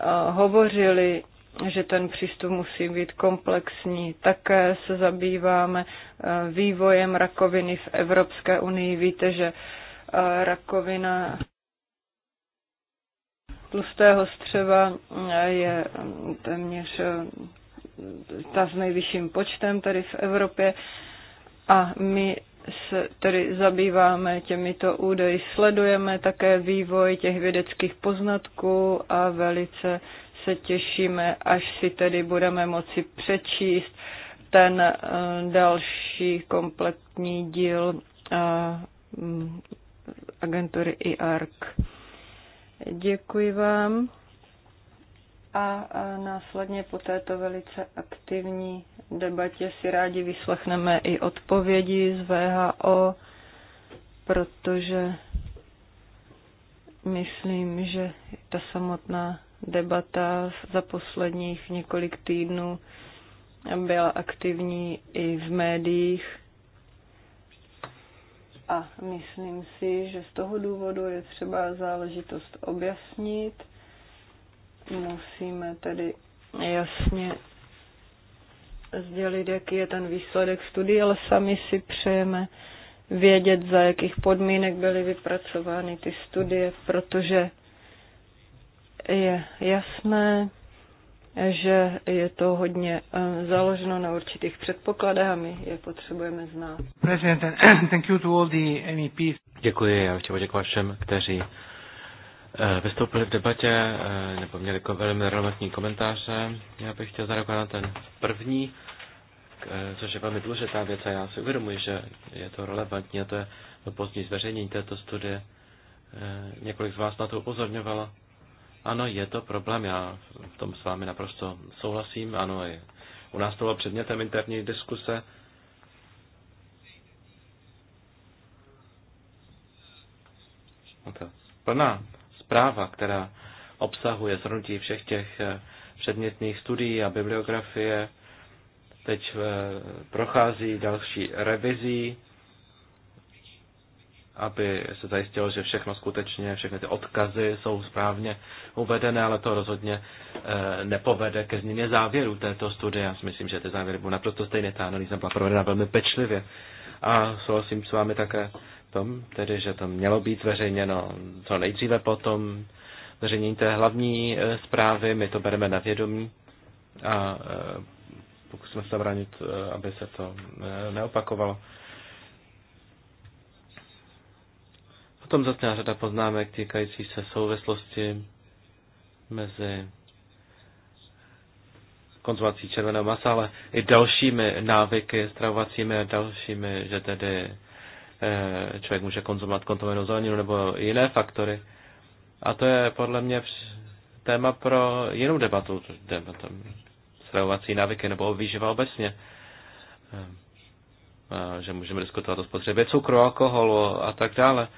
eh, hovořili, že ten přístup musí být komplexní. Také se zabýváme eh, vývojem rakoviny v Evropské unii. Víte, že eh, rakovina tlustého střeva je mm, téměř ta s nejvyšším počtem tady v Evropě a my se tedy zabýváme těmito údaji, sledujeme také vývoj těch vědeckých poznatků a velice se těšíme, až si tedy budeme moci přečíst ten eh, další kompletní díl eh, agentury IARC. Děkuji vám a následně po této velice aktivní debatě si rádi vyslechneme i odpovědi z VHO, protože myslím, že ta samotná debata za posledních několik týdnů byla aktivní i v médiích. A myslím si, že z toho důvodu je třeba záležitost objasnit Musíme tedy jasně sdělit, jaký je ten výsledek studií, ale sami si přejeme vědět, za jakých podmínek byly vypracovány ty studie, protože je jasné, že je to hodně eh, založeno na určitých předpokladech a my je potřebujeme znát. <clears throat> Děkuji, já chci poděkovat všem, kteří Eh, vystoupili v debatě eh, nebo měli velmi relevantní komentáře. Já bych chtěl zareagovat na ten první, eh, což je velmi důležitá věc a já si uvědomuji, že je to relevantní a to je pozdní zveřejnění této studie. Několik z vás na to upozorňovalo. Ano, je to problém, já v tom s vámi naprosto souhlasím. Ano, je. u nás to bylo předmětem interní diskuse. No plná zpráva, která obsahuje zhrnutí všech těch eh, předmětných studií a bibliografie, teď eh, prochází další revizí, aby se zajistilo, že všechno skutečně, všechny ty odkazy jsou správně uvedené, ale to rozhodně eh, nepovede ke změně závěru této studie. Já si myslím, že ty závěry budou naprosto stejné. Ta analýza byla provedena velmi pečlivě. A souhlasím s vámi také tom, tedy že to mělo být zveřejněno co nejdříve potom zveřejnění té hlavní e, zprávy, my to bereme na vědomí a e, pokusíme se zabránit, e, aby se to neopakovalo. Potom zase řada poznámek týkající se souvislosti mezi konzumací červeného masa, ale i dalšími návyky stravovacími a dalšími, že tedy Eh, člověk může konzumovat kontaminovanou zeleninu nebo jiné faktory. A to je podle mě téma pro jinou debatu, debatu stravovací návyky nebo výživa obecně. Eh, že můžeme diskutovat o spotřebě cukru, alkoholu a tak dále.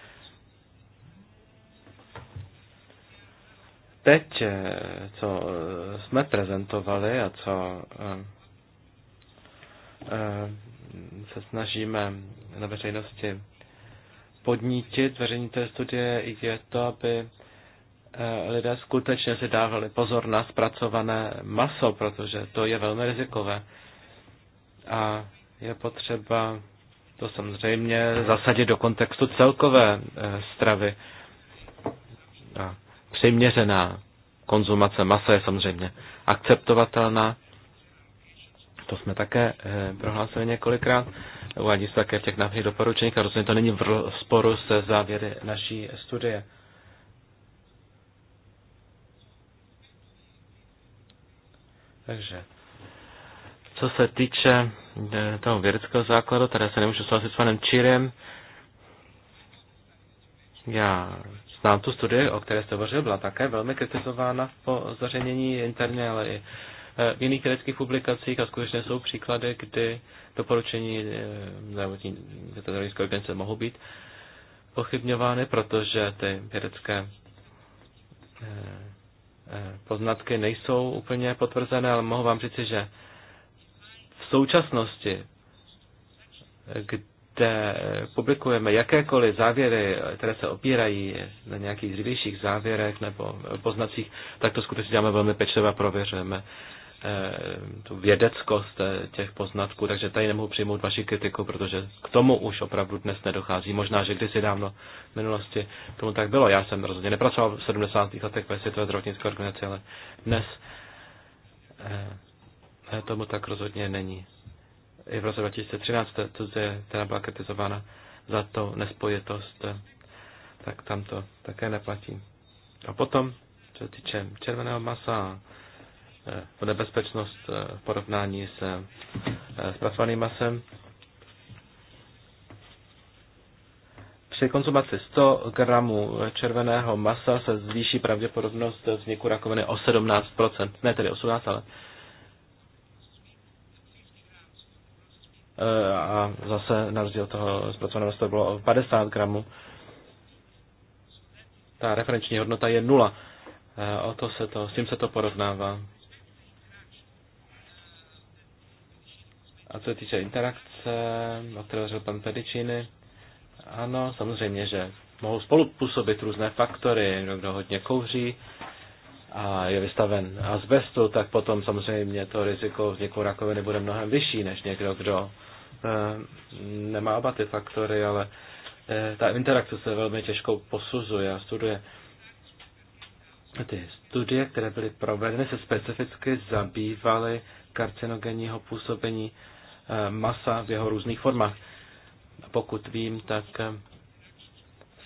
Teď, eh, co jsme prezentovali a co se snažíme na veřejnosti podnítit veřejní té studie, je to, aby eh, lidé skutečně si dávali pozor na zpracované maso, protože to je velmi rizikové. A je potřeba to samozřejmě zasadit do kontextu celkové eh, stravy. A přiměřená konzumace masa je samozřejmě akceptovatelná, to jsme také eh, prohlásili několikrát, uvádí se také v těch návrhých doporučeních a rozhodně to není v sporu se závěry naší studie. Takže, co se týče eh, toho vědeckého základu, tady se nemůžu souhlasit s panem Čírem. Já znám tu studii, o které jste hovořil, byla také velmi kritizována po zařenění interně, ale i v jiných vědeckých publikacích a skutečně jsou příklady, kdy doporučení eh, zdravotní veterinární organizace mohou být pochybňovány, protože ty vědecké eh, eh, poznatky nejsou úplně potvrzené, ale mohu vám říci, že v současnosti, kde publikujeme jakékoliv závěry, které se opírají na nějakých dřívějších závěrech nebo poznacích, tak to skutečně děláme velmi pečlivě a prověřujeme Eh, tu vědeckost eh, těch poznatků, takže tady nemohu přijmout vaši kritiku, protože k tomu už opravdu dnes nedochází. Možná, že kdysi dávno v minulosti tomu tak bylo. Já jsem rozhodně nepracoval v 70. letech ve Světové zdravotnické organizaci, ale dnes eh, tomu tak rozhodně není. I v roce 2013, to která byla kritizována za to nespojitost, tak tam to také neplatí. A potom, co se týče červeného masa, Eh, nebezpečnost eh, v porovnání se eh, zpracovaným masem. Při konzumaci 100 gramů červeného masa se zvýší pravděpodobnost vzniku rakoviny o 17%, ne tedy 18, ale a zase na rozdíl toho zpracovaného masa to bylo 50 gramů. Ta referenční hodnota je nula. O to se to, s tím se to porovnává. A co se týče interakce, o které řekl pan Pedičiny, ano, samozřejmě, že mohou spolupůsobit různé faktory, někdo hodně kouří a je vystaven azbestu, tak potom samozřejmě to riziko vzniku rakoviny bude mnohem vyšší než někdo, kdo e, nemá oba ty faktory, ale e, ta interakce se velmi těžko posuzuje a studuje. Ty studie, které byly provedeny, se specificky zabývaly karcinogenního působení Eh, masa v jeho různých formách. Pokud vím, tak eh,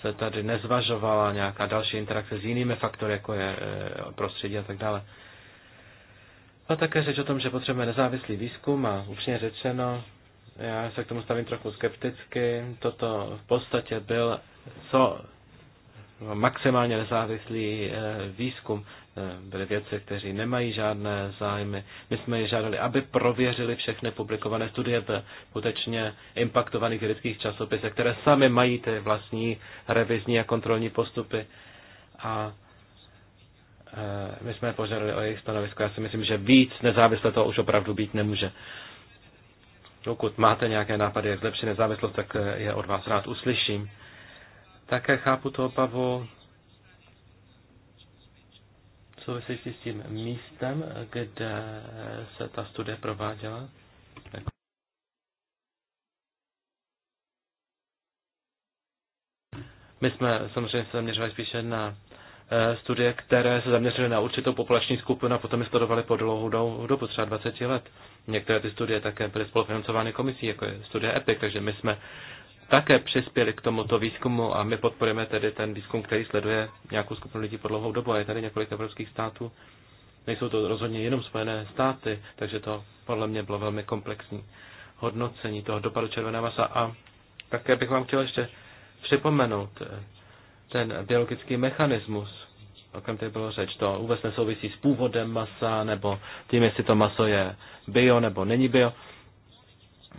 se tady nezvažovala nějaká další interakce s jinými faktory, jako je eh, prostředí a tak dále. A také řeč o tom, že potřebujeme nezávislý výzkum a upřímně řečeno, já se k tomu stavím trochu skepticky. Toto v podstatě byl co no, maximálně nezávislý výzkum byli věci, kteří nemají žádné zájmy. My jsme je žádali, aby prověřili všechny publikované studie v skutečně impaktovaných vědeckých časopisech, které sami mají ty vlastní revizní a kontrolní postupy. A e, my jsme požádali o jejich stanovisko. Já si myslím, že víc nezávisle to už opravdu být nemůže. Pokud máte nějaké nápady, jak zlepšit nezávislost, tak je od vás rád uslyším. Také chápu tu obavu související s tím místem, kde se ta studie prováděla. My jsme samozřejmě se zaměřovali spíše na eh, studie, které se zaměřily na určitou populační skupinu a potom je studovali po dlouhou dobu, třeba 20 let. Některé ty studie také byly spolufinancovány komisí, jako je studie EPIC, takže my jsme také přispěli k tomuto výzkumu a my podporujeme tedy ten výzkum, který sleduje nějakou skupinu lidí po dlouhou dobu a je tady několik evropských států. Nejsou to rozhodně jenom Spojené státy, takže to podle mě bylo velmi komplexní hodnocení toho dopadu červené masa. A také bych vám chtěl ještě připomenout ten biologický mechanismus, o kterém tady bylo řeč. To vůbec nesouvisí s původem masa nebo tím, jestli to maso je bio nebo není bio,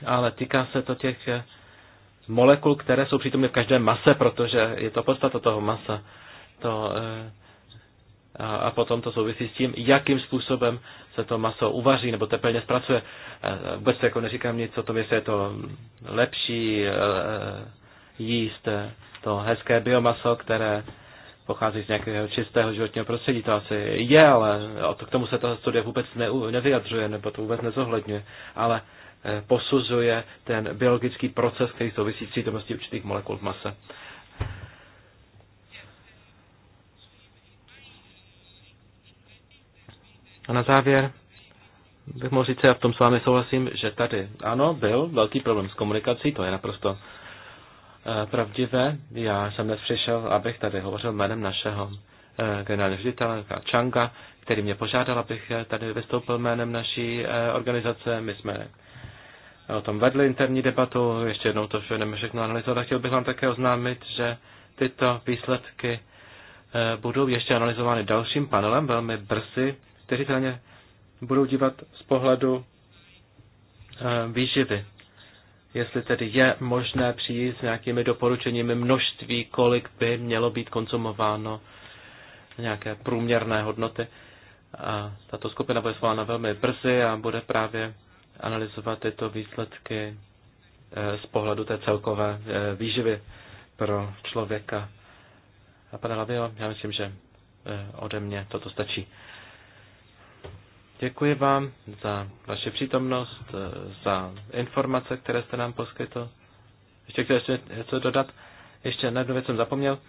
ale týká se to těch molekul, které jsou přítomny v každém mase, protože je to podstata toho masa. To, eh, a potom to souvisí s tím, jakým způsobem se to maso uvaří nebo tepelně zpracuje. Eh, vůbec jako neříkám nic o tom, jestli je to lepší eh, jíst to hezké biomaso, které pochází z nějakého čistého životního prostředí, to asi je, ale k tomu se ta studie vůbec nevyjadřuje, nebo to vůbec nezohledňuje. Ale Eh, posuzuje ten biologický proces, který souvisí s přítomností určitých molekul v mase. A na závěr bych mohl říct, já v tom s vámi souhlasím, že tady ano, byl velký problém s komunikací, to je naprosto eh, pravdivé. Já jsem dnes přišel, abych tady hovořil jménem našeho eh, generálního ředitele Changa, který mě požádal, abych tady vystoupil jménem naší organizace. My jsme o tom vedli interní debatu. Ještě jednou to vše jdeme všechno analyzovat. Chtěl bych vám také oznámit, že tyto výsledky e, budou ještě analyzovány dalším panelem velmi brzy, kteří se na ně budou dívat z pohledu e, výživy. Jestli tedy je možné přijít s nějakými doporučeními množství, kolik by mělo být konzumováno nějaké průměrné hodnoty. A tato skupina bude svolána velmi brzy a bude právě analyzovat tyto výsledky eh, z pohledu té celkové eh, výživy pro člověka. A pane Lavio, já myslím, že eh, ode mě toto stačí. Děkuji vám za vaši přítomnost, za informace, které jste nám poskytl. Ještě chci ještě něco dodat. Ještě na jednu věc jsem zapomněl.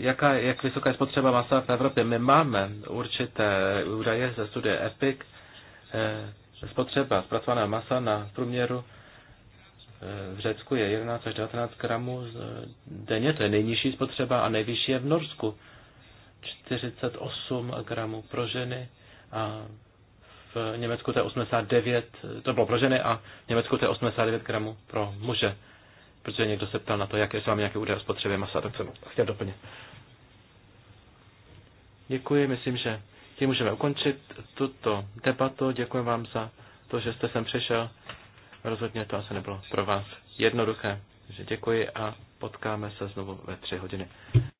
jaká, jak vysoká je spotřeba masa v Evropě. My máme určité údaje ze studie EPIC. Eh, spotřeba zpracovaná masa na průměru eh, v Řecku je 11 až 19 gramů denně, to je nejnižší spotřeba a nejvyšší je v Norsku. 48 gramů pro ženy a v Německu to je 89, to bylo pro ženy a v Německu to je 89 gramů pro muže protože někdo se ptal na to, jaké jsou nějaké údaj o spotřebě masa, tak jsem chtěl doplnit. Děkuji, myslím, že tím můžeme ukončit tuto debatu. Děkuji vám za to, že jste sem přišel. Rozhodně to asi nebylo pro vás jednoduché. Takže děkuji a potkáme se znovu ve tři hodiny.